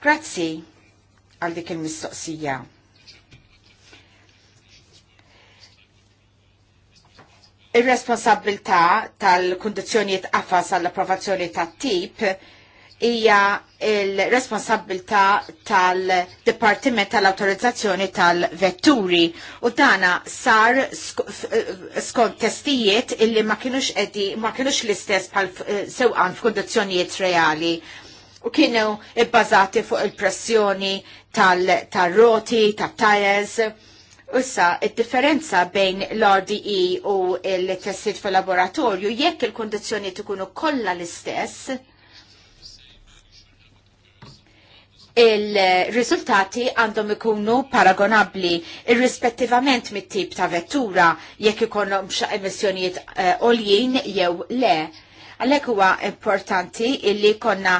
Grazzi għal dik il-mistoqsija Ir-responsabilità tal-kundizzjonijiet għafas għall-approvazzjoni tat-tip hija il-responsabilità tal-Dipartiment tal-Autorizzazzjoni tal-Vetturi u dana sar eh, skont testijiet illi ma kienux edi, ma kienux l-istess pal eh, sewqan f'kundizzjonijiet reali u kienu ibbażati fuq il-pressjoni tal-roti, tal tal, tal roti tal tires Ussa, il-differenza bejn l-RDE u il-tessit fil-laboratorju, jekk il-kondizjoni ikunu kollha l-istess, il-riżultati għandhom ikunu paragonabli irrispettivament mit-tip ta' vettura jekk ikollhom emissjonijiet eh, oljin jew le Għalhekk huwa importanti illi konna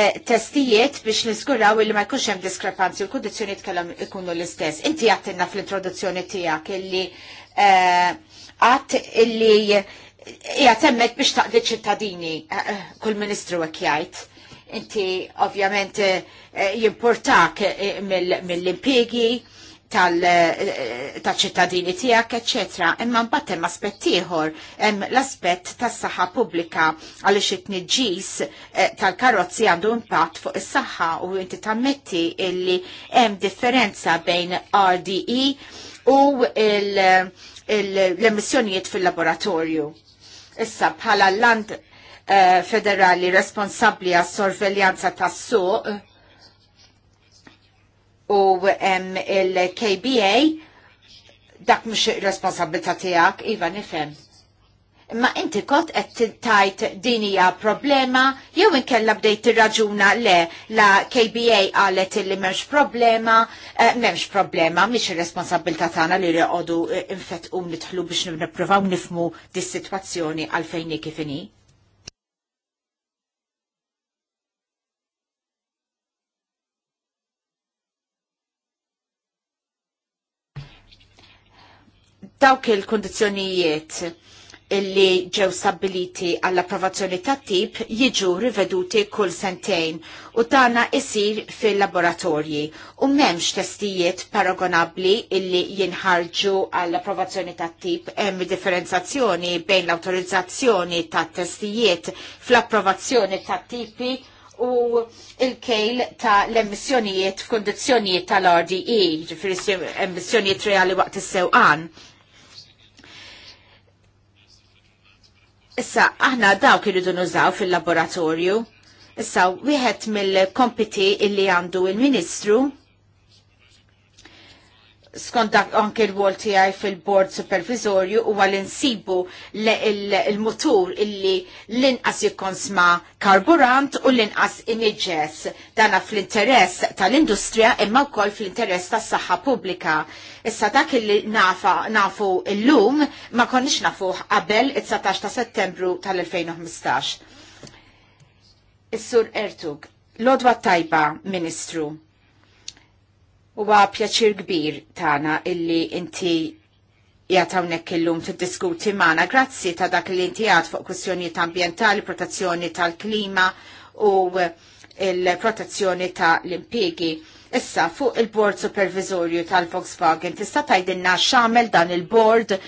eh, testijiet biex niskuraw illi ma jkunx hemm diskrepanzi u l-kundizzjonijiet kellhom ikunu l-istess. Inti għattinna fl-introduzzjoni tiegħek illi eh, għatt illi hija temmek biex taqdi ċittadini eh, kull ministru hekk jgħid inti ovvjament jimportak mill-impjegi, tal-ċittadini eh, tiegħek, eċetera, Imma mbagħad hemm aspett ieħor, hemm l-aspett tas-saħħa pubblika għaliex it-tniġġis eh, tal-karozzi għandu impatt fuq is-saħħa u inti tammetti illi hemm differenza bejn RDE u l-emissjonijiet fil-laboratorju. Issa bħala l-land eh, federali responsabbli għas-sorveljanza tas-suq u il-KBA dak mux responsabilta tijak, Iva nifem. Ma inti kot qed tajt dinija problema, jew inkella bdejt tirraġuna le la KBA qalet li m'hemmx problema, eh, m'hemmx problema, mhix ir-responsabilità tagħna li rjoqogħdu eh, infett u nidħlu biex nippruvaw nifmu dis-sitwazzjoni għalfejn kif inhi. dawk il-kondizjonijiet illi ġew stabiliti għall-approvazzjoni ta' tip jiġu riveduti kull sentejn u tagħna isir fil-laboratorji u memx testijiet paragonabli illi jinħarġu għall-approvazzjoni ta' tip hemm differenzazzjoni bejn l-autorizzazzjoni ta' testijiet fl-approvazzjoni ta' tipi u il-kejl ta' l-emissjonijiet f'kondizzjonijiet tal-RDE, ġifiri emissjonijiet reali waqt is-sewqan. Issa, aħna dawk irridu nużaw fil-laboratorju. Issa, wieħed mill-kompiti illi għandu il-Ministru skont dak anke l għol tiegħi fil-bord supervisorju huwa li nsibu il-mutur illi l-inqas jikkonsma karburant u l-inqas inġes dana fl-interess tal-industrija imma wkoll fl-interess tas-saħħa pubblika. Issa dak illi nafu l-lum ma konniex nafu qabel it-19 ta' Settembru tal-2015. Is-Sur Ertug, l-odwa tajba, Ministru Huwa pjaċir kbir tagħna illi inti jatawnek illum t-diskuti maħna. Grazzi ta' dak li inti għad fuq ta' ambientali, protezzjoni tal-klima u il-protezzjoni tal-impiegi. Issa, fuq il-bord supervisorju tal-Volkswagen, tista' tajdinna xamel dan il-bord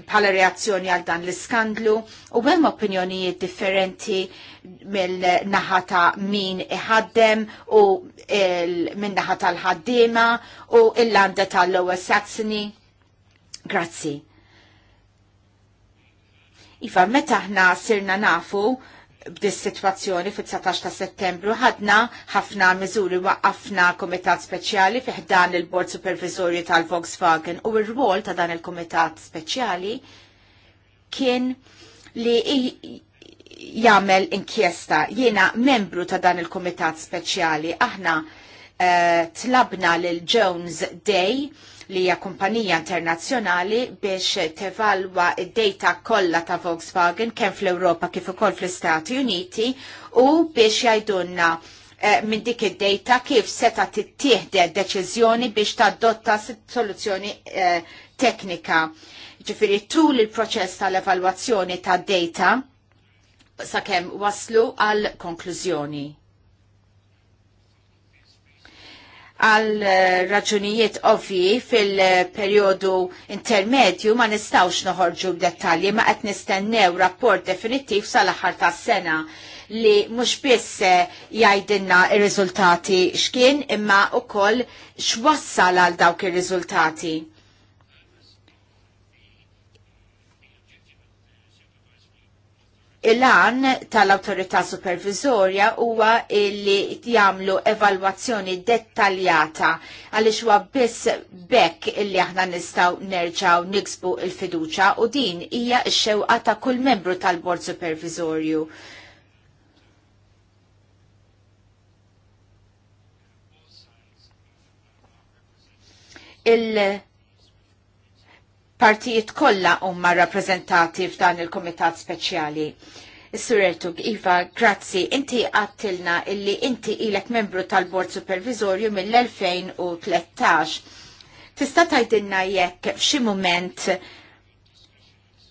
bħala reazzjoni għal dan l-iskandlu u hemm opinjonijiet differenti mill-naħa ta' min iħaddem u minn naħa tal-ħaddiema u il-landa tal-Lower Saxony. Grazzi. Iva, meta ħna sirna nafu b'dis situazzjoni fit-19 ta' settembru ħadna ħafna miżuri waqqafna komitat speċjali dan il-Bord Supervisorju tal-Volkswagen u r-rwol ta' dan il-komitat speċjali kien li jagħmel inkjesta. Jiena membru ta' dan il-komitat speċjali aħna uh, tlabna lil Jones Day li hija kumpanija internazzjonali biex tevalwa id-data kollha ta' Volkswagen kemm fl-Ewropa kif ukoll fl-Istati Uniti u biex jgħidulna eh, minn dik id-data kif seta tittieħdet deċiżjoni biex tadotta soluzzjoni eh, teknika. Ġifiri tul il-proċess tal-evalwazzjoni tad-data sakemm waslu għal konklużjoni. għal eh, raġunijiet ovvji fil-periodu intermedju ma nistawx noħorġu dettalji ma qed nistennew rapport definittiv sal-aħħar tas-sena li mhux biss eh, jgħidilna r-riżultati x'kien imma wkoll x'wassal għal dawk ir-riżultati il għan tal-autorità supervizorja huwa li jagħmlu evalwazzjoni dettaljata għaliex huwa biss bekk illi aħna nistgħu nerġaw niksbu il-fiduċa u din hija x-xewqa ta' kull membru tal-bord supervizorju. il- partijiet kollha huma rappreżentati f'dan il-Kumitat Speċjali. Is-Sur Ertug, Iva, grazzi, inti għattilna illi inti ilek membru tal-Bord Supervisorju mill-2013. Tista' tgħidilna jekk f'xi mument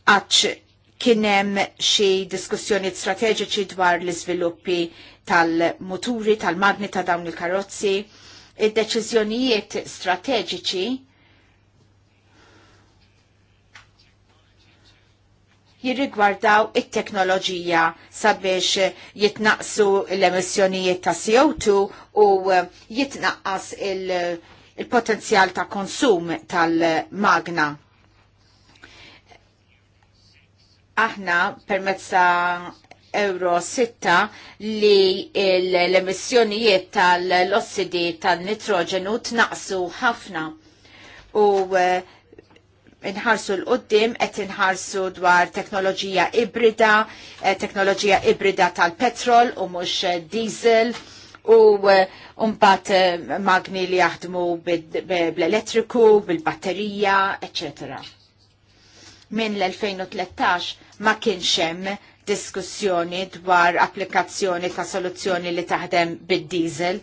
kien kienem xi diskussjoni strateġiċi dwar l-iżviluppi tal-muturi, tal-magni ta' dawn il-karozzi, id-deċiżjonijiet strateġiċi jirrigwardaw it-teknoloġija sabiex jitnaqsu l-emissjonijiet ta' CO2 u eh, jitnaqqas il-potenzjal ta' konsum tal-magna. Aħna permezz ta' Euro 6 li l-emissjonijiet tal-ossidi tal-nitrogenu tnaqsu ħafna u eh, inħarsu l-qoddim qed inħarsu dwar teknoloġija ibrida, eh, teknoloġija ibrida tal-petrol u mhux eh, diesel u eh, mbagħad magni li jaħdmu bl-elettriku, bil-batterija, etc. Min l-2013 ma kienx hemm diskussjoni dwar applikazzjoni ta' soluzzjoni li taħdem bid-diesel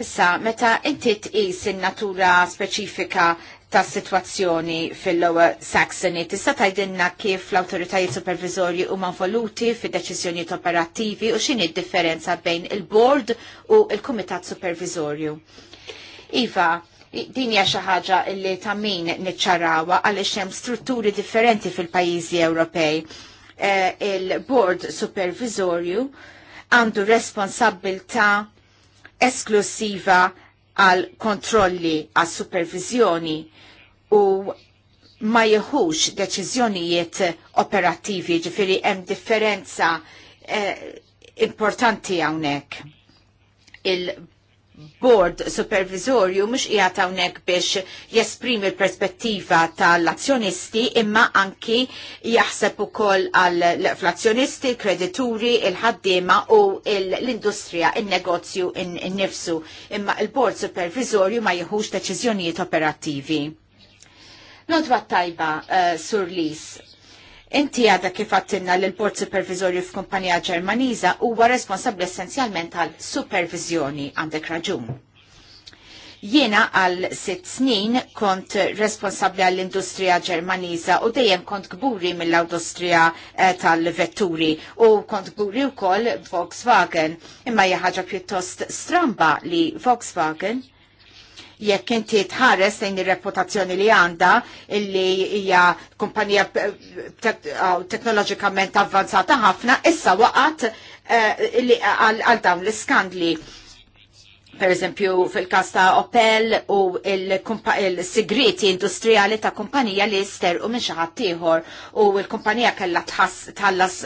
Issa, meta inti tqis in-natura speċifika ta' situazzjoni fil-Lower Saxony. Tista' tgħidilna kif l-awtoritajiet supervizorji huma voluti fid-deċiżjonijiet operattivi u x'inhi d-differenza bejn il-board u l-kumitat supervizorju. Iva, din hija xi ħaġa li ta' min niċċarawa għaliex hemm strutturi differenti fil-pajjiżi Ewropej. Eh, il-board supervizorju għandu responsabilta' esklusiva għal kontrolli għal supervizjoni u ma jieħux deċiżjonijiet operattivi, ġifiri hemm differenza eh, importanti hawnhekk. il bord supervisorju mux qiegħed hawnhekk biex jesprimi l-perspettiva tal-azzjonisti imma anki jaħseb ukoll għal fl-azzjonisti, kredituri, il-ħaddiema u l-industrija, il negozju il-nifsu. Imma il-bord supervisorju ma jieħux deċiżjonijiet operattivi. Nodwa tajba, uh, Sur Lis, Inti għadha kif għattinna l bord Supervizorju f'kumpanija Ġermaniża huwa responsabbli essenzjalment għal supervizjoni għandek raġun. Jiena għal sitt snin kont responsabbli għall industrija Ġermaniża u dejjem kont kburi mill-industrija eh, tal-vetturi u kont kburi wkoll Volkswagen. Imma hija ħaġa pjuttost stramba li Volkswagen jekk inti tħares lejn ir-reputazzjoni li għandha illi hija kumpanija eh, eh, teknoloġikament avvanzata ħafna, issa waqgħet eh, għal dawn l-iskandli per eżempju fil-kas ta' Opel u il-sigriti industrijali ta' kumpanija li jister u minn xaħat tiħor u il-kumpanija kella tħallas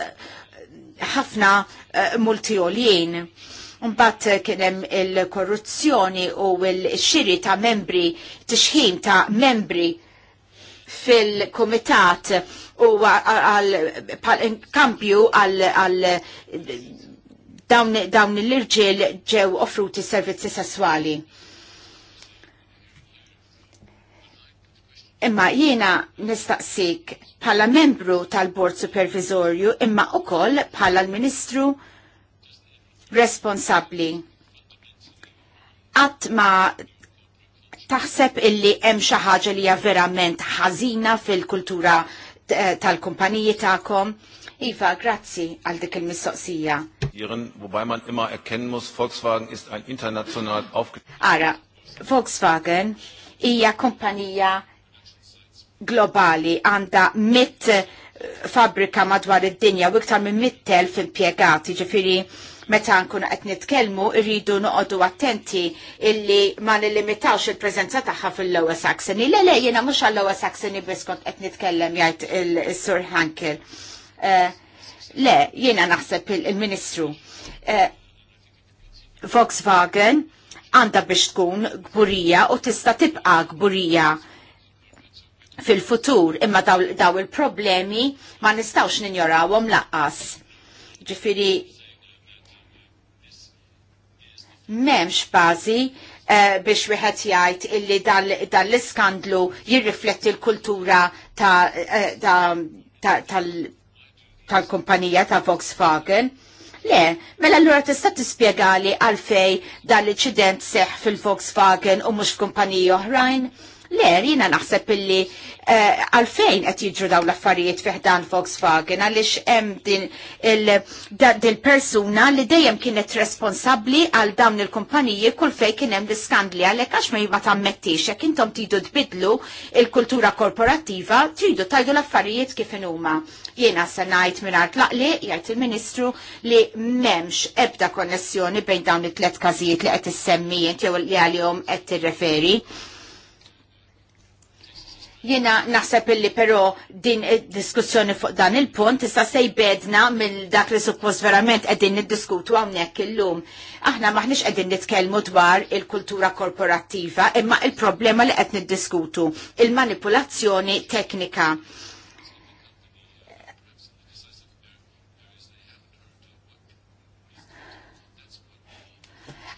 ħafna uh, Mbatt eh, kienem il-korruzzjoni u il-xiri ta' membri, t-xħim ta' membri fil-komitat u għal-kampju għal dawn l-irġiel ġew offruti servizzi sessuali. Imma jiena nistaqsik bħala membru tal-Bord Supervisorju imma koll bħala l-Ministru responsabli. ma taħseb illi hemm xi ħaġa li hija verament ħażina fil-kultura eh, tal-kumpaniji tagħkom. Iva, grazzi għal dik il-mistoqsija. wobei man immer erkennen muss, Volkswagen ist ein international Ara, Volkswagen hija kumpanija globali għandha mit fabrika madwar id-dinja u iktar minn mittel fil-piegati ġifiri meta nkunu qed nitkellmu rridu noqogħdu attenti illi ma nillimitawx il-preżenza tagħha fil-Lower Saxony. Le le jiena mhux għall-Lower Saxony biss kont qed nitkellem jgħid il-Sur Hankel. Eh, le, jiena naħseb il-Ministru. Eh, Volkswagen għandha biex tkun gburija u tista' tibqa' gburija fil-futur imma daw, daw il-problemi ma nistawx ninjorawhom laqqas. Ġifiri memx bażi uh, biex wieħed jgħid illi dan l-iskandlu jirrifletti l-kultura eh, tal-kumpanija ta' Volkswagen. Le, mela l-għura tista' tispjegali għalfej dan l-inċident seħ fil-Volkswagen u mhux f'kumpaniji oħrajn? Le, jina naħseb illi eh, għalfejn qed jiġru daw l-affarijiet fiħdan Volkswagen għaliex hemm din il-persuna li dejjem kienet responsabbli għal dawn il-kumpaniji kull fej kien hemm l għalhekk għax ma jibma tammettix jekk intom tridu tbidlu il-kultura korporattiva tridu tajdu l-affarijiet kif huma. Jiena se ngħid mingħajr tlaqli jgħid il-Ministru li m'hemmx ebda konnessjoni bejn dawn it-tlet każijiet li qed issemmi jew li għalihom qed tirreferi. referi Jena naħseb illi però din diskussjoni fuq dan il-punt issa bedna mill dak li suppost verament qegħdin niddiskutu hawnhekk illum. Aħna maħniex qegħdin nitkellmu dwar il-kultura korporattiva imma il-problema li qed niddiskutu il-manipulazzjoni teknika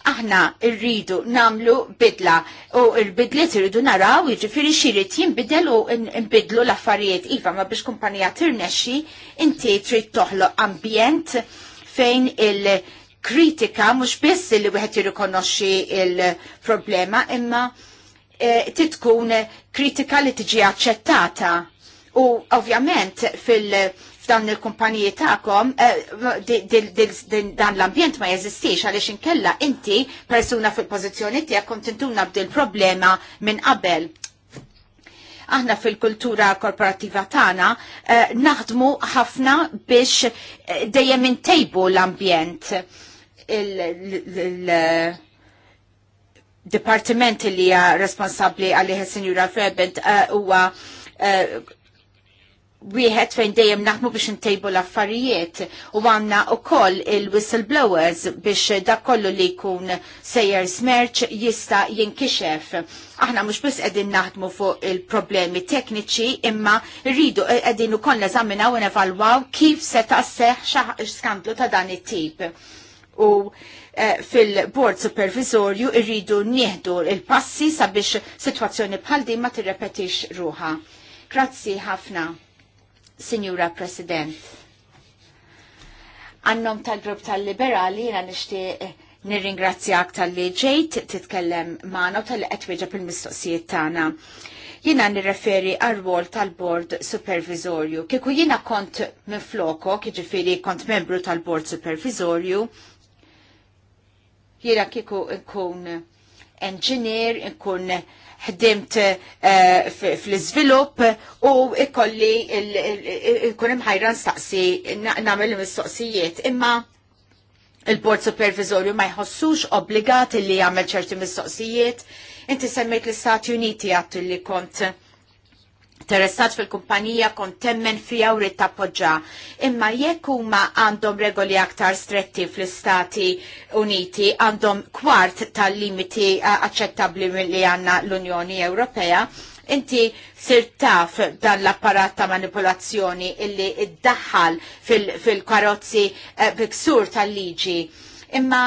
aħna rridu namlu bidla u l-bidliet irridu naraw jiġifieri xirid jinbidel u nbidlu l-affarijiet iva ma biex kumpanija tirnexxi inti trid toħloq ambjent fejn il- kritika mhux biss li wieħed jirrikonoxxi il-problema imma e, titkun kritika li tiġi aċċettata. U ovvjament fil- f'dan il-kumpaniji ta'kom eh, dan l-ambjent ma jeżistix għaliex inkella inti persuna fil-pożizzjoni tiegħek kont intuna b'dil problema minn qabel. Aħna fil-kultura korporattiva tagħna eh, naħdmu ħafna biex eh, dejjem intejbu l-ambjent il-dipartiment li hija responsabbli għalih il sinjura Ferbent huwa wieħed fejn dejjem naħmu biex intejbu l-affarijiet u għanna u koll il-whistleblowers biex dak kollu li jkun sejjer smerċ jista jinkixef. Aħna mhux biss qegħdin naħdmu fuq il-problemi tekniċi imma rridu qegħdin ukoll neżaminaw u nevalwaw kif se tasseħ skandlu ta' dan it-tip. U eh, fil-bord supervisorju irridu nieħdu il-passi sabiex situazzjoni bħal din ma tirrepetix ruha. Grazzi ħafna. Signora President. Annom tal-grupp tal-liberali jena nishti nirringrazzjak tal-li ġejt titkellem maħna u tal etweġa pil-mistoqsijiet tana. Jena nirreferi għal-rwol tal-bord supervisorju. Kiku jena kont minn floko, kħiġifiri kont membru tal-bord supervisorju, jena kiku nkun engineer, nkun ħdimt eh, fl-izvilup u ikolli ikun imħajran staqsi namel mistoqsijiet imma il-Bord Supervisorju ma jħossux obbligat li jagħmel ċerti mistoqsijiet. Inti semmejt l-Istati Uniti għattu li kont interessat fil-kumpanija kont temmen fija u rrit tappoġġa. Imma jekk huma għandhom regoli aktar stretti fl-Istati Uniti, għandhom kwart tal-limiti aċċettabbli li għandna l-Unjoni Ewropea, inti sir taf dan l-apparat ta' manipolazzjoni illi iddaħħal fil-karozzi fil eh, biksur tal-liġi. Imma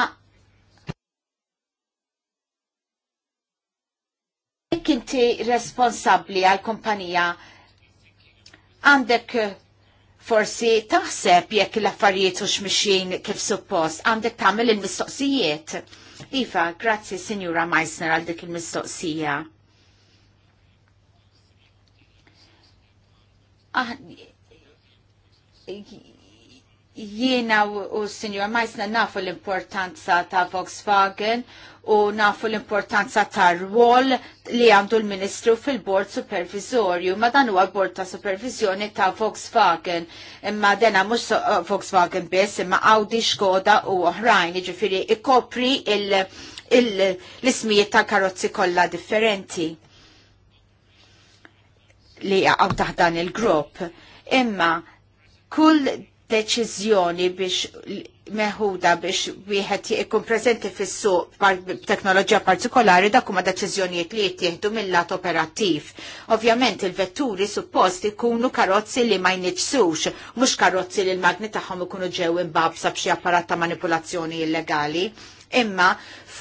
Jekk inti responsabbli għal kumpanija għandek eh, forsi taħseb jekk l-affarijiet u xmixin kif suppost, għandek tagħmel il-mistoqsijiet. Iva, grazzi Signora Meissner għal dik il-mistoqsija. Ah, jiena u Signora Meissner nafu l-importanza ta' Volkswagen u nafu l-importanza tar-rwol li għandu l-Ministru fil-Bord Supervisorju. Ma dan huwa bord ta' Supervisjoni ta' Volkswagen. Imma dena mhux uh, Volkswagen biss, imma Audi, Skoda u oħrajn, jiġifieri ikopri l-ismijiet ta' karozzi kollha differenti li jaqgħu taħt dan il-grupp. Imma kull deċiżjoni biex meħuda biex wieħed ikun preżenti fis-suq b'teknoloġija partikolari dak huma deċiżjonijiet li jittieħdu mill-lat operattiv. Ovvjament il-vetturi suppost ikunu karozzi li ma jniġsux, mhux karozzi li l-magni tagħhom ikunu ġew imbabsa b'xi apparat ta' manipulazzjoni illegali imma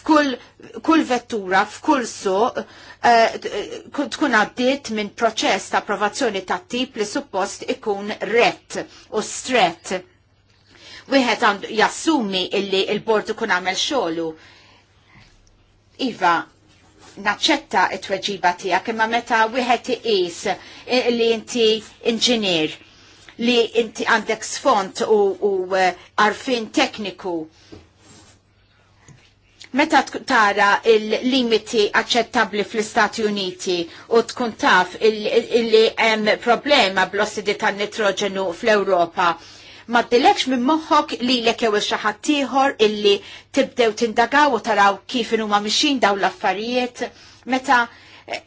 f'kull kull vettura, f'kull so eh, eh, tkun għaddiet minn proċess ta' approvazzjoni ta' tip li suppost ikun rett u stret. Wieħed għandu jassumi illi il-bord ikun għamel xogħlu. Iva, naċċetta it-tweġiba tiegħek imma meta wieħed iqis eh, li inti inġinier li inti għandek sfont u, għarfin tekniku Meta tara il-limiti accettabli fl-Istati Uniti u tkun taf li hemm problema bl-ossidi tan-nitroġenu fl-Ewropa, ma dilekx minn moħħok li l jew xaħat ieħor illi tibdew tindagaw u taraw kif huma mixin daw l-affarijiet meta eh,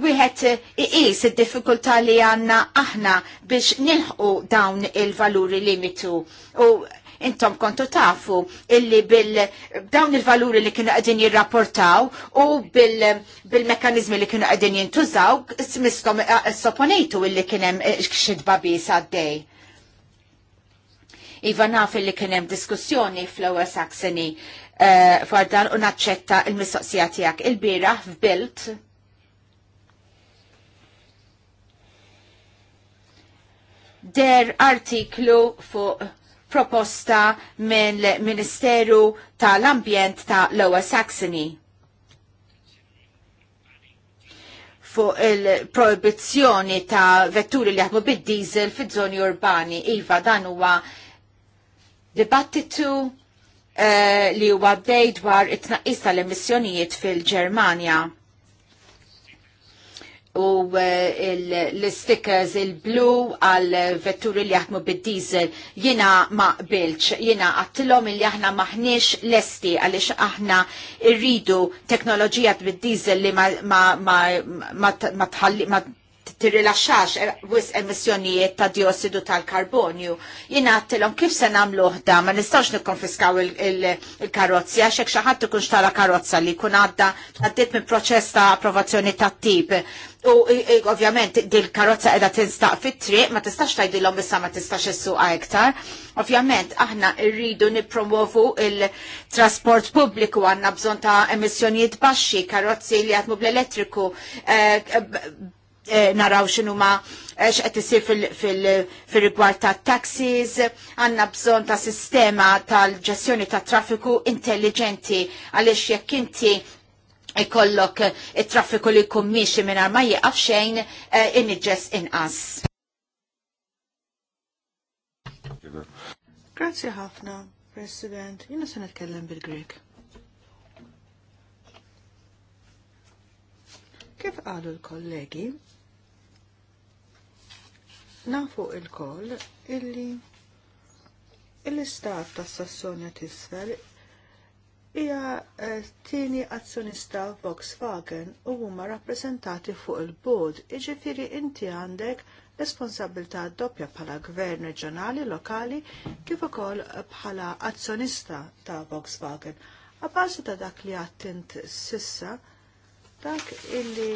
wieħed iqis id-diffikultà li għandna aħna biex nilħqu dawn il-valuri limitu u intom kontu tafu illi bil-dawn il-valuri li kienu għedin jirrapportaw u bil-mekanizmi li kienu għedin jintużaw, smiskom s-soponejtu illi kienem eh, xid bis għaddej. Iva naf illi kienem diskussjoni fl-ewel Saxeni eh, fardan u naċċetta il-mistoqsija il-bira f'bilt. Der artiklu fuq proposta minn ministeru tal-Ambjent ta' Lower Saxony. fuq il-proibizzjoni ta' vetturi li jaħdmu bid-diesel fi żoni urbani. Iva, dan huwa dibattitu uh, li huwa bdej dwar it-tnaqqis tal-emissjonijiet fil-Ġermanja u eh, l-stickers il-blu għal vetturi li jaħdmu bid-diesel jina ma bilċ, jina għattilom li aħna maħniex lesti għalix aħna irridu teknoloġija bid-diesel li ma, ma, ma, ma, ma, ma, ma, ma, ma tirrilaxxax er, wis emissjonijiet ta' diossidu tal-karbonju. Jina għattilom kif se namlu da ma nistgħux nikkonfiskaw il-karozzi għax hekk xi ħadd ikun xtara karozza li jkun għadda għaddit minn proċess ta' approvazzjoni tat-tip. U ovvjament dil karozza qiegħda tinstaq fit-triq ma tistax tgħidilhom bissa ma tistax issuqha iktar. Ovvjament aħna rridu nippromovu il-trasport pubbliku għandna bżonn ta' emissjonijiet baxxi, karozzi li għatmu bl-elettriku, eh, Eh, naraw xinu ma eh, xqed isir fil-rigward ta' taxis, għanna bżon ta' sistema tal-ġestjoni ta' traffiku intelligenti għaliex jekk inti ikollok it-traffiku eh, li jkun miexi minn ma jieqaf xejn inġess inqas. Grazie ħafna, President. Jina se nitkellem bil-Grek. Kif qalu l-kollegi, Nafu il-koll illi l-istat ta' Sassonja tisfel hija eh, tieni azzjonista Volkswagen u huma rappreżentati fuq il-bod, iġifieri inti għandek responsabilità doppja bħala gvern reġjonali lokali kif ukoll bħala azzjonista ta' Volkswagen. Għabbażi ta' dak li għattint sissa, dak illi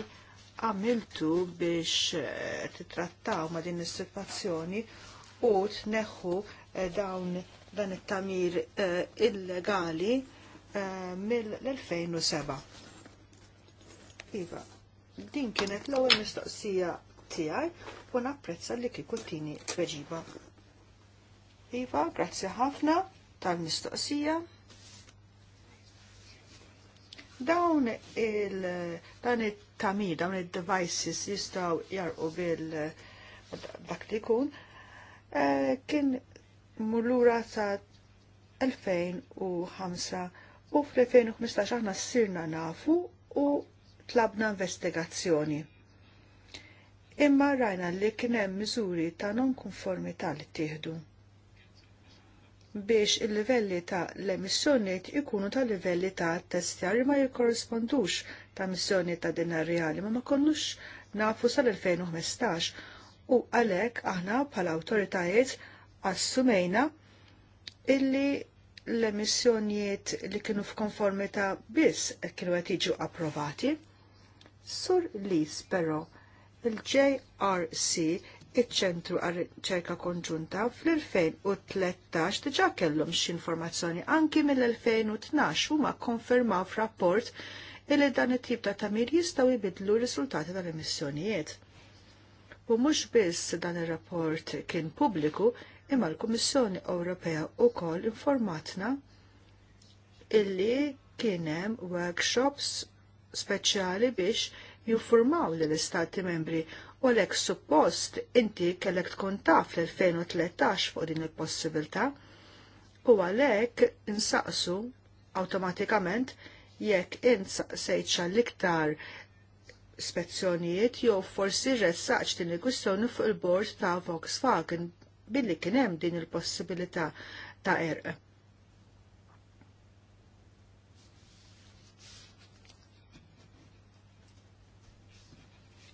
għamiltu biex eh, titrattaw ma din is-sitwazzjoni u tneħħu eh, dawn dan it-tamir eh, illegali mill-2007. Iva, din kienet l-ewwel mistoqsija tiegħi u napprezza li kieku tini tweġiba. Iva, grazzi ħafna tal-mistoqsija. Dawn il dan it-tami, dawn id-devices jistaw jarqu bil dak li kun, eh, kien mullura ta' 2005 u fl-2015 aħna sirna nafu u tlabna investigazzjoni. Imma rajna li kien hemm miżuri ta' non-konformità li tieħdu biex il-livelli ta' l-emissjoniet ikunu ta' livelli ta' testjar ma jikkorrispondux ta' missjoni ta' dinna reali ma ma konnux nafu sal-2015 u għalek aħna bħala awtoritajiet assumejna illi l-emissjonijiet li kienu f'konformità biss kienu qed jiġu approvati. Sur Lis però il-JRC iċ-ċentru għal riċerka konġunta fl-2013 diġa' kellhom informazzjoni anki mill-2012 huma konfermaw f'rapport illi dan it-tip ta' tamir jistgħu jbidlu r-riżultati tal-emissjonijiet. U mhux biss dan ir-rapport kien pubbliku, imma l-Kummissjoni Ewropea wkoll informatna illi kien hemm workshops speċjali biex jinformaw lill istati membri u l suppost inti kellek tkun taf l-2013 fuq din il-possibilità u għalek insaqsu automatikament jekk insaqsejt l-iktar spezzjonijiet jew forsi ressaqx din il-kwistjoni fuq il-bord ta' Volkswagen billi kien hemm din il-possibilità ta' erq.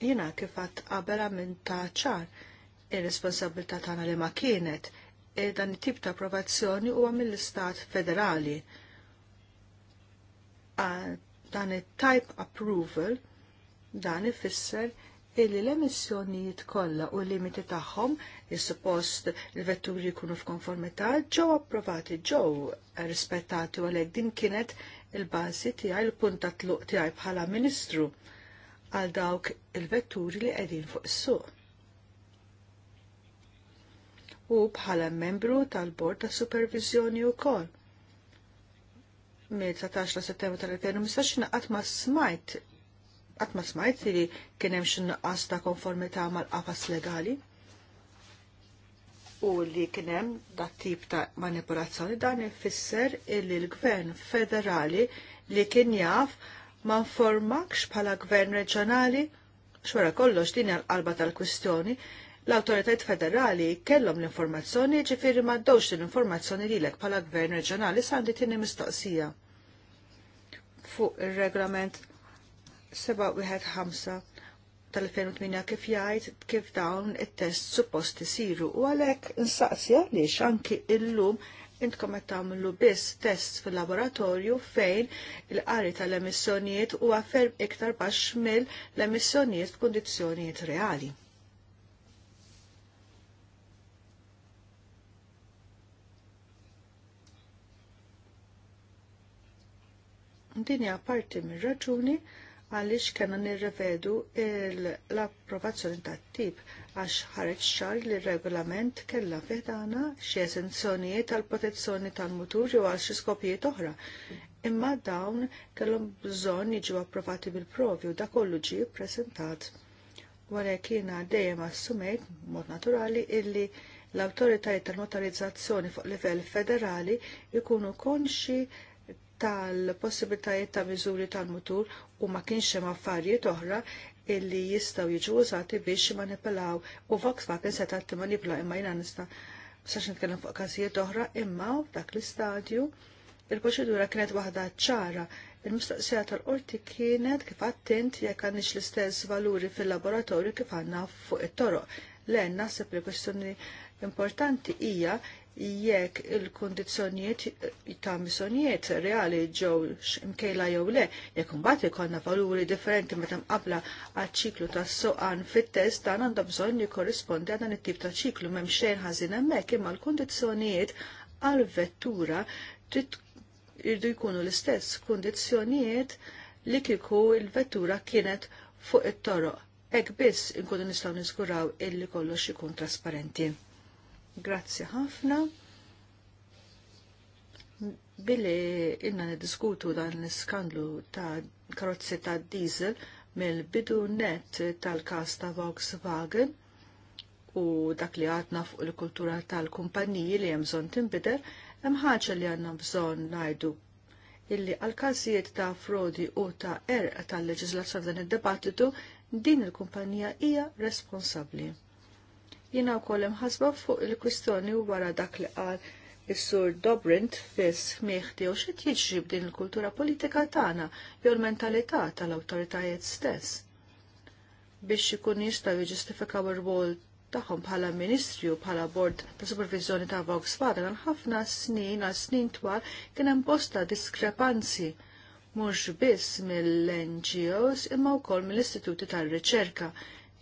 Jena kifat għabela minn ta' ċar ir-responsabilità tagħna li ma kienet e dan it-tip ta' approvazzjoni huwa mill-Istat Federali. A dan it-type approval dan ifisser illi l-emissjonijiet kollha u l-limiti tagħhom is-suppost il-vetturi jkunu f'konformità ġew approvati ġew rispettati u għalhekk din kienet il-bażi tiegħi l-punt ta' tluq tiegħi bħala Ministru għal dawk il-vetturi li qegħdin fuq is-suq. U bħala membru tal-Bord ta' Supervizjoni wkoll. mil 19 settembru tal-2015 naqgħat ma smajt qatt ma smajt li kien hemm xi nuqqas ta' konformità mal-qafas legali u li kien hemm dat tip ta' manipolazzjoni dan ifisser illi l-Gvern Federali li kien jaf ma nformakx bħala gvern reġjonali xwara kollox din għal-qalba tal-kwistjoni l-autoritajt federali kellhom l-informazzjoni ġifiri maddowx l-informazzjoni lilek pala gvern reġjonali sandi tinni mistoqsija. Fuq il-reglament 715 tal-2008 kif jgħid kif dawn it-test suppost isiru u għalhekk insaqsija għaliex anki illum intkom qed tagħmlu biss test fil-laboratorju fejn il-qari tal-emissjonijiet huwa ferm iktar baxx mill l-emissjonijiet f'kundizzjonijiet reali. Din hija parti mir-raġuni għaliex kellna nirrevedu l-approvazzjoni tat-tip għax ħareġ xar li r-regolament kellha fiħdana xi esenzjonijiet tal protezzjoni tal mutur jew għal xi skopijiet oħra. Imma dawn kellhom bżonn jiġu approvati bil-provi u da kollu ġie ppreżentat. Wara jiena dejjem assumejt mod naturali illi l-awtoritajiet tal-motorizzazzjoni fuq livell federali jkunu konxi tal-possibilitajiet ta' miżuri tal-mutur u ma kienx hemm affarijiet oħra illi jistaw jiġu użati biex manipulaw u Volkswagen seta' t-manipula imma jina nista' sax nitkellem fuq każijiet oħra imma f'dak l-istadju il-proċedura kienet waħda ċara. Il-mistoqsija tal-qorti kienet kif għattint jekk għandix l-istess valuri fil-laboratorju kif għandna fuq it-toroq. Le naħseb li kwestjoni importanti hija jekk il-kondizjonijiet ta' missjonijiet reali ġew imkejla jew le, jekk imbagħad ikollna valuri differenti meta mqabla għaċ-ċiklu tas-soqan fit-test dan għandha bżonn jikkorrispondi għal dan it-tip ta' ċiklu m'hemm xejn ħażin hemmhekk imma l-kundizzjonijiet għal vettura irdu jkunu l-istess kundizzjonijiet li kieku l-vettura kienet fuq it-toroq. Ek biss inkunu nistgħu niżguraw illi kollox ikun trasparenti. Grazzi ħafna. Billi inna niddiskutu dan l-skandlu ta' karozzi ta' diesel mill-bidu net tal-kas ta' Volkswagen u dak li għadna fuq il-kultura tal-kumpaniji li jemżon timbider, hemm ħaġa li għanna bżon najdu illi għal-każijiet ta' frodi u ta' er tal-leġislazzjoni dan id debattitu din il-kumpanija hija responsabbli u wkoll imħasba fuq il-kwistjoni wara dak li qal il sur Dobrint fis mieħti u xed jiġri din il-kultura politika tagħna jew l-mentalità tal-awtoritajiet stess biex ikun jistgħu jiġġustifikaw ir-rwol tagħhom bħala ministri u bħala bord ta' supervizjoni ta' Volkswagen għal ħafna snin għal snin twal kien hemm bosta diskrepanzi mhux biss mill-NGOs imma wkoll mill-istituti tar-riċerka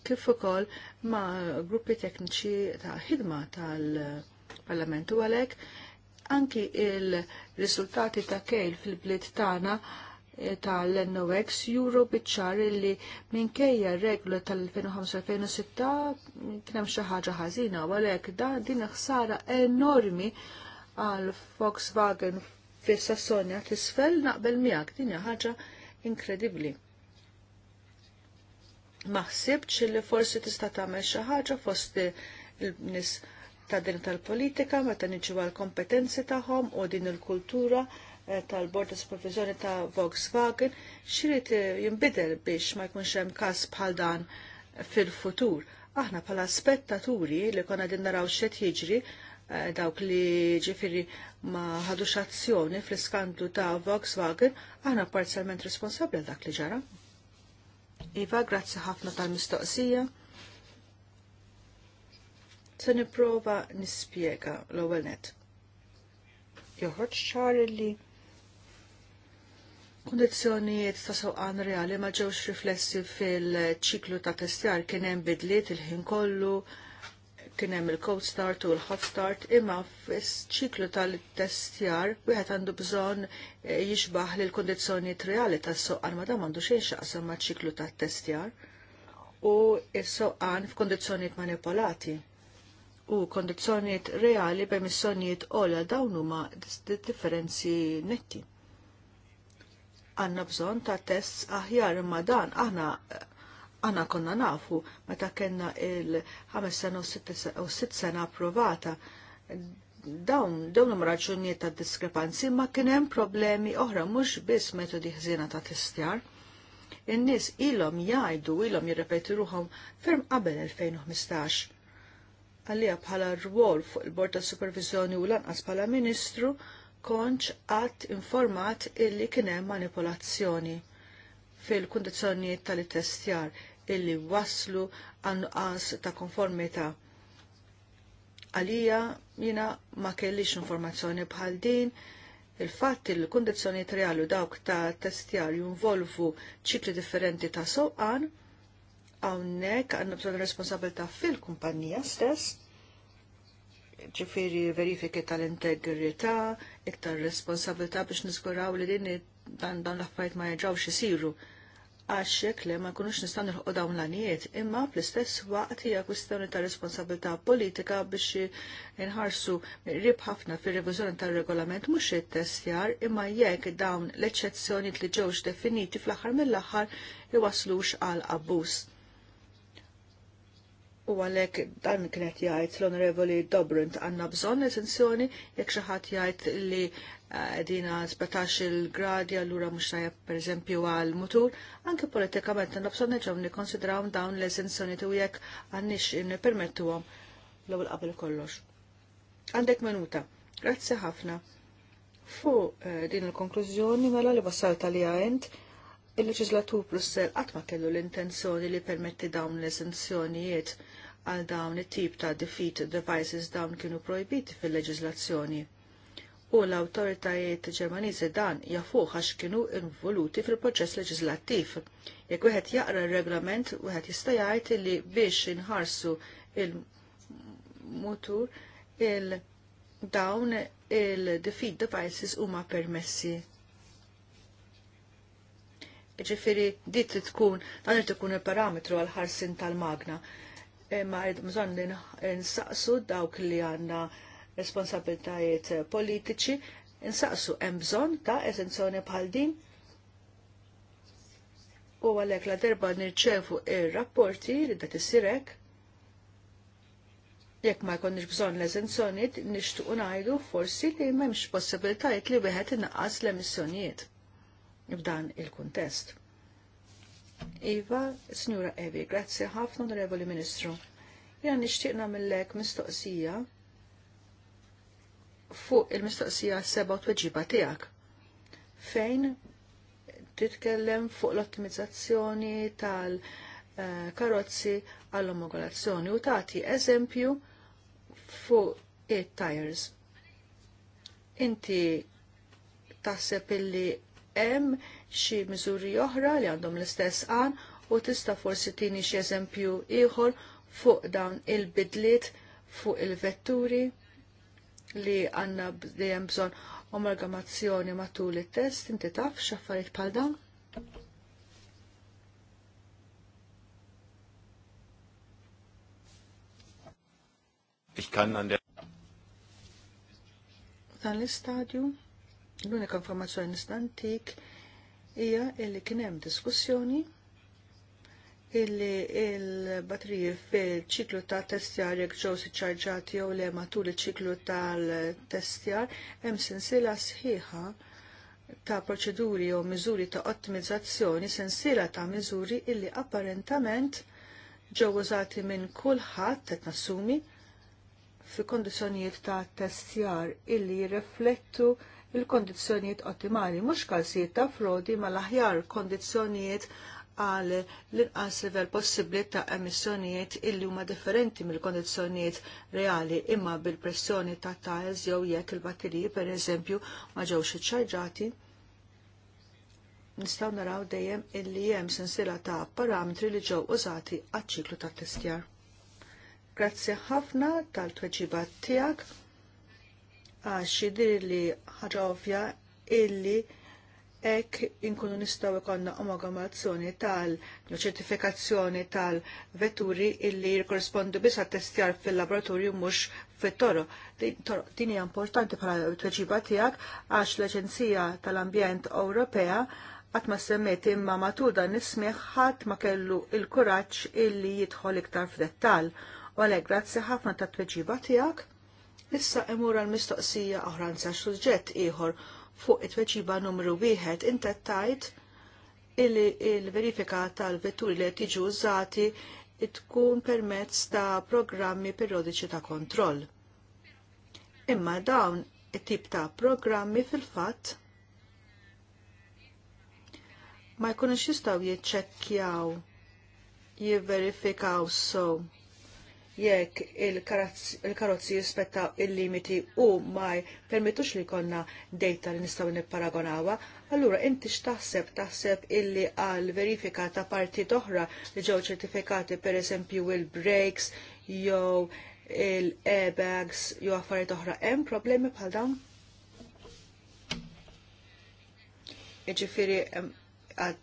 kif ukoll ma' gruppi tekniċi ta' ħidma tal-Parlament u għalhekk anki il-risultati ta' kejl fil-bliet tagħna eh, tal-NOX juru bitċar li minkejja reglu tal-2005-2006 kienem xaħġa ħazina, għalek da din ħsara enormi għal Volkswagen fi Sassonia t'isfel naqbel miegħek din ħaġa inkredibli maħsibx li forsi tista' tagħmel xi ħaġa fost il-nies ta' din tal-politika meta niġu għal kompetenzi tagħhom u din il-kultura eh, tal-Bord ta' Supervizjoni ta' Volkswagen xirrit eh, jinbidel biex ma jkunx hemm każ bħal dan fil-futur. Aħna bħala spettaturi li konna din naraw xed jiġri eh, dawk li ġifiri ma ħadux azzjoni fl-iskandlu ta' Volkswagen, aħna parzialment responsabbli għal dak li ġara. Iva, grazzi ħafna tal-mistoqsija. Se niprofa nispjega l-ewwel net. Joħroġ ċar li Kondizzjonijiet ta' sewqan reali ma ġewx riflessi fil-ċiklu ta' testjar kien hemm bidliet il-ħin kollu kien hemm il-Cold Start u l-Hot Start imma fis-ċiklu tal-testjar wieħed għandu bżonn eh, jixbaħ lil kondizzjonijiet reali tas soqan ma dam għandu xejn x'aqsam maċ-ċiklu tat-testjar u s soqan f'kondizzjonijiet manipolati u kondizzjonijiet reali is-sonijiet ola dawn huma differenzi netti għanna bżon ta' tests aħjar imma dan aħna għana konna nafu meta kena il-5 sena u 6 sena approvata dawn dawn raġunijiet ta' diskrepanzi ma kien hemm problemi oħra mhux biss metodi ħzina ta' testjar. In-nies ilhom jgħidu ilhom jirrepeti ruhom ferm qabel 2015. Għalija bħala rwol fuq il-Bord Supervizjoni u lanqas bħala Ministru konċ għat informat illi kien hemm manipolazzjoni fil-kundizzjonijiet tal-testjar illi waslu għannuqas ta' konformita. Għalija jina ma kellix informazzjoni bħal din, il-fatt il kundizzjoni trialu dawk ta' testjar jinvolvu ċikli differenti ta' soqqan, għawnek għannu bżon responsabilta' fil-kumpanija stess, ċifiri verifiki tal-integrità, iktar responsabilta' biex niskuraw li din dan dan l-affarijiet ma jerġawx isiru għax li ma jkunux nistgħu nilħu dawn l-għanijiet, imma fl-istess waqt hija kwistjoni ta' responsabilità politika biex inħarsu rib ħafna fir-reviżjoni tar-regolament mhux it-testjar imma jekk dawn l-eċċezzjoni li ġewx definiti fl-aħħar mill-aħħar iwaslux għal abbuż. U għalek dan kienet jgħid l-Onorevoli Dobrint għanna bżon esenzjoni jekk xi ħadd jgħid li eh, dina 17 gradi allura mhux tajjeb pereżempju għal mutur, anke politikament għandna bżonn li nikkonsidraw dawn l-esenzjoni għannix jekk permettu għom l-ewwel qabel kollox. Għandek minuta. Grazzi ħafna. Fu eh, din il-konklużjoni mela li wassal tal-jgħid Il-leġislatur Brussel qatt ma kellu l-intenzjoni li permetti dawn l-esenzjonijiet għal dawn it-tip ta' defeat devices dawn kienu projbiti fil-leġislazzjoni. U l-autoritajiet ġermaniżi dan jafuħ għax kienu involuti fil-proċess leġislattiv. Jekk wieħed jaqra r-reglament, wieħed jista' jgħid li biex inħarsu il-mutur il-dawn il-defeat devices huma permessi Ġifiri, dit li tkun, dan li tkun il-parametru għal-ħarsin tal-magna. Imma mżon li nsaqsu dawk li għanna responsabiltajiet politiċi, nsaqsu hemm bżonn ta' eżenzjoni bħal din. U għalhekk la derba nirċevu il rapporti li dat isirek jekk ma jkonniex bżonn l-eżenzjoni nixtuq ngħidu forsi li m'hemmx possibilitajiet li wieħed naqas l-emissjonijiet f'dan il-kuntest. Iva, Signora Evi, grazzi ħafna, Onorevoli Ministru. Jan nishtiqna mill-lek mistoqsija fuq il-mistoqsija seba' t-weġiba tiegħek. Fejn titkellem fuq l-ottimizzazzjoni tal-karozzi eh, għall-omogolazzjoni u tagħti eżempju fuq it-tires. Inti taħseb illi hemm xi miżuri oħra li għandhom l-istess qan u tista' forsi tini xi eżempju ieħor fuq dawn il-bidliet fuq il-vetturi li għandna dejjem bżonn omalgamazzjoni matul it-test, inti taf x'affarijiet bħal dawn? Ich kann an der Dann l Stadium. L-unika informazzjoni nistantik hija illi kien hemm diskussjoni illi il-batteriji fil-ċiklu ta' testjar jekk ġew siċċarġati jew le matul iċ-ċiklu tal-testjar hemm sensiela sħiħa ta' proċeduri jew miżuri ta' ottimizzazzjoni sensiela ta' miżuri illi apparentament ġew użati minn kulħadd qed nassumi fi kondizzjonijiet ta' testjar illi jirreflettu il-kondizzjonijiet ottimali, mhux każijiet ta' frodi ma l-aħjar kondizzjonijiet għal l-inqas level possibbli ta' emissjonijiet illi huma differenti mill-kondizzjonijiet reali imma bil-pressjoni ta' tiles jew jekk il-batteriji per eżempju ma ġewx iċċarġati. Nistgħu naraw dejjem illi hemm sensiela ta' parametri li ġew użati għaċ-ċiklu tat-testjar. Grazzi ħafna tal-tweġiba tiegħek għax jidir li ħaġa ovvja illi ek inkunu nistaw ikonna omogamazzjoni tal ċertifikazzjoni tal-vetturi illi jirkorrespondu bis testjar fil-laboratorju mux fit-toro. Din hija importanti bħala tweġiba tiegħek għax l-Aġenzija tal-Ambjent Ewropea qatt ma semmet imma matul dan nismih ħadd ma kellu il-kuraġġ illi jidħol iktar f'dettall. U għalhekk grazzi ħafna tat-tweġiba tiegħek Issa imur għal-mistoqsija oħran sa' suġġett ieħor fuq it tweċiba numru wieħed inta tajt illi il-verifika tal-vetturi li tiġu użati tkun permezz ta' programmi periodiċi ta' kontroll. Imma dawn it-tip ta' programmi fil-fatt ma jkunux jistaw jiċċekkjaw jivverifikaw so jekk il-karozzi jispetta il-limiti u ma permettux li konna data li nistaw nipparagonawa, allura inti x'taħseb taħseb illi għal verifika ta' parti oħra li ġew ċertifikati per eżempju il-breaks jew il-airbags jew affarijiet oħra hemm problemi bħal dawn? Jiġifieri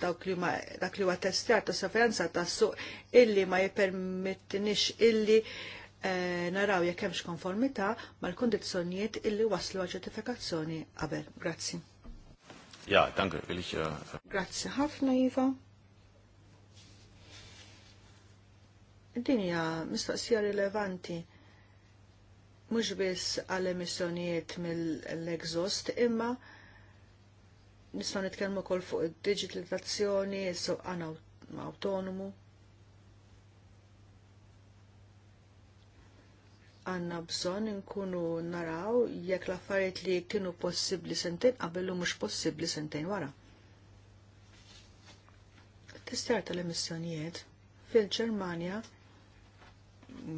dawk li ma dak li huwa testjar ta' sofferenza ta' suq illi ma jippermettinix illi eh, naraw jekk hemmx konformità mal-kundizzjonijiet illi waslu għal ċertifikazzjoni qabel. Grazzi. Ja, danke, will ich. Äh, Grazzi ħafna Iva. Dinja mistoqsija rilevanti mhux biss għall emissjonijiet mill-exhaust imma Nistgħu nitkellmu wkoll fuq id-digitalizzazzjoni, is-suqqan autonomu. Għanna bżonn inkunu naraw jekk l-affarijiet li kienu possibbli sentejn qabel u mhux possibbli sentejn wara. Testjar tal-emissjonijiet fil-Ġermanja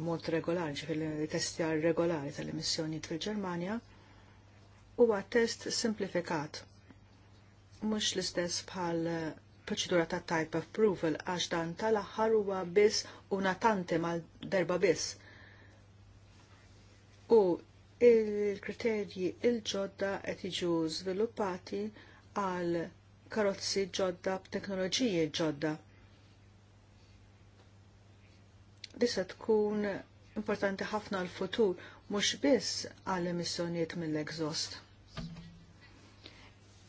mod regolari, fil-testjar regolari tal-emissjonijiet fil-Ġermanja huwa test simplifikat mhux l-istess bħal proċedura ta' type approval għax dan tal-aħħar huwa biss una tante mal darba biss. U il-kriterji il-ġodda qed jiġu żviluppati għal karozzi ġodda b'teknoloġiji ġodda. Disa tkun importanti ħafna l-futur mhux biss għall emissjonijiet mill-exhaust.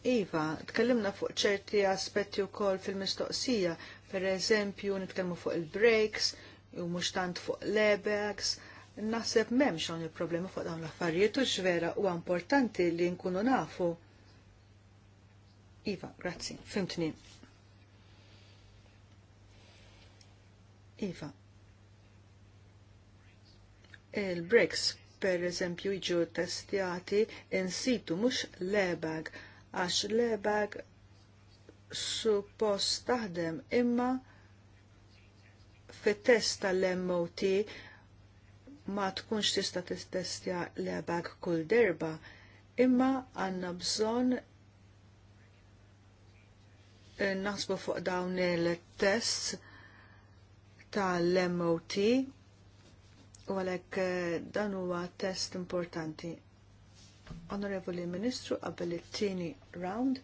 Iva, tkellimna fuq ċerti aspetti wkoll fil-mistoqsija, per eżempju nitkellmu fuq il-breaks, u mhux tant fuq l ebags naħseb m'hemmx hawn il-problemi fuq dawn l-affarijiet u xvera huwa importanti li nkunu nafu. Iva, grazzi, fimtni. Iva. Il-breaks, per eżempju, jiġu testjati in situ mhux l-airbag għax l-airbag suppost taħdem imma fit-test tal-MOT ma tkunx tista tistestja l-airbag kull derba imma għanna bżon eh, naħsbu fuq dawn il-tests tal-MOT u għalek eh, dan huwa test importanti Onorevoli Ministru, qabel it-tieni round,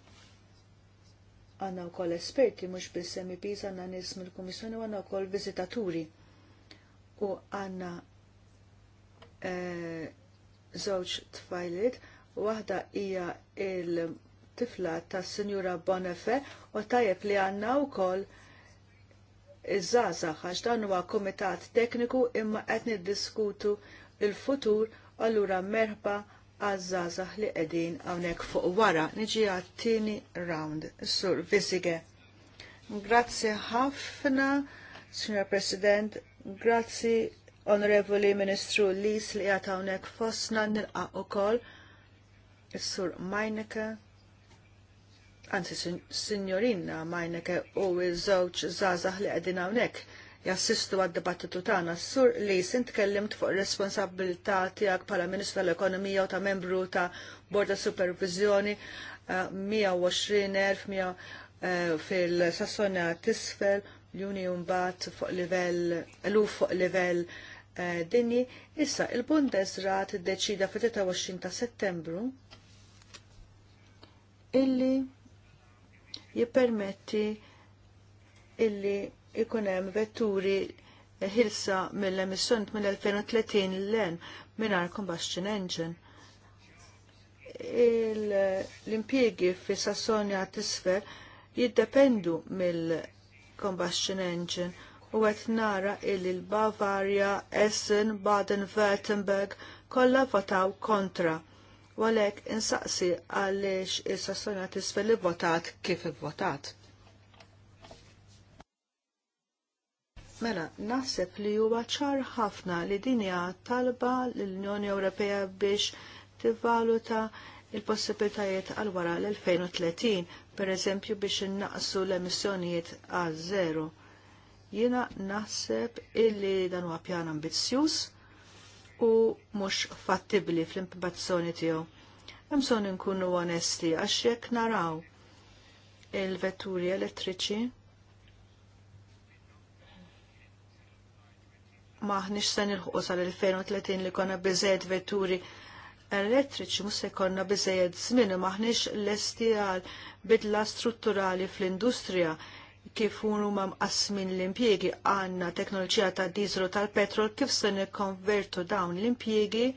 għanna u koll esperti, mux biss MPs għanna nis mill-Komissjoni u għanna u koll vizitaturi. U għanna e, eh, zoċ tfajlit, waħda hija il-tifla ta' Sinjura Bonefe u tajjeb li għanna u koll iż-żaza għax dan huwa komitat tekniku imma qed niddiskutu il-futur allura merħba għazzazah li edin għawnek fuq wara niġi għattini round. Sur Visige. Grazzi ħafna, Signor President, grazzi Onorevoli Ministru Lis li għat għawnek fosna nilqa u kol. Sur Majneke, anzi Signorina Majneke u iż-żewġ zazah li għedin għawnek jassistu għad-dibattitu tagħna. Sur li sintkellimt fuq responsabilità tiegħek bħala Ministru tal-Ekonomija u ta' membru ta' Borda Supervizjoni eh, 120.000 eh, fil-sassona tisfel l-juni mbagħad fuq livell eluf fuq livell eh, dinji. Issa il-Bundesrat iddeċida fit-23 ta' Settembru illi jippermetti illi ikun hemm vetturi ħilsa mill-emissjoni mill-2030 l-en mingħajr combustion engine l-impiegi fi Sassonia tisfer jiddependu mill-combustion engine u għet nara il bavaria Essen, Baden-Württemberg kolla votaw kontra. Walek insaqsi għalix il-Sassonia tisfer li votat kif votat. Mela, naħseb li huwa ċar ħafna li din hija talba l-Unjoni Ewropea biex tivvaluta il-possibilitajiet għal wara l-2030, per eżempju biex innaqsu l-emissjonijiet għal zero. Jiena naħseb illi dan huwa pjan ambizzjuż u mhux fattibbli fl-implementazzjoni tiegħu. Hemm son onesti għax jekk naraw il-vetturi elettriċi maħnix se nilħuqu sal-2030 li konna biżejjed vetturi elettriċi mus se jkollna biżejjed żmien maħniex lesti għal bidla strutturali fl-industrija kif unu huma mqasmin l-impjiegi għandna teknoloġija ta' diżlu tal-petrol kif se nikkonvertu dawn l-impjiegi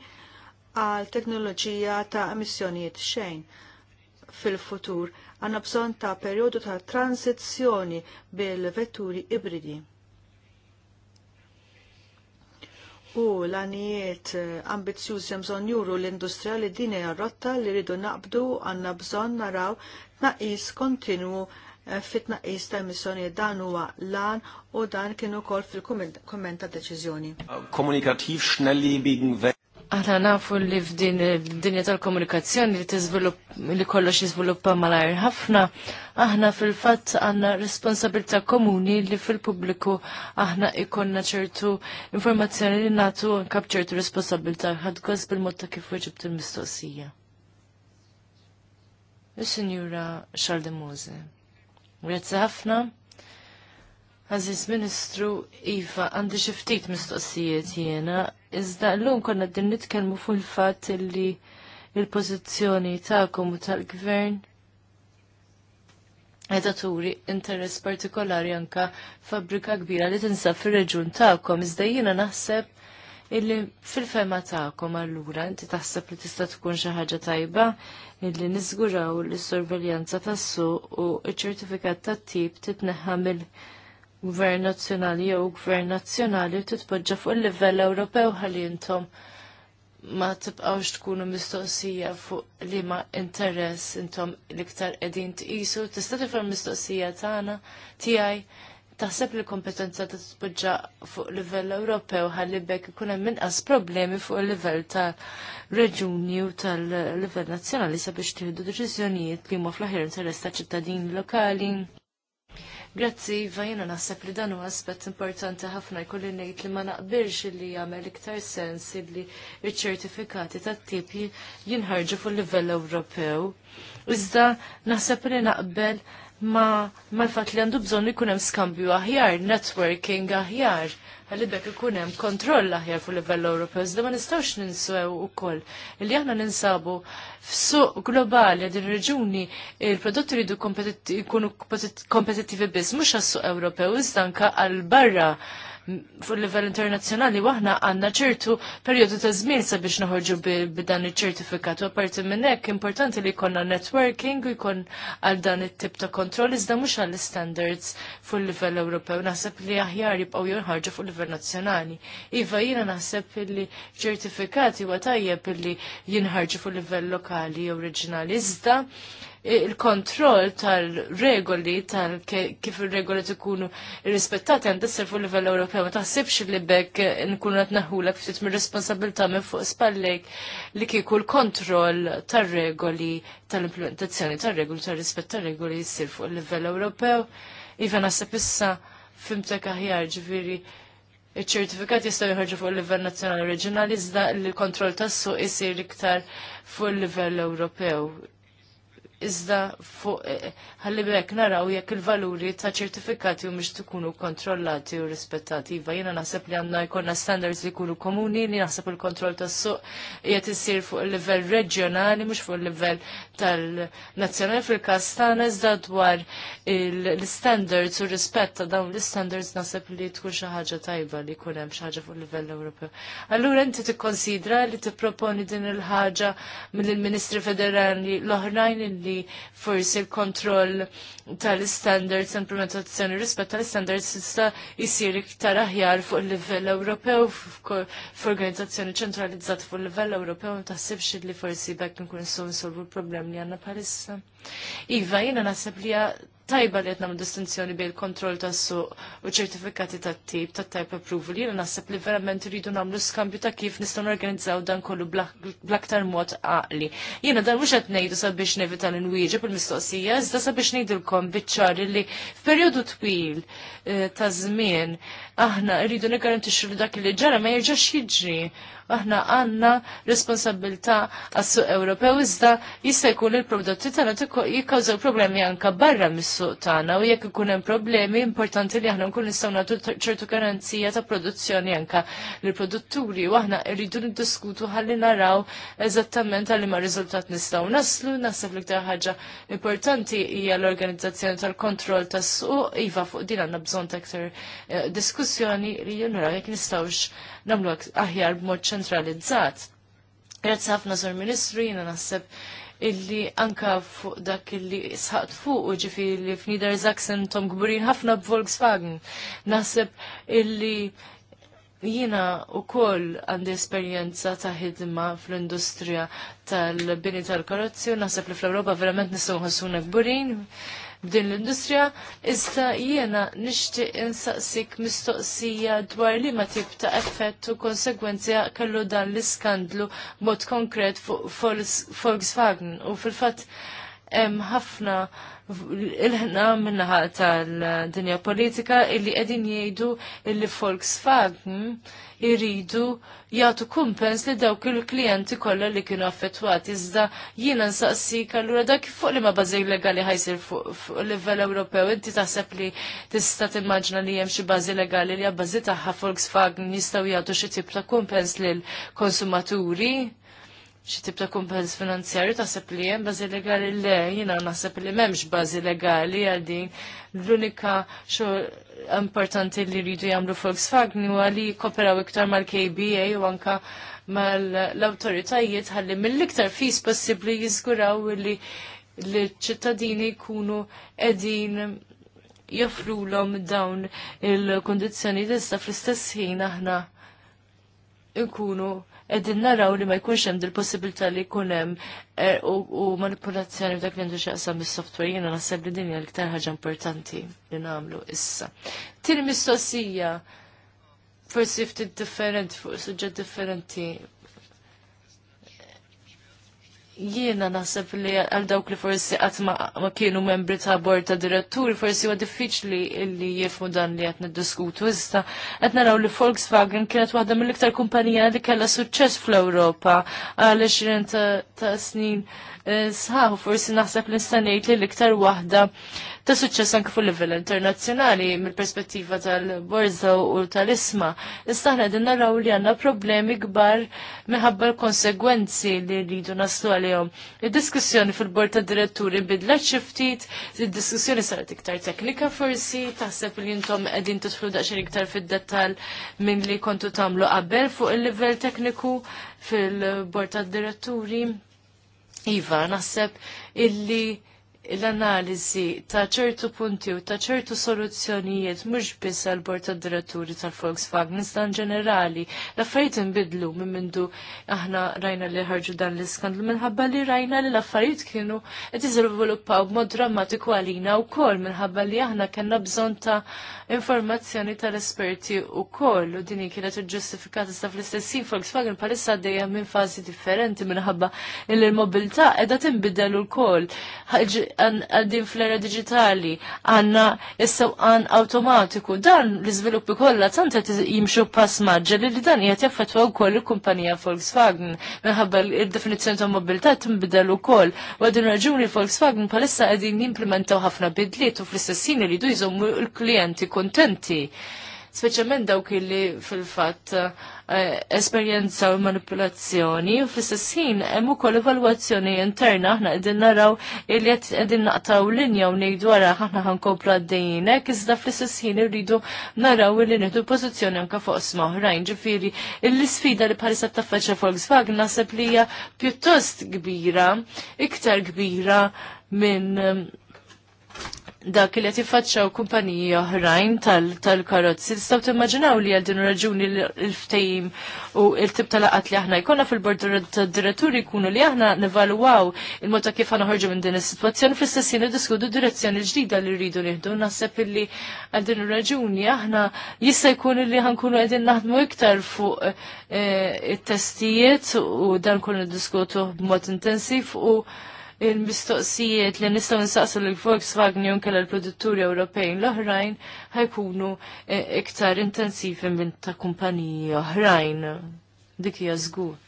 għal teknoloġija ta' emissjonijiet xejn fil-futur għandna bżonn ta' perjodu ta' transizzjoni bil-vetturi ibridi. u l-għanijiet eh, ambizjuż jemżon juru l-industrija li dini għarrotta li rridu naqbdu għanna bżon naraw naqis kontinu eh, fit-naqis ta' emissjoni dan huwa lan u dan kienu kol fil-komment ta' deċiżjoni. Kommunikativ schnelllebigen Aħna nafu li f'din id-dinja tal-komunikazzjoni li tiżvilupp li kollox jiżviluppa malajr ħafna, aħna fil-fatt għandna responsabilità komuni li fil-pubbliku aħna ikonna ċertu informazzjoni li nagħtu anke b'ċertu responsabilità ħadgos bil-mod ta' kif weġib il-mistoqsija. Is-Sinjura Charles de Mose. Grazzi ħafna. Aziz Ministru, Iva, għandi xiftit mistoqsijiet jena, iżda l-lum konna din nitkelmu fuq il-fat li il-pozizjoni ta'kom u tal-gvern edha turi interess partikolari anka fabrika kbira li tinsab fir-reġun ta'kom, iżda jiena naħseb illi fil-fema ta'kom allura inti taħseb li tista' tkun xi ħaġa tajba illi niżguraw l-sorveljanza tas-suq u ċ-ċertifikat tat-tip titneħħa mill- gvern nazzjonali jew gvern nazzjonali u titpoġġa fuq il-livell Ewropew ħalli intom ma tibqawx tkunu mistoqsija fuq li ma interess intom l-iktar qegħdin tqisu. Tista' tifhem mistoqsija tagħna tiegħi taħseb li kompetenza ta' titpoġġa fuq livell Ewropew ħalli bekk ikun hemm inqas problemi fuq il-livell ta' reġuni u tal-livell nazzjonali sabiex tieħdu deċiżjonijiet li huma fl-aħjar interess ta' ċittadini lokali. Grazzi, Iva, jena naħseb li dan huwa aspett importanti ħafna jkolli ngħid li ma naqbilx li jagħmel iktar sens li ċ-ċertifikati tat-tip jinħarġu fuq livell Ewropew. Iżda naħseb li naqbel ma mal-fat li għandu bżon ikun hemm skambju aħjar, networking aħjar, għalli bekk ikun hemm kontroll aħjar fuq livell Ewropew, iżda ma nistgħux ninsew ukoll li aħna ninsabu f'suq globali din ir-reġuni il-prodotti ridu jkunu kompetittivi biss mhux għas-suq Ewropew iżda anke għal barra fuq livell internazzjonali waħna għandna ċertu perjodu ta' żmien sabiex noħorġu b'dan iċ-ċertifikat u apparti minn hekk importanti li jkollna networking u jkun għal dan it-tip ta' kontroll iżda mhux għall standards fuq livell Ewropew. Naħseb li aħjar jibqgħu jinħarġu fuq livell nazzjonali. Iva jiena naħseb li ċertifikati huwa tajjeb li jinħarġu fuq livell lokali u oriġinali iżda il-kontroll tal-regoli tal kif il-regoli tkunu rispettati għand issir fuq livell Ewropew. Ma taħsibx li bekk nkunu qed naħulek ftit mir-responsabilità minn fuq spallek li kieku l-kontroll tar-regoli tal-implementazzjoni tar-regoli tar-rispett tar-regoli jsir fuq livell Ewropew. Iva naħseb issa fimtek aħjar ġifieri iċ-ċertifikat jistgħu jħorġu fuq il-livell nazzjonali reġjonali iżda l-kontroll tas-suq isir iktar fuq il-livell Ewropew iżda fuq eh, eh, ħalli bekk naraw jekk il-valuri ta' ċertifikati u mhux tkunu kontrollati u rispettati. Iva jiena naħseb li għandna jkollna standards li jkunu komuni li naħseb il-kontroll tas-suq qiegħed isir fuq il-livell reġjonali mhux fuq il-livell tal-nazzjonali fil-każ tagħna iżda dwar l-standards u rispett ta' dawn l-standards naħseb li tkun xi ħaġa tajba li jkun hemm xi ħaġa fuq il-livell Ewropew. Allura inti tikkonsidra li tipproponi din il-ħaġa mill-Ministri Federali l-oħrajn li li forsi l-kontroll tal-standards implementazzjoni rispett tal-standards issa jisir iktar aħjar fuq il-livell Ewropew f'organizzazzjoni ċentralizzata fuq il-livell Ewropew ma taħsibx li forsi bekk nkun nistgħu nsolvu l-problem li għandna bħalissa. Iva, jiena naħseb li tajba li għetna distinzjoni bejn kontroll tas suq u ċertifikati ta' tip ta' type approval. Jena nasib li verament rridu namlu skambju ta' kif nistan organizzaw dan kollu blaktar mod għaqli. Jena dan mux għet nejdu sabiex nevita l-inwieġib il-mistoqsija, iżda sabiex l-kom bitċar li f'periodu twil eh, ta' zmin aħna rridu nigarantixxu li dak li ġara ma jirġax jiġri aħna għanna responsabilta għassu Ewropew iżda jista' jkun il-prodotti tagħna jikkawżaw problemi anka barra mis suq tagħna u jekk ikun hemm problemi importanti li aħna nkun nistgħu nagħtu ċertu garanzija ta' produzzjoni anke lill produtturi u aħna rridu niddiskutu ħalli naraw eżattament għal ma' riżultat nistgħu naslu naħseb l-iktar ħaġa importanti hija l-organizzazzjoni tal-kontroll tas-suq iva fuq din għandna bżonn ta' iktar eh, diskussjoni li naraw jekk nistgħux nagħmlu aħjar b'mod ċentralizzat. Grazzi ħafna Sur Ministru, jiena naħseb illi anka fuq dak illi sħat fuq u ġifi li f'Nider zaksen tom gburin ħafna b'Volkswagen. Naħseb illi jina u koll għandi esperienza ta' ħidma fl-industrija tal-bini tal-karozzi u naħseb li fl-Europa verament nistgħu ħassuna gburin b'din l-industrija, iżda jiena nixtieq insaqsik mistoqsija dwar li ma tip ta' effett u konsegwenzja kellu dan l-iskandlu mod konkret fuq Volkswagen u fil-fatt hemm ħafna il-ħna minnaħa tal-dinja politika illi qegħdin jgħidu illi Volkswagen iridu jagħtu kumpens li dawk il-klijenti kollha li kienu affettwati. Iżda jiena nsaqsik allura dak fuq li ma bażej legali ħajsir fuq livell Ewropew, inti taħseb li tista' timmaġna li hemm xi bażi legali li għabbażi tagħha Volkswagen jistgħu jagħtu xi tip ta' kumpens lil konsumaturi? xi tip ta' kumpens finanzjarju taħseb li hemm bażi legali le, jiena naħseb li m'hemmx bażi legali għal din. L-unika xogħol importanti li rridu jagħmlu Volkswagen huwa li jkoperaw iktar mal-KBA u anka mal-awtoritajiet ħalli mill-iktar fis possibbli jizguraw li l-ċittadini jkunu qegħdin om dawn il-kondizzjoni tista' fl-istess ħin aħna nkunu edin naraw li ma jkunx hemm dil-possibilità li jkun hemm eh, u manipulazzjoni f'dak li għandu x'aqsam bis-software jiena naħseb li din hija l-iktar ħaġa importanti li nagħmlu issa. Tieni mistoqsija forsi ftit differenti fuq suġġett differenti jiena naħseb li għal dawk li forsi qatt ma kienu membri ta' bord ta' Diretturi, forsi huwa diffiċli li jifmu dan li qed niddiskutu iżda qed naraw li Volkswagen kienet waħda mill-iktar kumpanija li kellha suċċess fl-Ewropa għal 20 ta' snin eh, sħaħu forsi naħseb li stanejt li l-iktar waħda ta' suċċess anke fuq livell internazzjonali mill-perspettiva tal-borza u tal-isma. Issa din naraw li għandna problemi kbar minħabba l-konsegwenzi li rridu naslu għalihom. Id-diskussjoni fil-bord ta' diretturi bidlet xi ftit, id-diskussjoni saret iktar teknika forsi, taħseb li intom qegħdin tidħlu daqsxejn iktar fid-dettall minn li kontu tagħmlu qabel fuq il-livell tekniku fil-bord ta' diretturi. Iva, naħseb illi l-analiżi ta' ċertu punti u ta' ċertu soluzzjonijiet mhux biss għal bord tad-diretturi tal-Volkswagen, iżda ġenerali. L-affarijiet inbidlu minn mindu aħna rajna li ħarġu dan l-iskandlu minħabba li rajna li l-affarijiet kienu qed iżviluppaw b'mod drammatiku għalina wkoll minħabba li aħna kellna bżonn ta' informazzjoni tal-esperti wkoll u dini kienet iġġustifikata sa fl-istessin Volkswagen palissa għaddejja minn fażi differenti minħabba il-mobilità qiegħda tinbidel ukoll għaddin fl-era digitali, għanna is-sewqan automatiku. Dan l-iżviluppi kollha tant qed jimxu pass maġġa li dan qed jaffettwa wkoll il-kumpanija Volkswagen minħabba l definizzjoni ta' mobilità tinbidel ukoll. U għadin raġuni Volkswagen palissa qegħdin jimplementaw ħafna bidliet u fl-istessin li jdu jżommu l-klijenti kontenti speċjalment dawk li fil-fatt eh, esperjenzaw manipulazzjoni u fl-istess ħin hemm ukoll evalwazzjoni interna aħna qegħdin naraw illi qed qegħdin naqtaw linja u ngħidu wara aħna ħankomplu għaddejjinek iżda fl-istess ħin irridu naraw illi nieħdu pożizzjoni anke fuq isma' oħrajn. Ġifieri l-isfida li bħalissa taffaċċja Volkswagen naħseb li hija pjuttost kbira, iktar kbira minn dak li qed jiffaċċaw kumpaniji oħrajn tal-karozzi. Tistgħu timmaġinaw li għal din raġuni l ftejim u l-tip tal-qat li aħna jkollna fil-bord tad-diretturi jkunu li aħna nivalwaw il mota kif kif ħarġu minn din is-sitwazzjoni fl sessjoni jien direzzjoni ġdida li rridu nieħdu. Naħseb illi għal din raġuni aħna jista' jkun li ħankunu qegħdin naħdmu iktar fuq eh, it-testijiet u dan kunu diskutu b'mod intensiv u il-mistoqsijiet li nistgħu nsaqsu l Volkswagen jew kellha l-produtturi Ewropejn l-oħrajn ħajkunu eh, iktar intensivi minn ta' kumpaniji oħrajn. Dik hija żgur.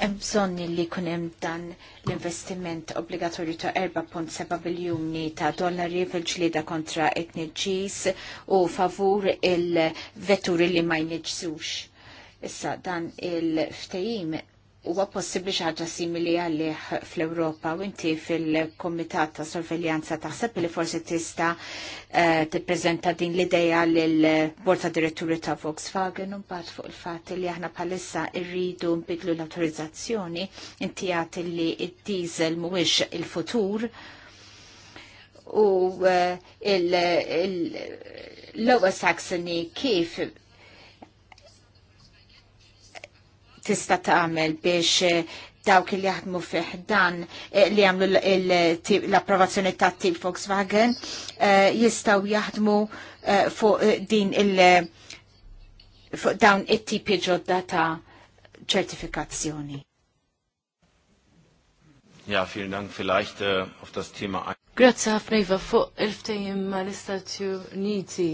Hemm bżonn li jkun hemm dan l-investiment obbligatorju ta' 4.7 biljuni ta' dollari fil-ġlieda kontra etniġis u favur il-vetturi li ma jniġżux Issa dan il-ftejim huwa possibbli xi ħaġa simili għalih fl-Ewropa u inti fil-Kumitat ta' Sorveljanza taħseb li forsi tista' eh, tippreżenta din l-idea lil borta Diretturi ta' Volkswagen u mbagħad fuq il-fatt li aħna bħalissa rridu nbidlu l-awtorizzazzjoni inti għad li d-diesel mhuwiex il-futur u eh, l lowest Saxony kif tista tagħmel biex eh, dawk li jaħdmu fih dan eh, li għamlu l-approvazzjoni ta' tip Volkswagen eh, jistaw jaħdmu fuq din il- fuq dawn it-tipi ġodda ta' ċertifikazzjoni. Ja, vielen Dank vielleicht auf das Thema. Grazie ħafna Iva fuq il-ftejim mal-Istati Uniti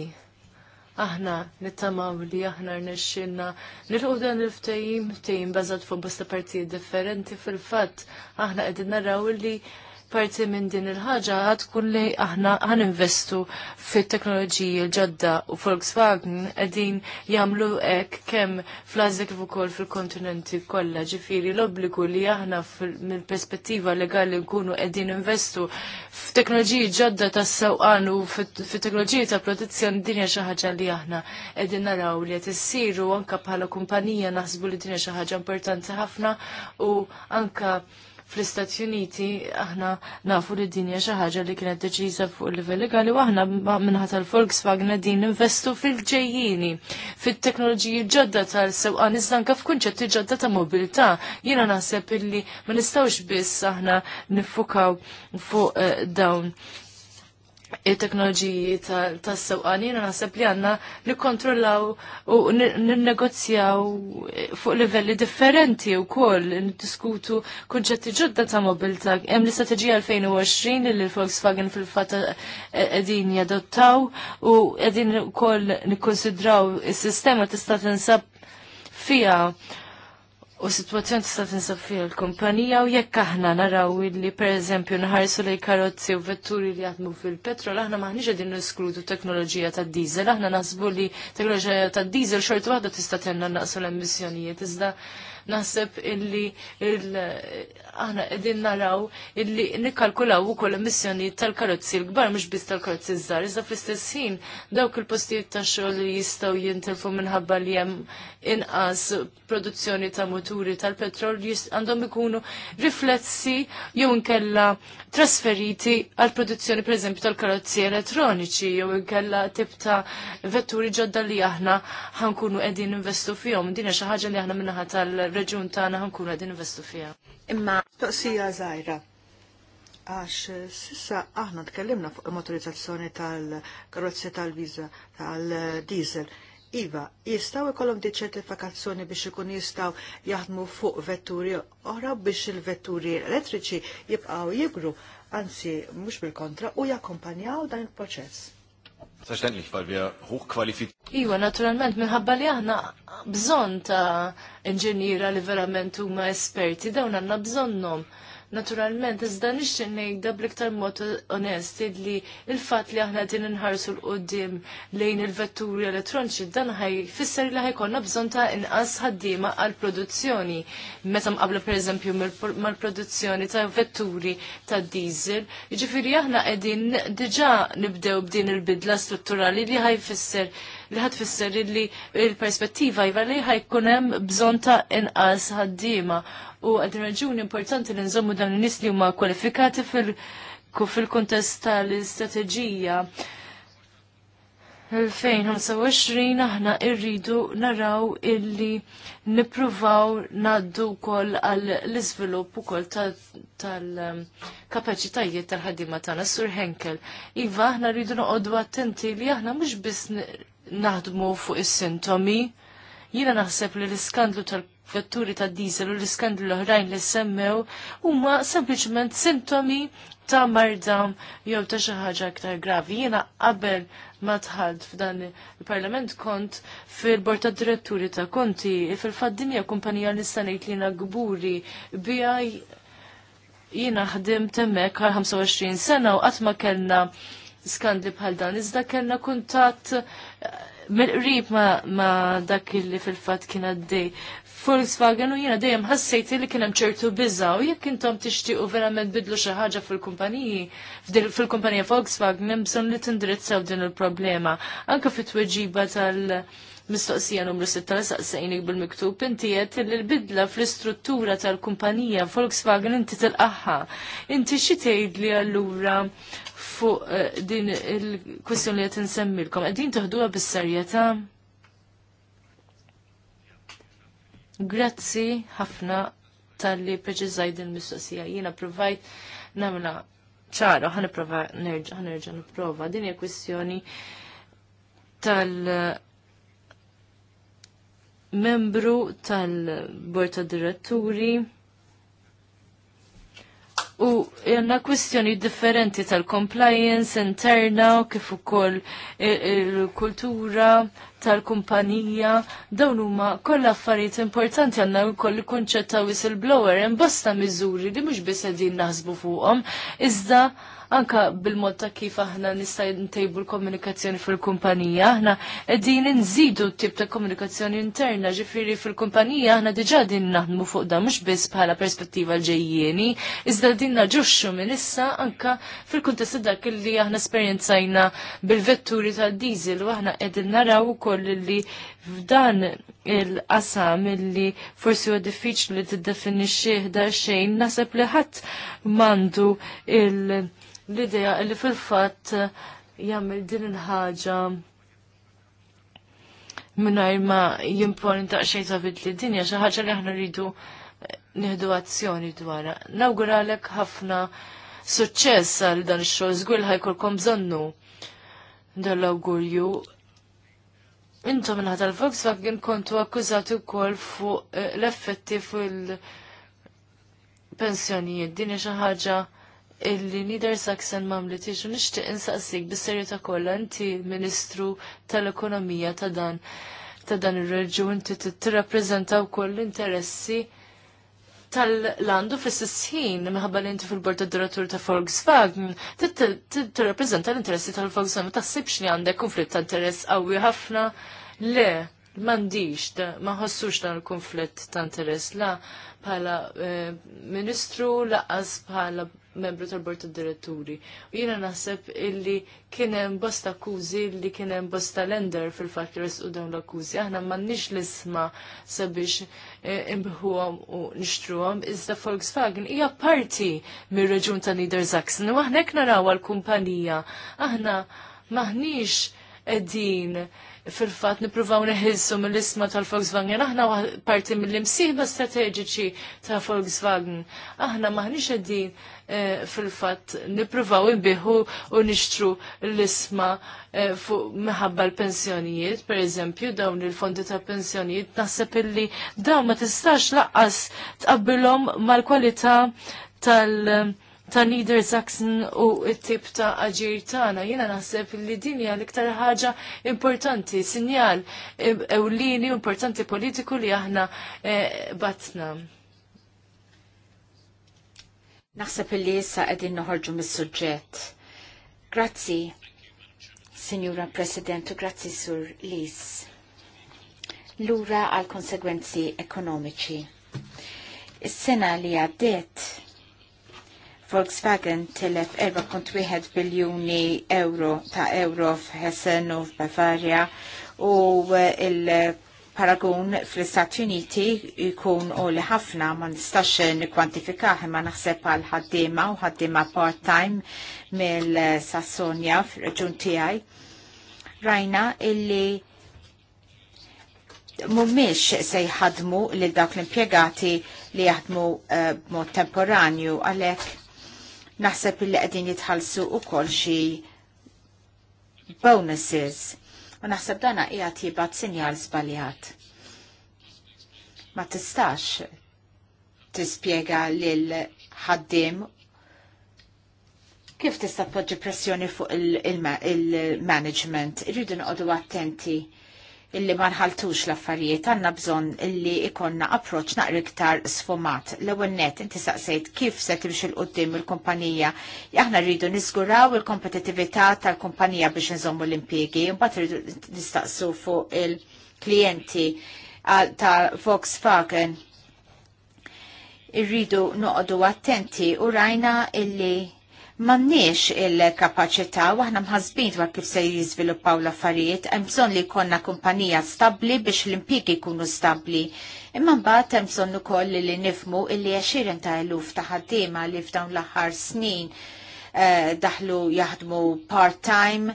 aħna nittamaw li aħna rnexxinna nilħu dan il-ftehim, ftehim bażat fuq bosta partijiet differenti fil-fatt aħna qegħdin naraw li parti minn din il-ħaġa għad kulli li aħna ħan investu fit-teknoloġiji l-ġodda u Volkswagen qegħdin jagħmlu hekk kemm fl-Azja kif ukoll fil-kontinenti kollha. Ġifieri l-obbligu li aħna mill-perspettiva legali nkunu qegħdin investu f'teknoloġiji ġodda tas-sewqan u fit-teknoloġiji ta' protezzjoni dinja xi ħaġa li aħna qegħdin naraw li qed issiru anke bħala kumpanija naħsbu li dinja xi ħaġa importanti ħafna u anka fl-Istati Uniti aħna nafu li dinja xi ħaġa li kienet deċiża fuq il-livell legali u aħna minħat tal-Volkswagen din investu fil-ġejjini, fit-teknoloġiji ġodda tal-sewqan iżda anke f'kunċetti ġodda ta' mobilità. Jiena naħseb illi ma nistgħux biss aħna niffukaw fuq eh, dawn il-teknoloġiji tas-sewqani, na naħseb li għanna nikkontrollaw u ninnegozjaw fuq livelli differenti u koll, diskutu kunċetti ġodda ta' mobilta. Hemm l-istrateġija 2020 li l-Volkswagen fil-fat e-, edin jadottaw u edin koll nikkonsidraw il-sistema tista' tinsab fija u situazzjoni tista' tinsab fiha l-kumpanija u jekk aħna naraw illi pereżempju nħarsu lej karozzi u vetturi li jaħdmu fil-petrol, aħna maħniġ qegħdin niskludu teknoloġija ta' diesel aħna naħsbu li teknoloġija ta' diesel xorta waħda tista' tenna naqsu l-emissjonijiet iżda naħseb illi aħna qegħdin naraw illi nikkalkulaw ukoll emissjoni tal-karozzi l gbar mhux biss tal-karozzi zar iżda fl-istess dawk il-postijiet ta' xogħol li jistgħu jintilfu minħabba li hemm inqas produzzjoni ta' muturi tal-petrol għandhom ikunu riflessi jew nkella trasferiti għal produzzjoni eżempju tal-karozzi elettroniċi jew inkella tip ta' vetturi ġodda li aħna ħankunu qegħdin investu fihom. Din xi ħaġa li aħna minnaħa tal-reġun tagħna ħankunu qegħdin investu fiha. Imma toqsija żgħira. Għax sissa aħna tkellimna fuq il motorizzazzjoni tal-karozzi tal-viża tal-diesel. tal karozzi tal tal diesel Iva, jistaw ikollom di ċertifikazzjoni biex ikun jistaw jaħdmu fuq vetturi oħra biex il-vetturi elettriċi jibqaw jibru, anzi mhux bil-kontra u jakkompanjaw dan il-proċess. Verständlich, weil wir hochqualifiziert. Iwa, naturalment, minħabba li aħna bżon ta' inġeniera li verament huma esperti, dawn għandna bżonnhom. Naturalment, iżda nixtieq ngħidha bliktar iktar mod onest li l-fatt li aħna din inħarsu l qudiem lejn il-vetturi elettroniċi dan ħaj fisser li ħajkonna bżonn ta' inqas ħaddiema għall produzzjoni meta mqabla pereżempju mal-produzzjoni ta' vetturi ta' diesel. Jiġifieri aħna qegħdin diġà nibdew b'din il-bidla strutturali li ħaj fisser li ħad fisser iva li il-perspettiva jgħar li ħajkunem bżonta ta' inqas ħaddima. U għadin raġuni importanti li nżommu dan n-nis li huma kwalifikati fil-kontest tal-istrateġija. 2025 aħna irridu naraw illi nippruvaw naddu kol għal iżvilupp ukoll u kol tal-kapacitajiet tal-ħadima tana Sur Henkel. Iva aħna rridu noqogħdu attenti li aħna mux biss naħdmu fuq is-sintomi. Jiena naħseb li l-iskandlu tal-vetturi tad diesel u l-iskandlu l-oħrajn li semmew huma sempliċement sintomi ta' marda jew ta' xi ħaġa aktar gravi. Jiena qabel ma tħadd f'dan il-Parlament kont fil-Bord tad Diretturi ta' Konti fil-fatt kumpanija li ngħid li gburi biha jiena ħdim hemmhekk għal 25 sena u qatt ma kellna skandli bħal dan. Iżda kellna kuntat eh, mill-qrib ma, ma dak li fil-fatt kien għaddej. Volkswagen u jiena dejjem ħassejt li kien hemm ċertu biża u jekk intom tixtiequ verament bidlu xi ħaġa fil-kumpaniji fil-kumpanija Volkswagen hemm bżonn li tindirizzaw din il-problema. Anke fit-tweġiba tal- mistoqsija numru 6 saqsejnik bil-miktub inti qed li l-bidla fl-istruttura tal-kumpanija Volkswagen inti tilqaħħa. Inti xi tgħidli allura fuq eh, din il-kwestjoni li qed insemmilkom. Qegħdin toħduha bis-serjetà? Grazzi ħafna tal-li preċiżaj din mistoqsija. Jiena provajt nagħmilha ċara, ħan prova nerġa' nipprova. Din hija kwestjoni tal- membru tal-Bord ta' Diretturi u jenna kwestjoni differenti tal-compliance interna u kif ukoll il-kultura tal-kumpanija dawn huma kollha affarijiet importanti għandna wkoll il-kunċett ta' whistleblower hemm bosta miżuri li mhux biss qegħdin naħsbu fuqhom iżda anka bil-mod ta' kif aħna nista' ntejbu l-komunikazzjoni fil-kumpanija, aħna qegħdin nżidu t-tip ta' komunikazzjoni interna, ġifieri fil-kumpanija aħna diġà din naħdmu fuq dan mhux biss bħala perspettiva l-ġejjieni, iżda din naġuxxu minn issa anka fil-kuntest dak li aħna esperjenzajna bil-vetturi tal-diesel u aħna qegħdin naraw ukoll li f'dan il-qasam li forsi huwa diffiċli tiddefinixxih da xejn naħseb li ħadd mandu il- l-idea li fil-fatt jagħmel din il-ħaġa minnajr ma jimpon daqxej zavid li dinja xi ħaġa li aħna rridu nieħdu azzjoni dwarha. Nawguralek ħafna suċċess għal dan ix-xogħol żgur ħajkolkom bżonnu dan l-awgurju. Intom minħat tal-Volkswagen kontu akkużati wkoll fuq l-effetti fuq il-pensjonijiet. Din hija xi ħaġa illi Nider Saxon mamlet iġu nishtiq insaqsik bis-serjetà kollha inti Ministru tal-Ekonomija ta' dan ta' dan ir-reġjun inti tirrappreżentaw wkoll l-interessi tal-landu fis-sisħin minħabba li inti fil-bord tad-direttur ta' Volkswagen, tirrappreżenta l-interessi tal-Volkswagen, ma taħsibx li għandek konflitt ta' interess qawwi ħafna le. Mandiċ, ma ħossux dan il-konflitt ta' interess la bħala eh, ministru laqas bħala membru tal-Bord tad-Diretturi. U jiena naħseb illi kien hemm bosta akkużi li kien hemm bosta lender fil-fatt li resqu dawn l-akkużi. Aħna m'għandniex l-isma sabiex e, imbħuhom u nixtruhom, iżda Volkswagen hija parti mir-reġun ta' Niedersachsen u aħna hekk naraw għall-kumpanija. Aħna maħniex qegħdin fil-fat nipruvaw neħilsu mill-isma tal-Volkswagen, aħna parti mill-imsiħba strateġiċi ta' Volkswagen. Aħna m'aħniex qegħdin. Eh, fil-fatt nippruvaw inbiħu u nixtru l-isma eh, fuq meħabba l-pensjonijiet, per eżempju, dawn il-fondi ta' pensjonijiet, naħseb illi dawn ma tistax laqqas tqabbilhom mal-kwalità tal- ta' Nieder Saxon u t-tip ta' aġir tagħna. Jiena naħseb li din hija l-iktar ħaġa importanti, sinjal ewlieni importanti politiku li aħna eh, batna. Naħseb illi issa qegħdin noħorġu mis-suġġett. Grazzi, Sinjura President, u grazzi Sur Lis. Lura għal konsegwenzi ekonomiċi. Is-sena li għaddiet Volkswagen telef 4.1 biljuni euro ta' euro f'Hessen u f'Bavaria u il- paragun fl-Istati Uniti jkun u li ħafna ma nistax nikwantifikaħ ma naħseb għal ħaddima u ħaddima part-time mill-Sassonja fil-reġun tijaj. Rajna illi mummiex se jħadmu li dawk l-impiegati li jaħdmu eh, b'mod temporanju għalek naħseb illi qegħdin jitħallsu ukoll xi bonuses U naħseb dana hija tibat sinjal żbaljat. Ma tistax tispjega lil ħaddim kif tista' tpoġġi pressjoni fuq il-management. Il Irridu noqogħdu attenti illi ma nħaltux l-affarijiet għandna bżonn illi ikonna approċ naqri iktar sfumat. L-ewwel net inti saqsejt kif se timxi il qudiem il-kumpanija. Aħna rridu niżguraw il kompetitività tal-kumpanija biex nżommu l-impjiegi, Mbatt rridu nistaqsu fuq il-klijenti ta' Volkswagen irridu noqdu attenti u rajna illi Mannix il-kapacità u aħna mħazbin dwar kif se jiżviluppaw l-affarijiet, hemm bżonn li jkollna kumpanija stabbli biex l-impjiegi jkunu stabbli. Imma mbagħad hemm bżonn ukoll li nifmu illi għexieren ta' eluf ta' ħaddiema li f'dawn l-aħħar snin eh, daħlu jaħdmu part-time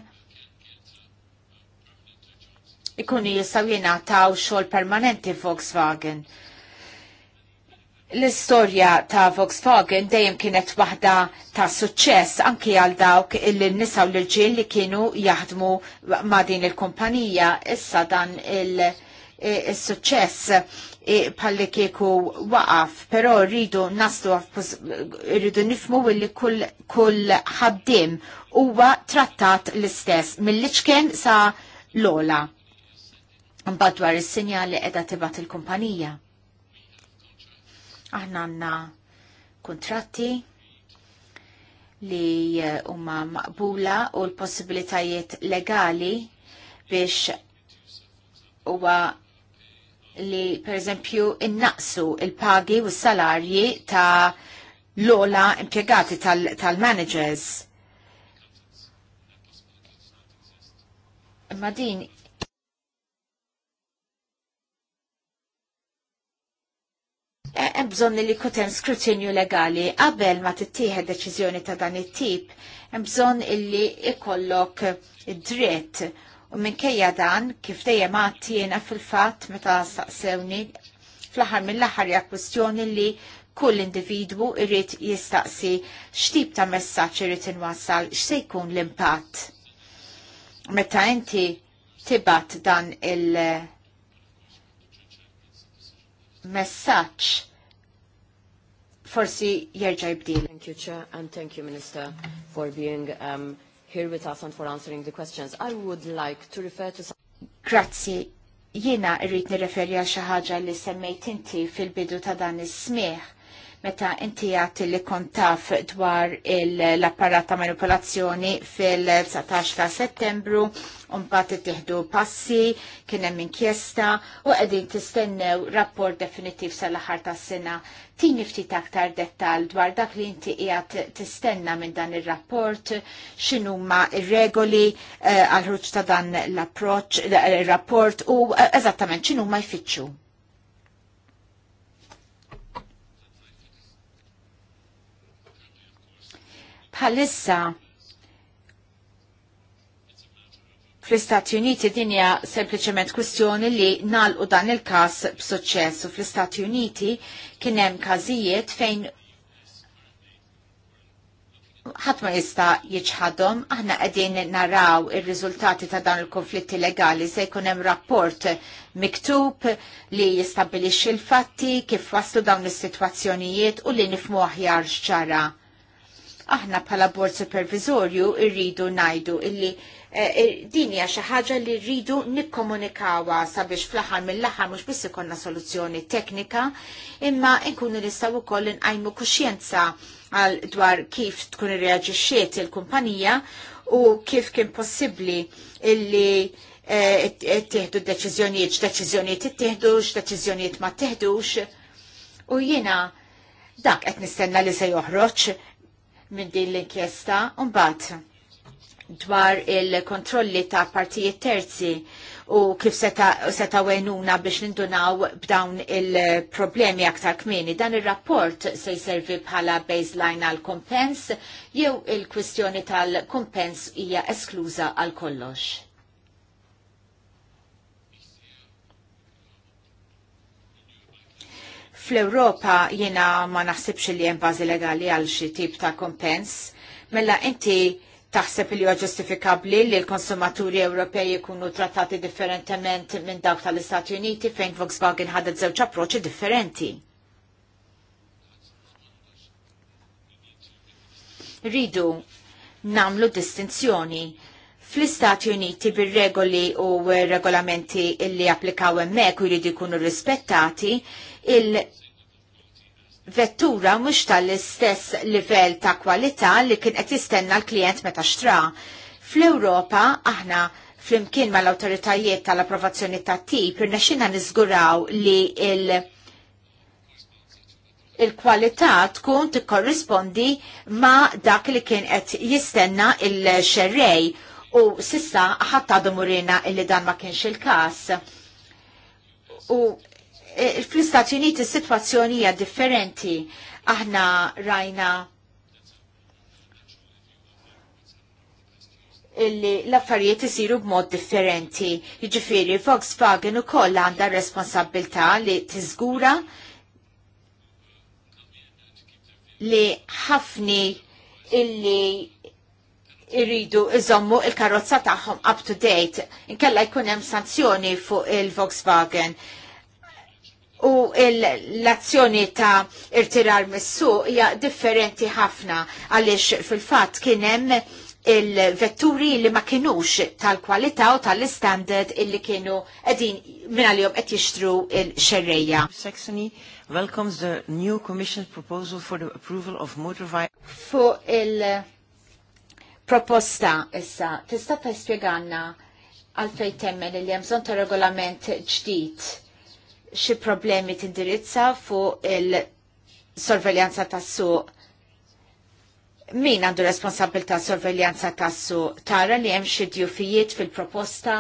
ikunu jistaw jenataw xol permanenti Volkswagen. L-istorja ta' Volkswagen dejjem kienet waħda ta' suċċess anki għal dawk il nisaw l irġiel li kienu jaħdmu ma' din il-kumpanija. Issa dan il-suċċess palli kieku waqaf, però rridu naslu rridu nifmu illi kull ħaddim huwa trattat l-istess mill-liċken sa' l-ola. Mbadwar is-sinjali qiegħda tibgħat il-kumpanija. Aħna għanna kontratti li eh, huma maqbula u l-possibilitajiet legali biex huwa li per eżempju innaqsu il-pagi u s-salarji ta' l-ola impiegati tal-managers. Tal din Eh, hemm bżonn li jkun hemm skrutinju legali qabel ma tittieħed deċiżjoni ta' dan it-tip, hemm bżonn illi ikollok dritt u minkejja dan kif dejjem għattiena fil-fatt meta staqsewni fl-aħħar mill-aħħar hija kwistjoni li kull individwu irrid jistaqsi x'tip ta' messaġġ irid inwassal, x'se jkun l-impatt. Meta inti tibat dan il- messaċ forsi jerġaj Bdil. Thank you, Chair, and thank you, Minister, for being um, here with us and for answering the questions. I would like to refer to some... Grazzi. Jiena irrit nirreferi xaħġa xi ħaġa li semmejt inti fil-bidu ta' dan is-smieħ meta inti għat li kontaf dwar l-apparat ta' manipolazzjoni fil-19 ta' settembru, bat tiħdu passi, kienem inkjesta u għedin tistennew rapport definitiv sal aħħar ta' sena. Tini ftit aktar dettal dwar dak li inti qiegħed tistenna minn dan ir-rapport, x'inhuma ir-regoli eh, għal ħruġ ta' dan l-approċċ, eh, ir-rapport u eh, eżattament x'inhuma jfittxu. Bħalissa fl-Istati Uniti dinja sempliciment kwistjoni li u dan il-kas b'suċċess u fl-Istati Uniti kien hemm każijiet fejn ħadd ma jista' jiġħadhom, aħna qegħdin naraw ir-riżultati ta' dan il-konflitti legali se jkun hemm rapport miktub li jistabbilixxi l-fatti kif waslu dawn is-sitwazzjonijiet u li nifmu aħjar x'ċara aħna bħala bord supervizorju irridu najdu illi dini eh, eh, din hija xi ħaġa li rridu nikkomunikawha sabiex fl-aħħar mill-aħħar mhux biss ikollna soluzzjoni teknika, imma nkunu nistgħu wkoll inqajmu kuxjenza għal dwar kif tkun irreaġixxiet il-kumpanija u kif kien possibbli illi eh, tieħdu deċiżjonijiet, x'deċiżjonijiet ittieħdu, x'deċiżjonijiet ma tieħdux. U jiena dak qed nistenna li se joħroġ minn din l-inkjesta un bat dwar il-kontrolli ta' partijiet terzi u kif seta, wenuna biex nindunaw b'dawn il-problemi aktar kmini. Dan il-rapport se jservi bħala baseline għal kompens jew il-kwistjoni tal-kompens hija eskluża għal kollox. fl-Europa jiena ma naħsibx li hemm bażi legali għal xi tip ta' kompens, mela inti taħseb li huwa ġustifikabli li l-konsumaturi Ewropej jkunu trattati differentement minn dawk tal-Istati Uniti fejn Volkswagen ħadet żewġ approċċi differenti. Ridu namlu distinzjoni fl-Istati Uniti bir-regoli u regolamenti illi applikaw hemmhekk u jridu jkunu rispettati, il vettura mhux tal-istess livell ta' kwalità li kien qed jistenna l-klient meta xtra. Fl-Ewropa aħna flimkien mal-awtoritajiet tal-approvazzjoni ta' tip irnexxina niżguraw li il- il-kwalità tkun tikkorrispondi ma' dak li kien qed jistenna il-xerrej u sissa ħadd għadhom il li dan ma kienx il-każ. U E, fl-Istati Uniti s-situazzjoni hija differenti. Aħna rajna illi l-affarijiet isiru b'mod differenti. Jiġifieri Volkswagen ukoll għandha responsabilità li tiżgura li ħafni illi irridu iżommu il-karozza tagħhom up to date. Inkella jkun hemm sanzjoni fuq il-Volkswagen u l-azzjoni ta' irtirar mis-suq hija differenti ħafna għaliex fil-fatt kien hemm il-vetturi li ma kienux tal-kwalità u tal-standard illi kienu qegħdin minn għalihom qed jixtru l-xerreja. Saxony welcomes the new commission proposal for the approval of motor Fuq il- proposta issa, tista' ta' spjeganna għalfej temmen li hemm bżonn ta' regolament ġdid xi problemi tindirizza fuq il-sorveljanza tas-suq min għandu responsabilta sorveljanza tassu tara li hemm xi djufijiet fil-proposta?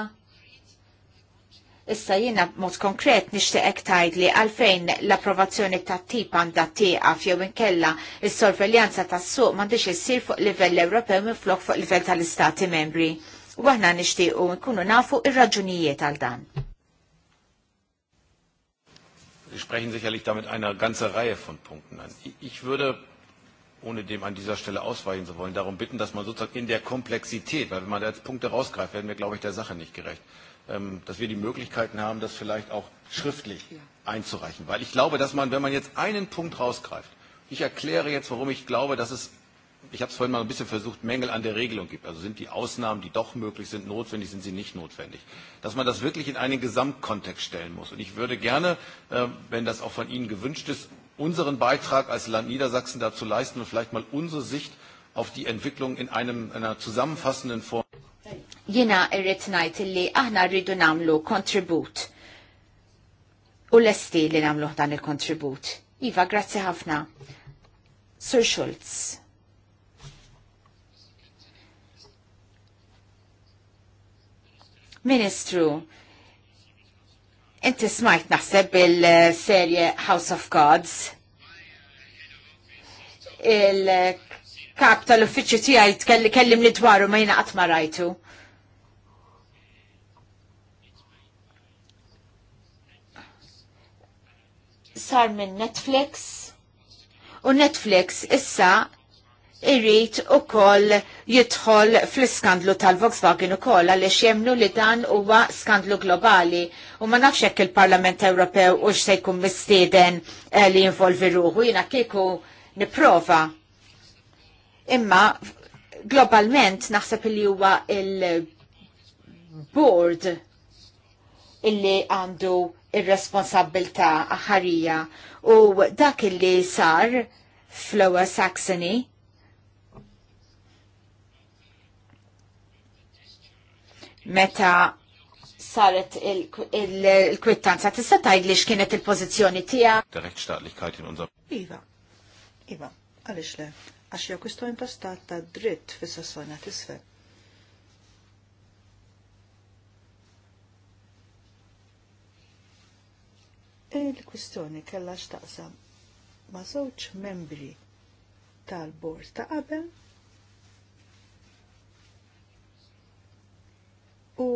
Issa jiena mod konkret nixtieq tgħid li għalfejn l-approvazzjoni tat tip għandha tieqaf jew inkella s-sorveljanza tas-suq m'għandix issir fuq livell Ewropew minflok fuq livell tal-Istati membri. U aħna nixtiequ nkunu nafu ir-raġunijiet għal dan. Sie sprechen sicherlich damit eine ganze Reihe von Punkten an. Ich würde, ohne dem an dieser Stelle ausweichen zu wollen, darum bitten, dass man sozusagen in der Komplexität, weil wenn man da jetzt Punkte rausgreift, werden wir, glaube ich, der Sache nicht gerecht, ähm, dass wir die Möglichkeiten haben, das vielleicht auch schriftlich einzureichen. Weil ich glaube, dass man, wenn man jetzt einen Punkt rausgreift, ich erkläre jetzt, warum ich glaube, dass es ich habe es vorhin mal ein bisschen versucht, Mängel an der Regelung gibt. Also sind die Ausnahmen, die doch möglich sind, notwendig, sind sie nicht notwendig. Dass man das wirklich in einen Gesamtkontext stellen muss. Und ich würde gerne, äh, wenn das auch von Ihnen gewünscht ist, unseren Beitrag als Land Niedersachsen dazu leisten und vielleicht mal unsere Sicht auf die Entwicklung in einem, einer zusammenfassenden Form. Jena irrit najt li aħna rridu namlu kontribut. U l-esti li namlu dan il-kontribut. Iva, grazie ħafna. Sir Schulz. Ministru, inti smajt naħseb il-serje House of Gods. Il-kap tal-uffiċċju tiegħi kellim li dwaru ma jina għatma ma rajtu. Sar minn Netflix u Netflix issa irrit u koll jitħol fl-skandlu tal-Volkswagen u koll għalix jemnu li dan huwa skandlu globali u ma nafx jekk il-Parlament Ewropew u se jkun mistieden eh, li jinvolvi ruħu jina kieku niprofa. Imma globalment naħseb li huwa il-board illi għandu il responsabilta aħarija ħarija u dak illi sar fl ewa Saxony meta saret il-kwittanza. Il, il Tista' tgħid li x'kienet il-pożizzjoni tija? Direkt xtaqlikajt Iva, iva, għaliex le, għax jew kwistjoni impostat ta' dritt fis-sassonja tisfel. Il-kwistjoni kellha x'taqsam ma' żewġ membri tal-bord ta' qabel U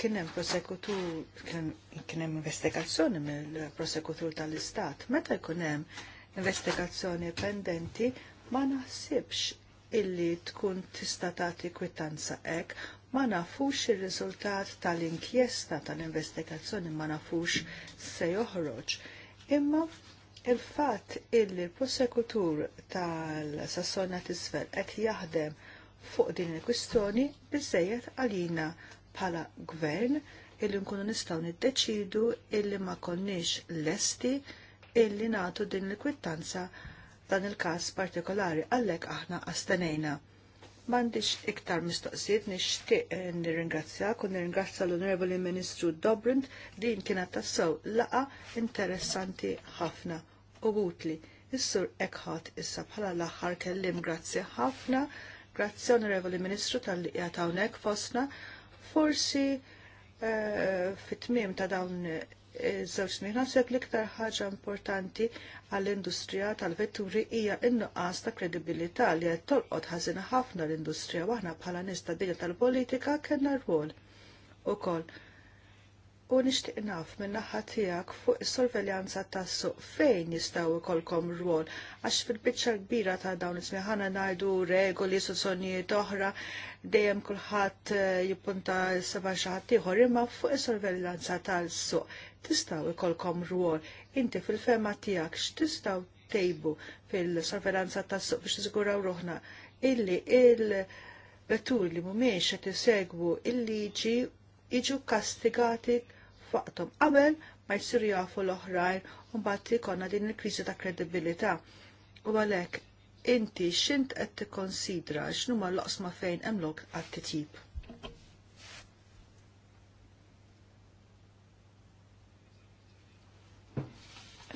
kienem prosekutur, kienem investigazzjoni mill-prosekutur tal-istat. Meta jkunem investigazzjoni pendenti, ma naħsibx illi tkun tista' tagħti kwitanza hekk, ma nafux ir-riżultat tal-inkjesta tal-investigazzjoni ma nafux se joħroġ. Imma il-fatt illi l-prosekutur tal sassonat Tisfel qed jaħdem fuq din il-kwistjoni bizzejet għalina bħala gvern illi nkunu nistgħu niddeċidu illi ma konniex lesti illi nagħtu din il-kwittanza dan il-każ partikolari għalhekk aħna astenejna. M'għandix iktar mistoqsijiet nixtieq eh, nirringrazzja u nirringrazzja l-Onorevoli Ministru Dobrind din kienet tassaw laqa interessanti ħafna u utli. Is-sur Ekħat issa bħala l-aħħar kellim grazzi ħafna Grazzi Onorevoli Ministru tal-li jgħatawnek fosna. Forsi eh, fit-tmim ta' dawn iż-żewġ snin naħseb l-iktar ħaġa importanti għall-industrija tal-vetturi hija n-nuqqas ta' kredibilità li qed tolqod ħażina ħafna l-industrija waħna bħala nies ta' dinja tal-politika kellna rwol ukoll u nixtieq naf min-naħa tiegħek fuq is-sorveljanza tas-suq fejn jistgħu jkollkom rwol għax fil-biċċa kbira ta' dawn ismiħana ngħidu regoli sezzjonijiet oħra dejjem kulħadd eh, jippunta seba' xi ħadd ieħor imma fuq is-sorveljanza tas-suq tistgħu jkollkom rwol. Inti fil-fema tiegħek x'tistgħu tejbu fil-sorveljanza tas-suq biex tiżguraw ruħna illi il-vetturi li mhumiex qed isegwu il-liġi jiġu kastigati f'waqthom qabel ma jsiru jafu l-oħrajn u mbagħad li din il-kriżi ta' kredibilità. U għalhekk inti x'int qed tikkonsidra x'numa l-oqsma fejn hemm lok għat-titjib.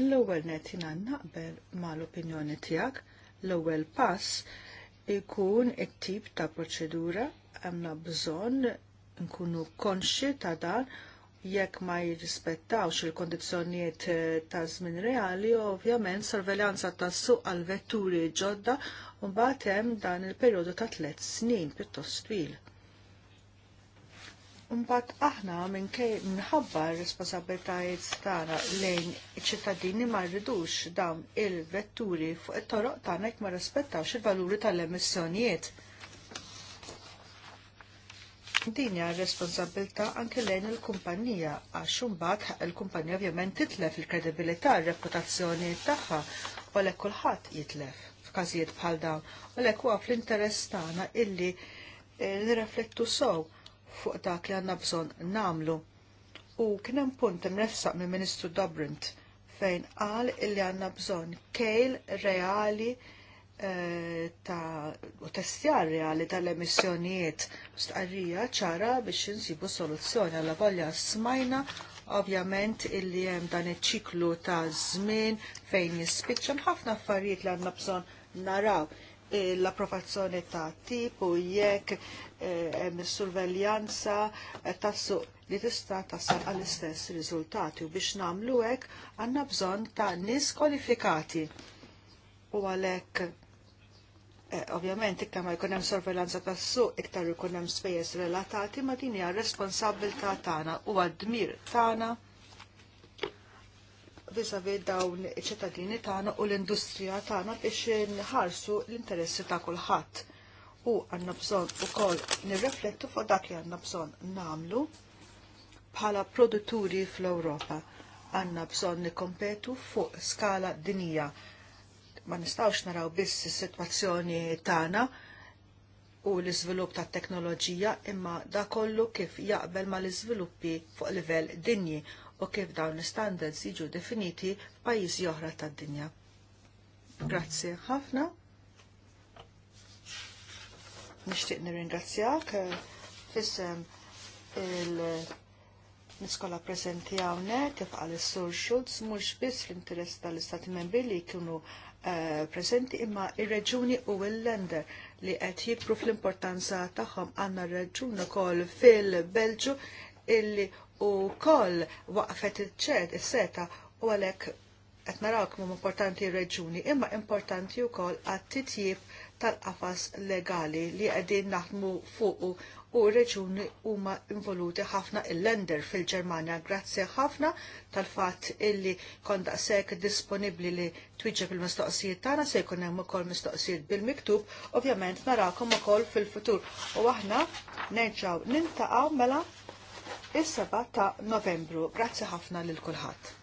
l-ewwel net jina naqbel mal-opinjoni tiegħek, l-ewwel pass ikun it-tip ta' proċedura hemm bżonn nkunu konxi ta' dan jekk ma jirrispettawx il-kondizzjonijiet eh, ta' żmien reali, ovvjament sorveljanza tas suq għal vetturi ġodda u batem hemm dan il-perjodu ta' tliet snin pjuttost twil. Mbagħad aħna minkej minħabba r-responsabbiltajiet tagħna lejn iċ-ċittadini ma rridux dawn il-vetturi fuq it-toroq tagħna jekk ma rispettawx il-valuri tal-emissjonijiet din hija responsabilità anke lejn il-kumpanija għax imbagħad il-kumpanija ovvjament titlef il-kredibilità, ir-reputazzjoni tagħha u għalhekk kulħadd jitlef f'każijiet bħal dawn. U Għalhekk huwa fl-interess tagħna illi eh, nirreflettu sew fuq dak li għandna bżonn nagħmlu. U kien hemm punt imnefsaq minn Ministru Dobrint fejn qal illi għandna bżonn kejl reali Eh, ta' u testjar reali tal-emissjonijiet stqarrija ċara biex jinsibu soluzzjoni għalla volja smajna ovvjament illi hemm dan iċ-ċiklu ta' żmien fejn jispiċċa ħafna affarijiet li għandna bżonn naraw e l-approvazzjoni ta' tip u jekk eh, hemm is-surveljanza eh, tas li tista' tasal għall-istess riżultati u biex nagħmlu hekk għandna bżonn ta' nies kwalifikati. U għalhekk Eh, ovvjament, ikka ma jkun hemm tassu tas-suq, iktar ikun hemm spejjeż relatati, ma din hija responsabilità tagħna u għad-dmir tagħna viżavi dawn iċ-ċittadini tagħna u l-industrija tagħna biex nħarsu l-interessi ta' kulħadd. U għandna bżonn ukoll nirreflettu fuq dak li għandna bżonn nagħmlu bħala produtturi fl-Ewropa. għanna bżonn nikkompetu fuq skala dinija ma nistawx naraw biss is-sitwazzjoni tagħna u l-iżvilupp tat-teknoloġija imma da kollu kif jaqbel ma l-iżviluppi fuq livell dinji u kif dawn l-standards jiġu definiti f'pajjiżi oħra tad-dinja. Grazzi ħafna. Nixtieq nirringrazzjak eh, fissem il- niskola prezenti għawnek kif għal sur Schultz mux biss fl-interess tal-istati membri li kienu Eh, Prezenti imma ir-reġuni u l-lender li qed jikru fl-importanza tagħhom għandna r-reġun ukoll fil-Belġu illi u waqfet il-ċed is-seta u għalhekk qed naraw kemm importanti r-reġuni, imma importanti wkoll għat-titjib tal-qafas legali li qegħdin naħdmu fuqu u r-reġuni huma involuti ħafna il-lender fil-Ġermanja. Grazzi ħafna tal-fatt illi konda sek disponibli li twiġġeb fil mistoqsijiet tagħna se jkun hemm ukoll mistoqsijiet bil-miktub, ovvjament narakom ukoll fil-futur. U aħna nerġgħu nintaqgħu mela is-7 ta' Novembru. Grazzi ħafna lil kulħadd.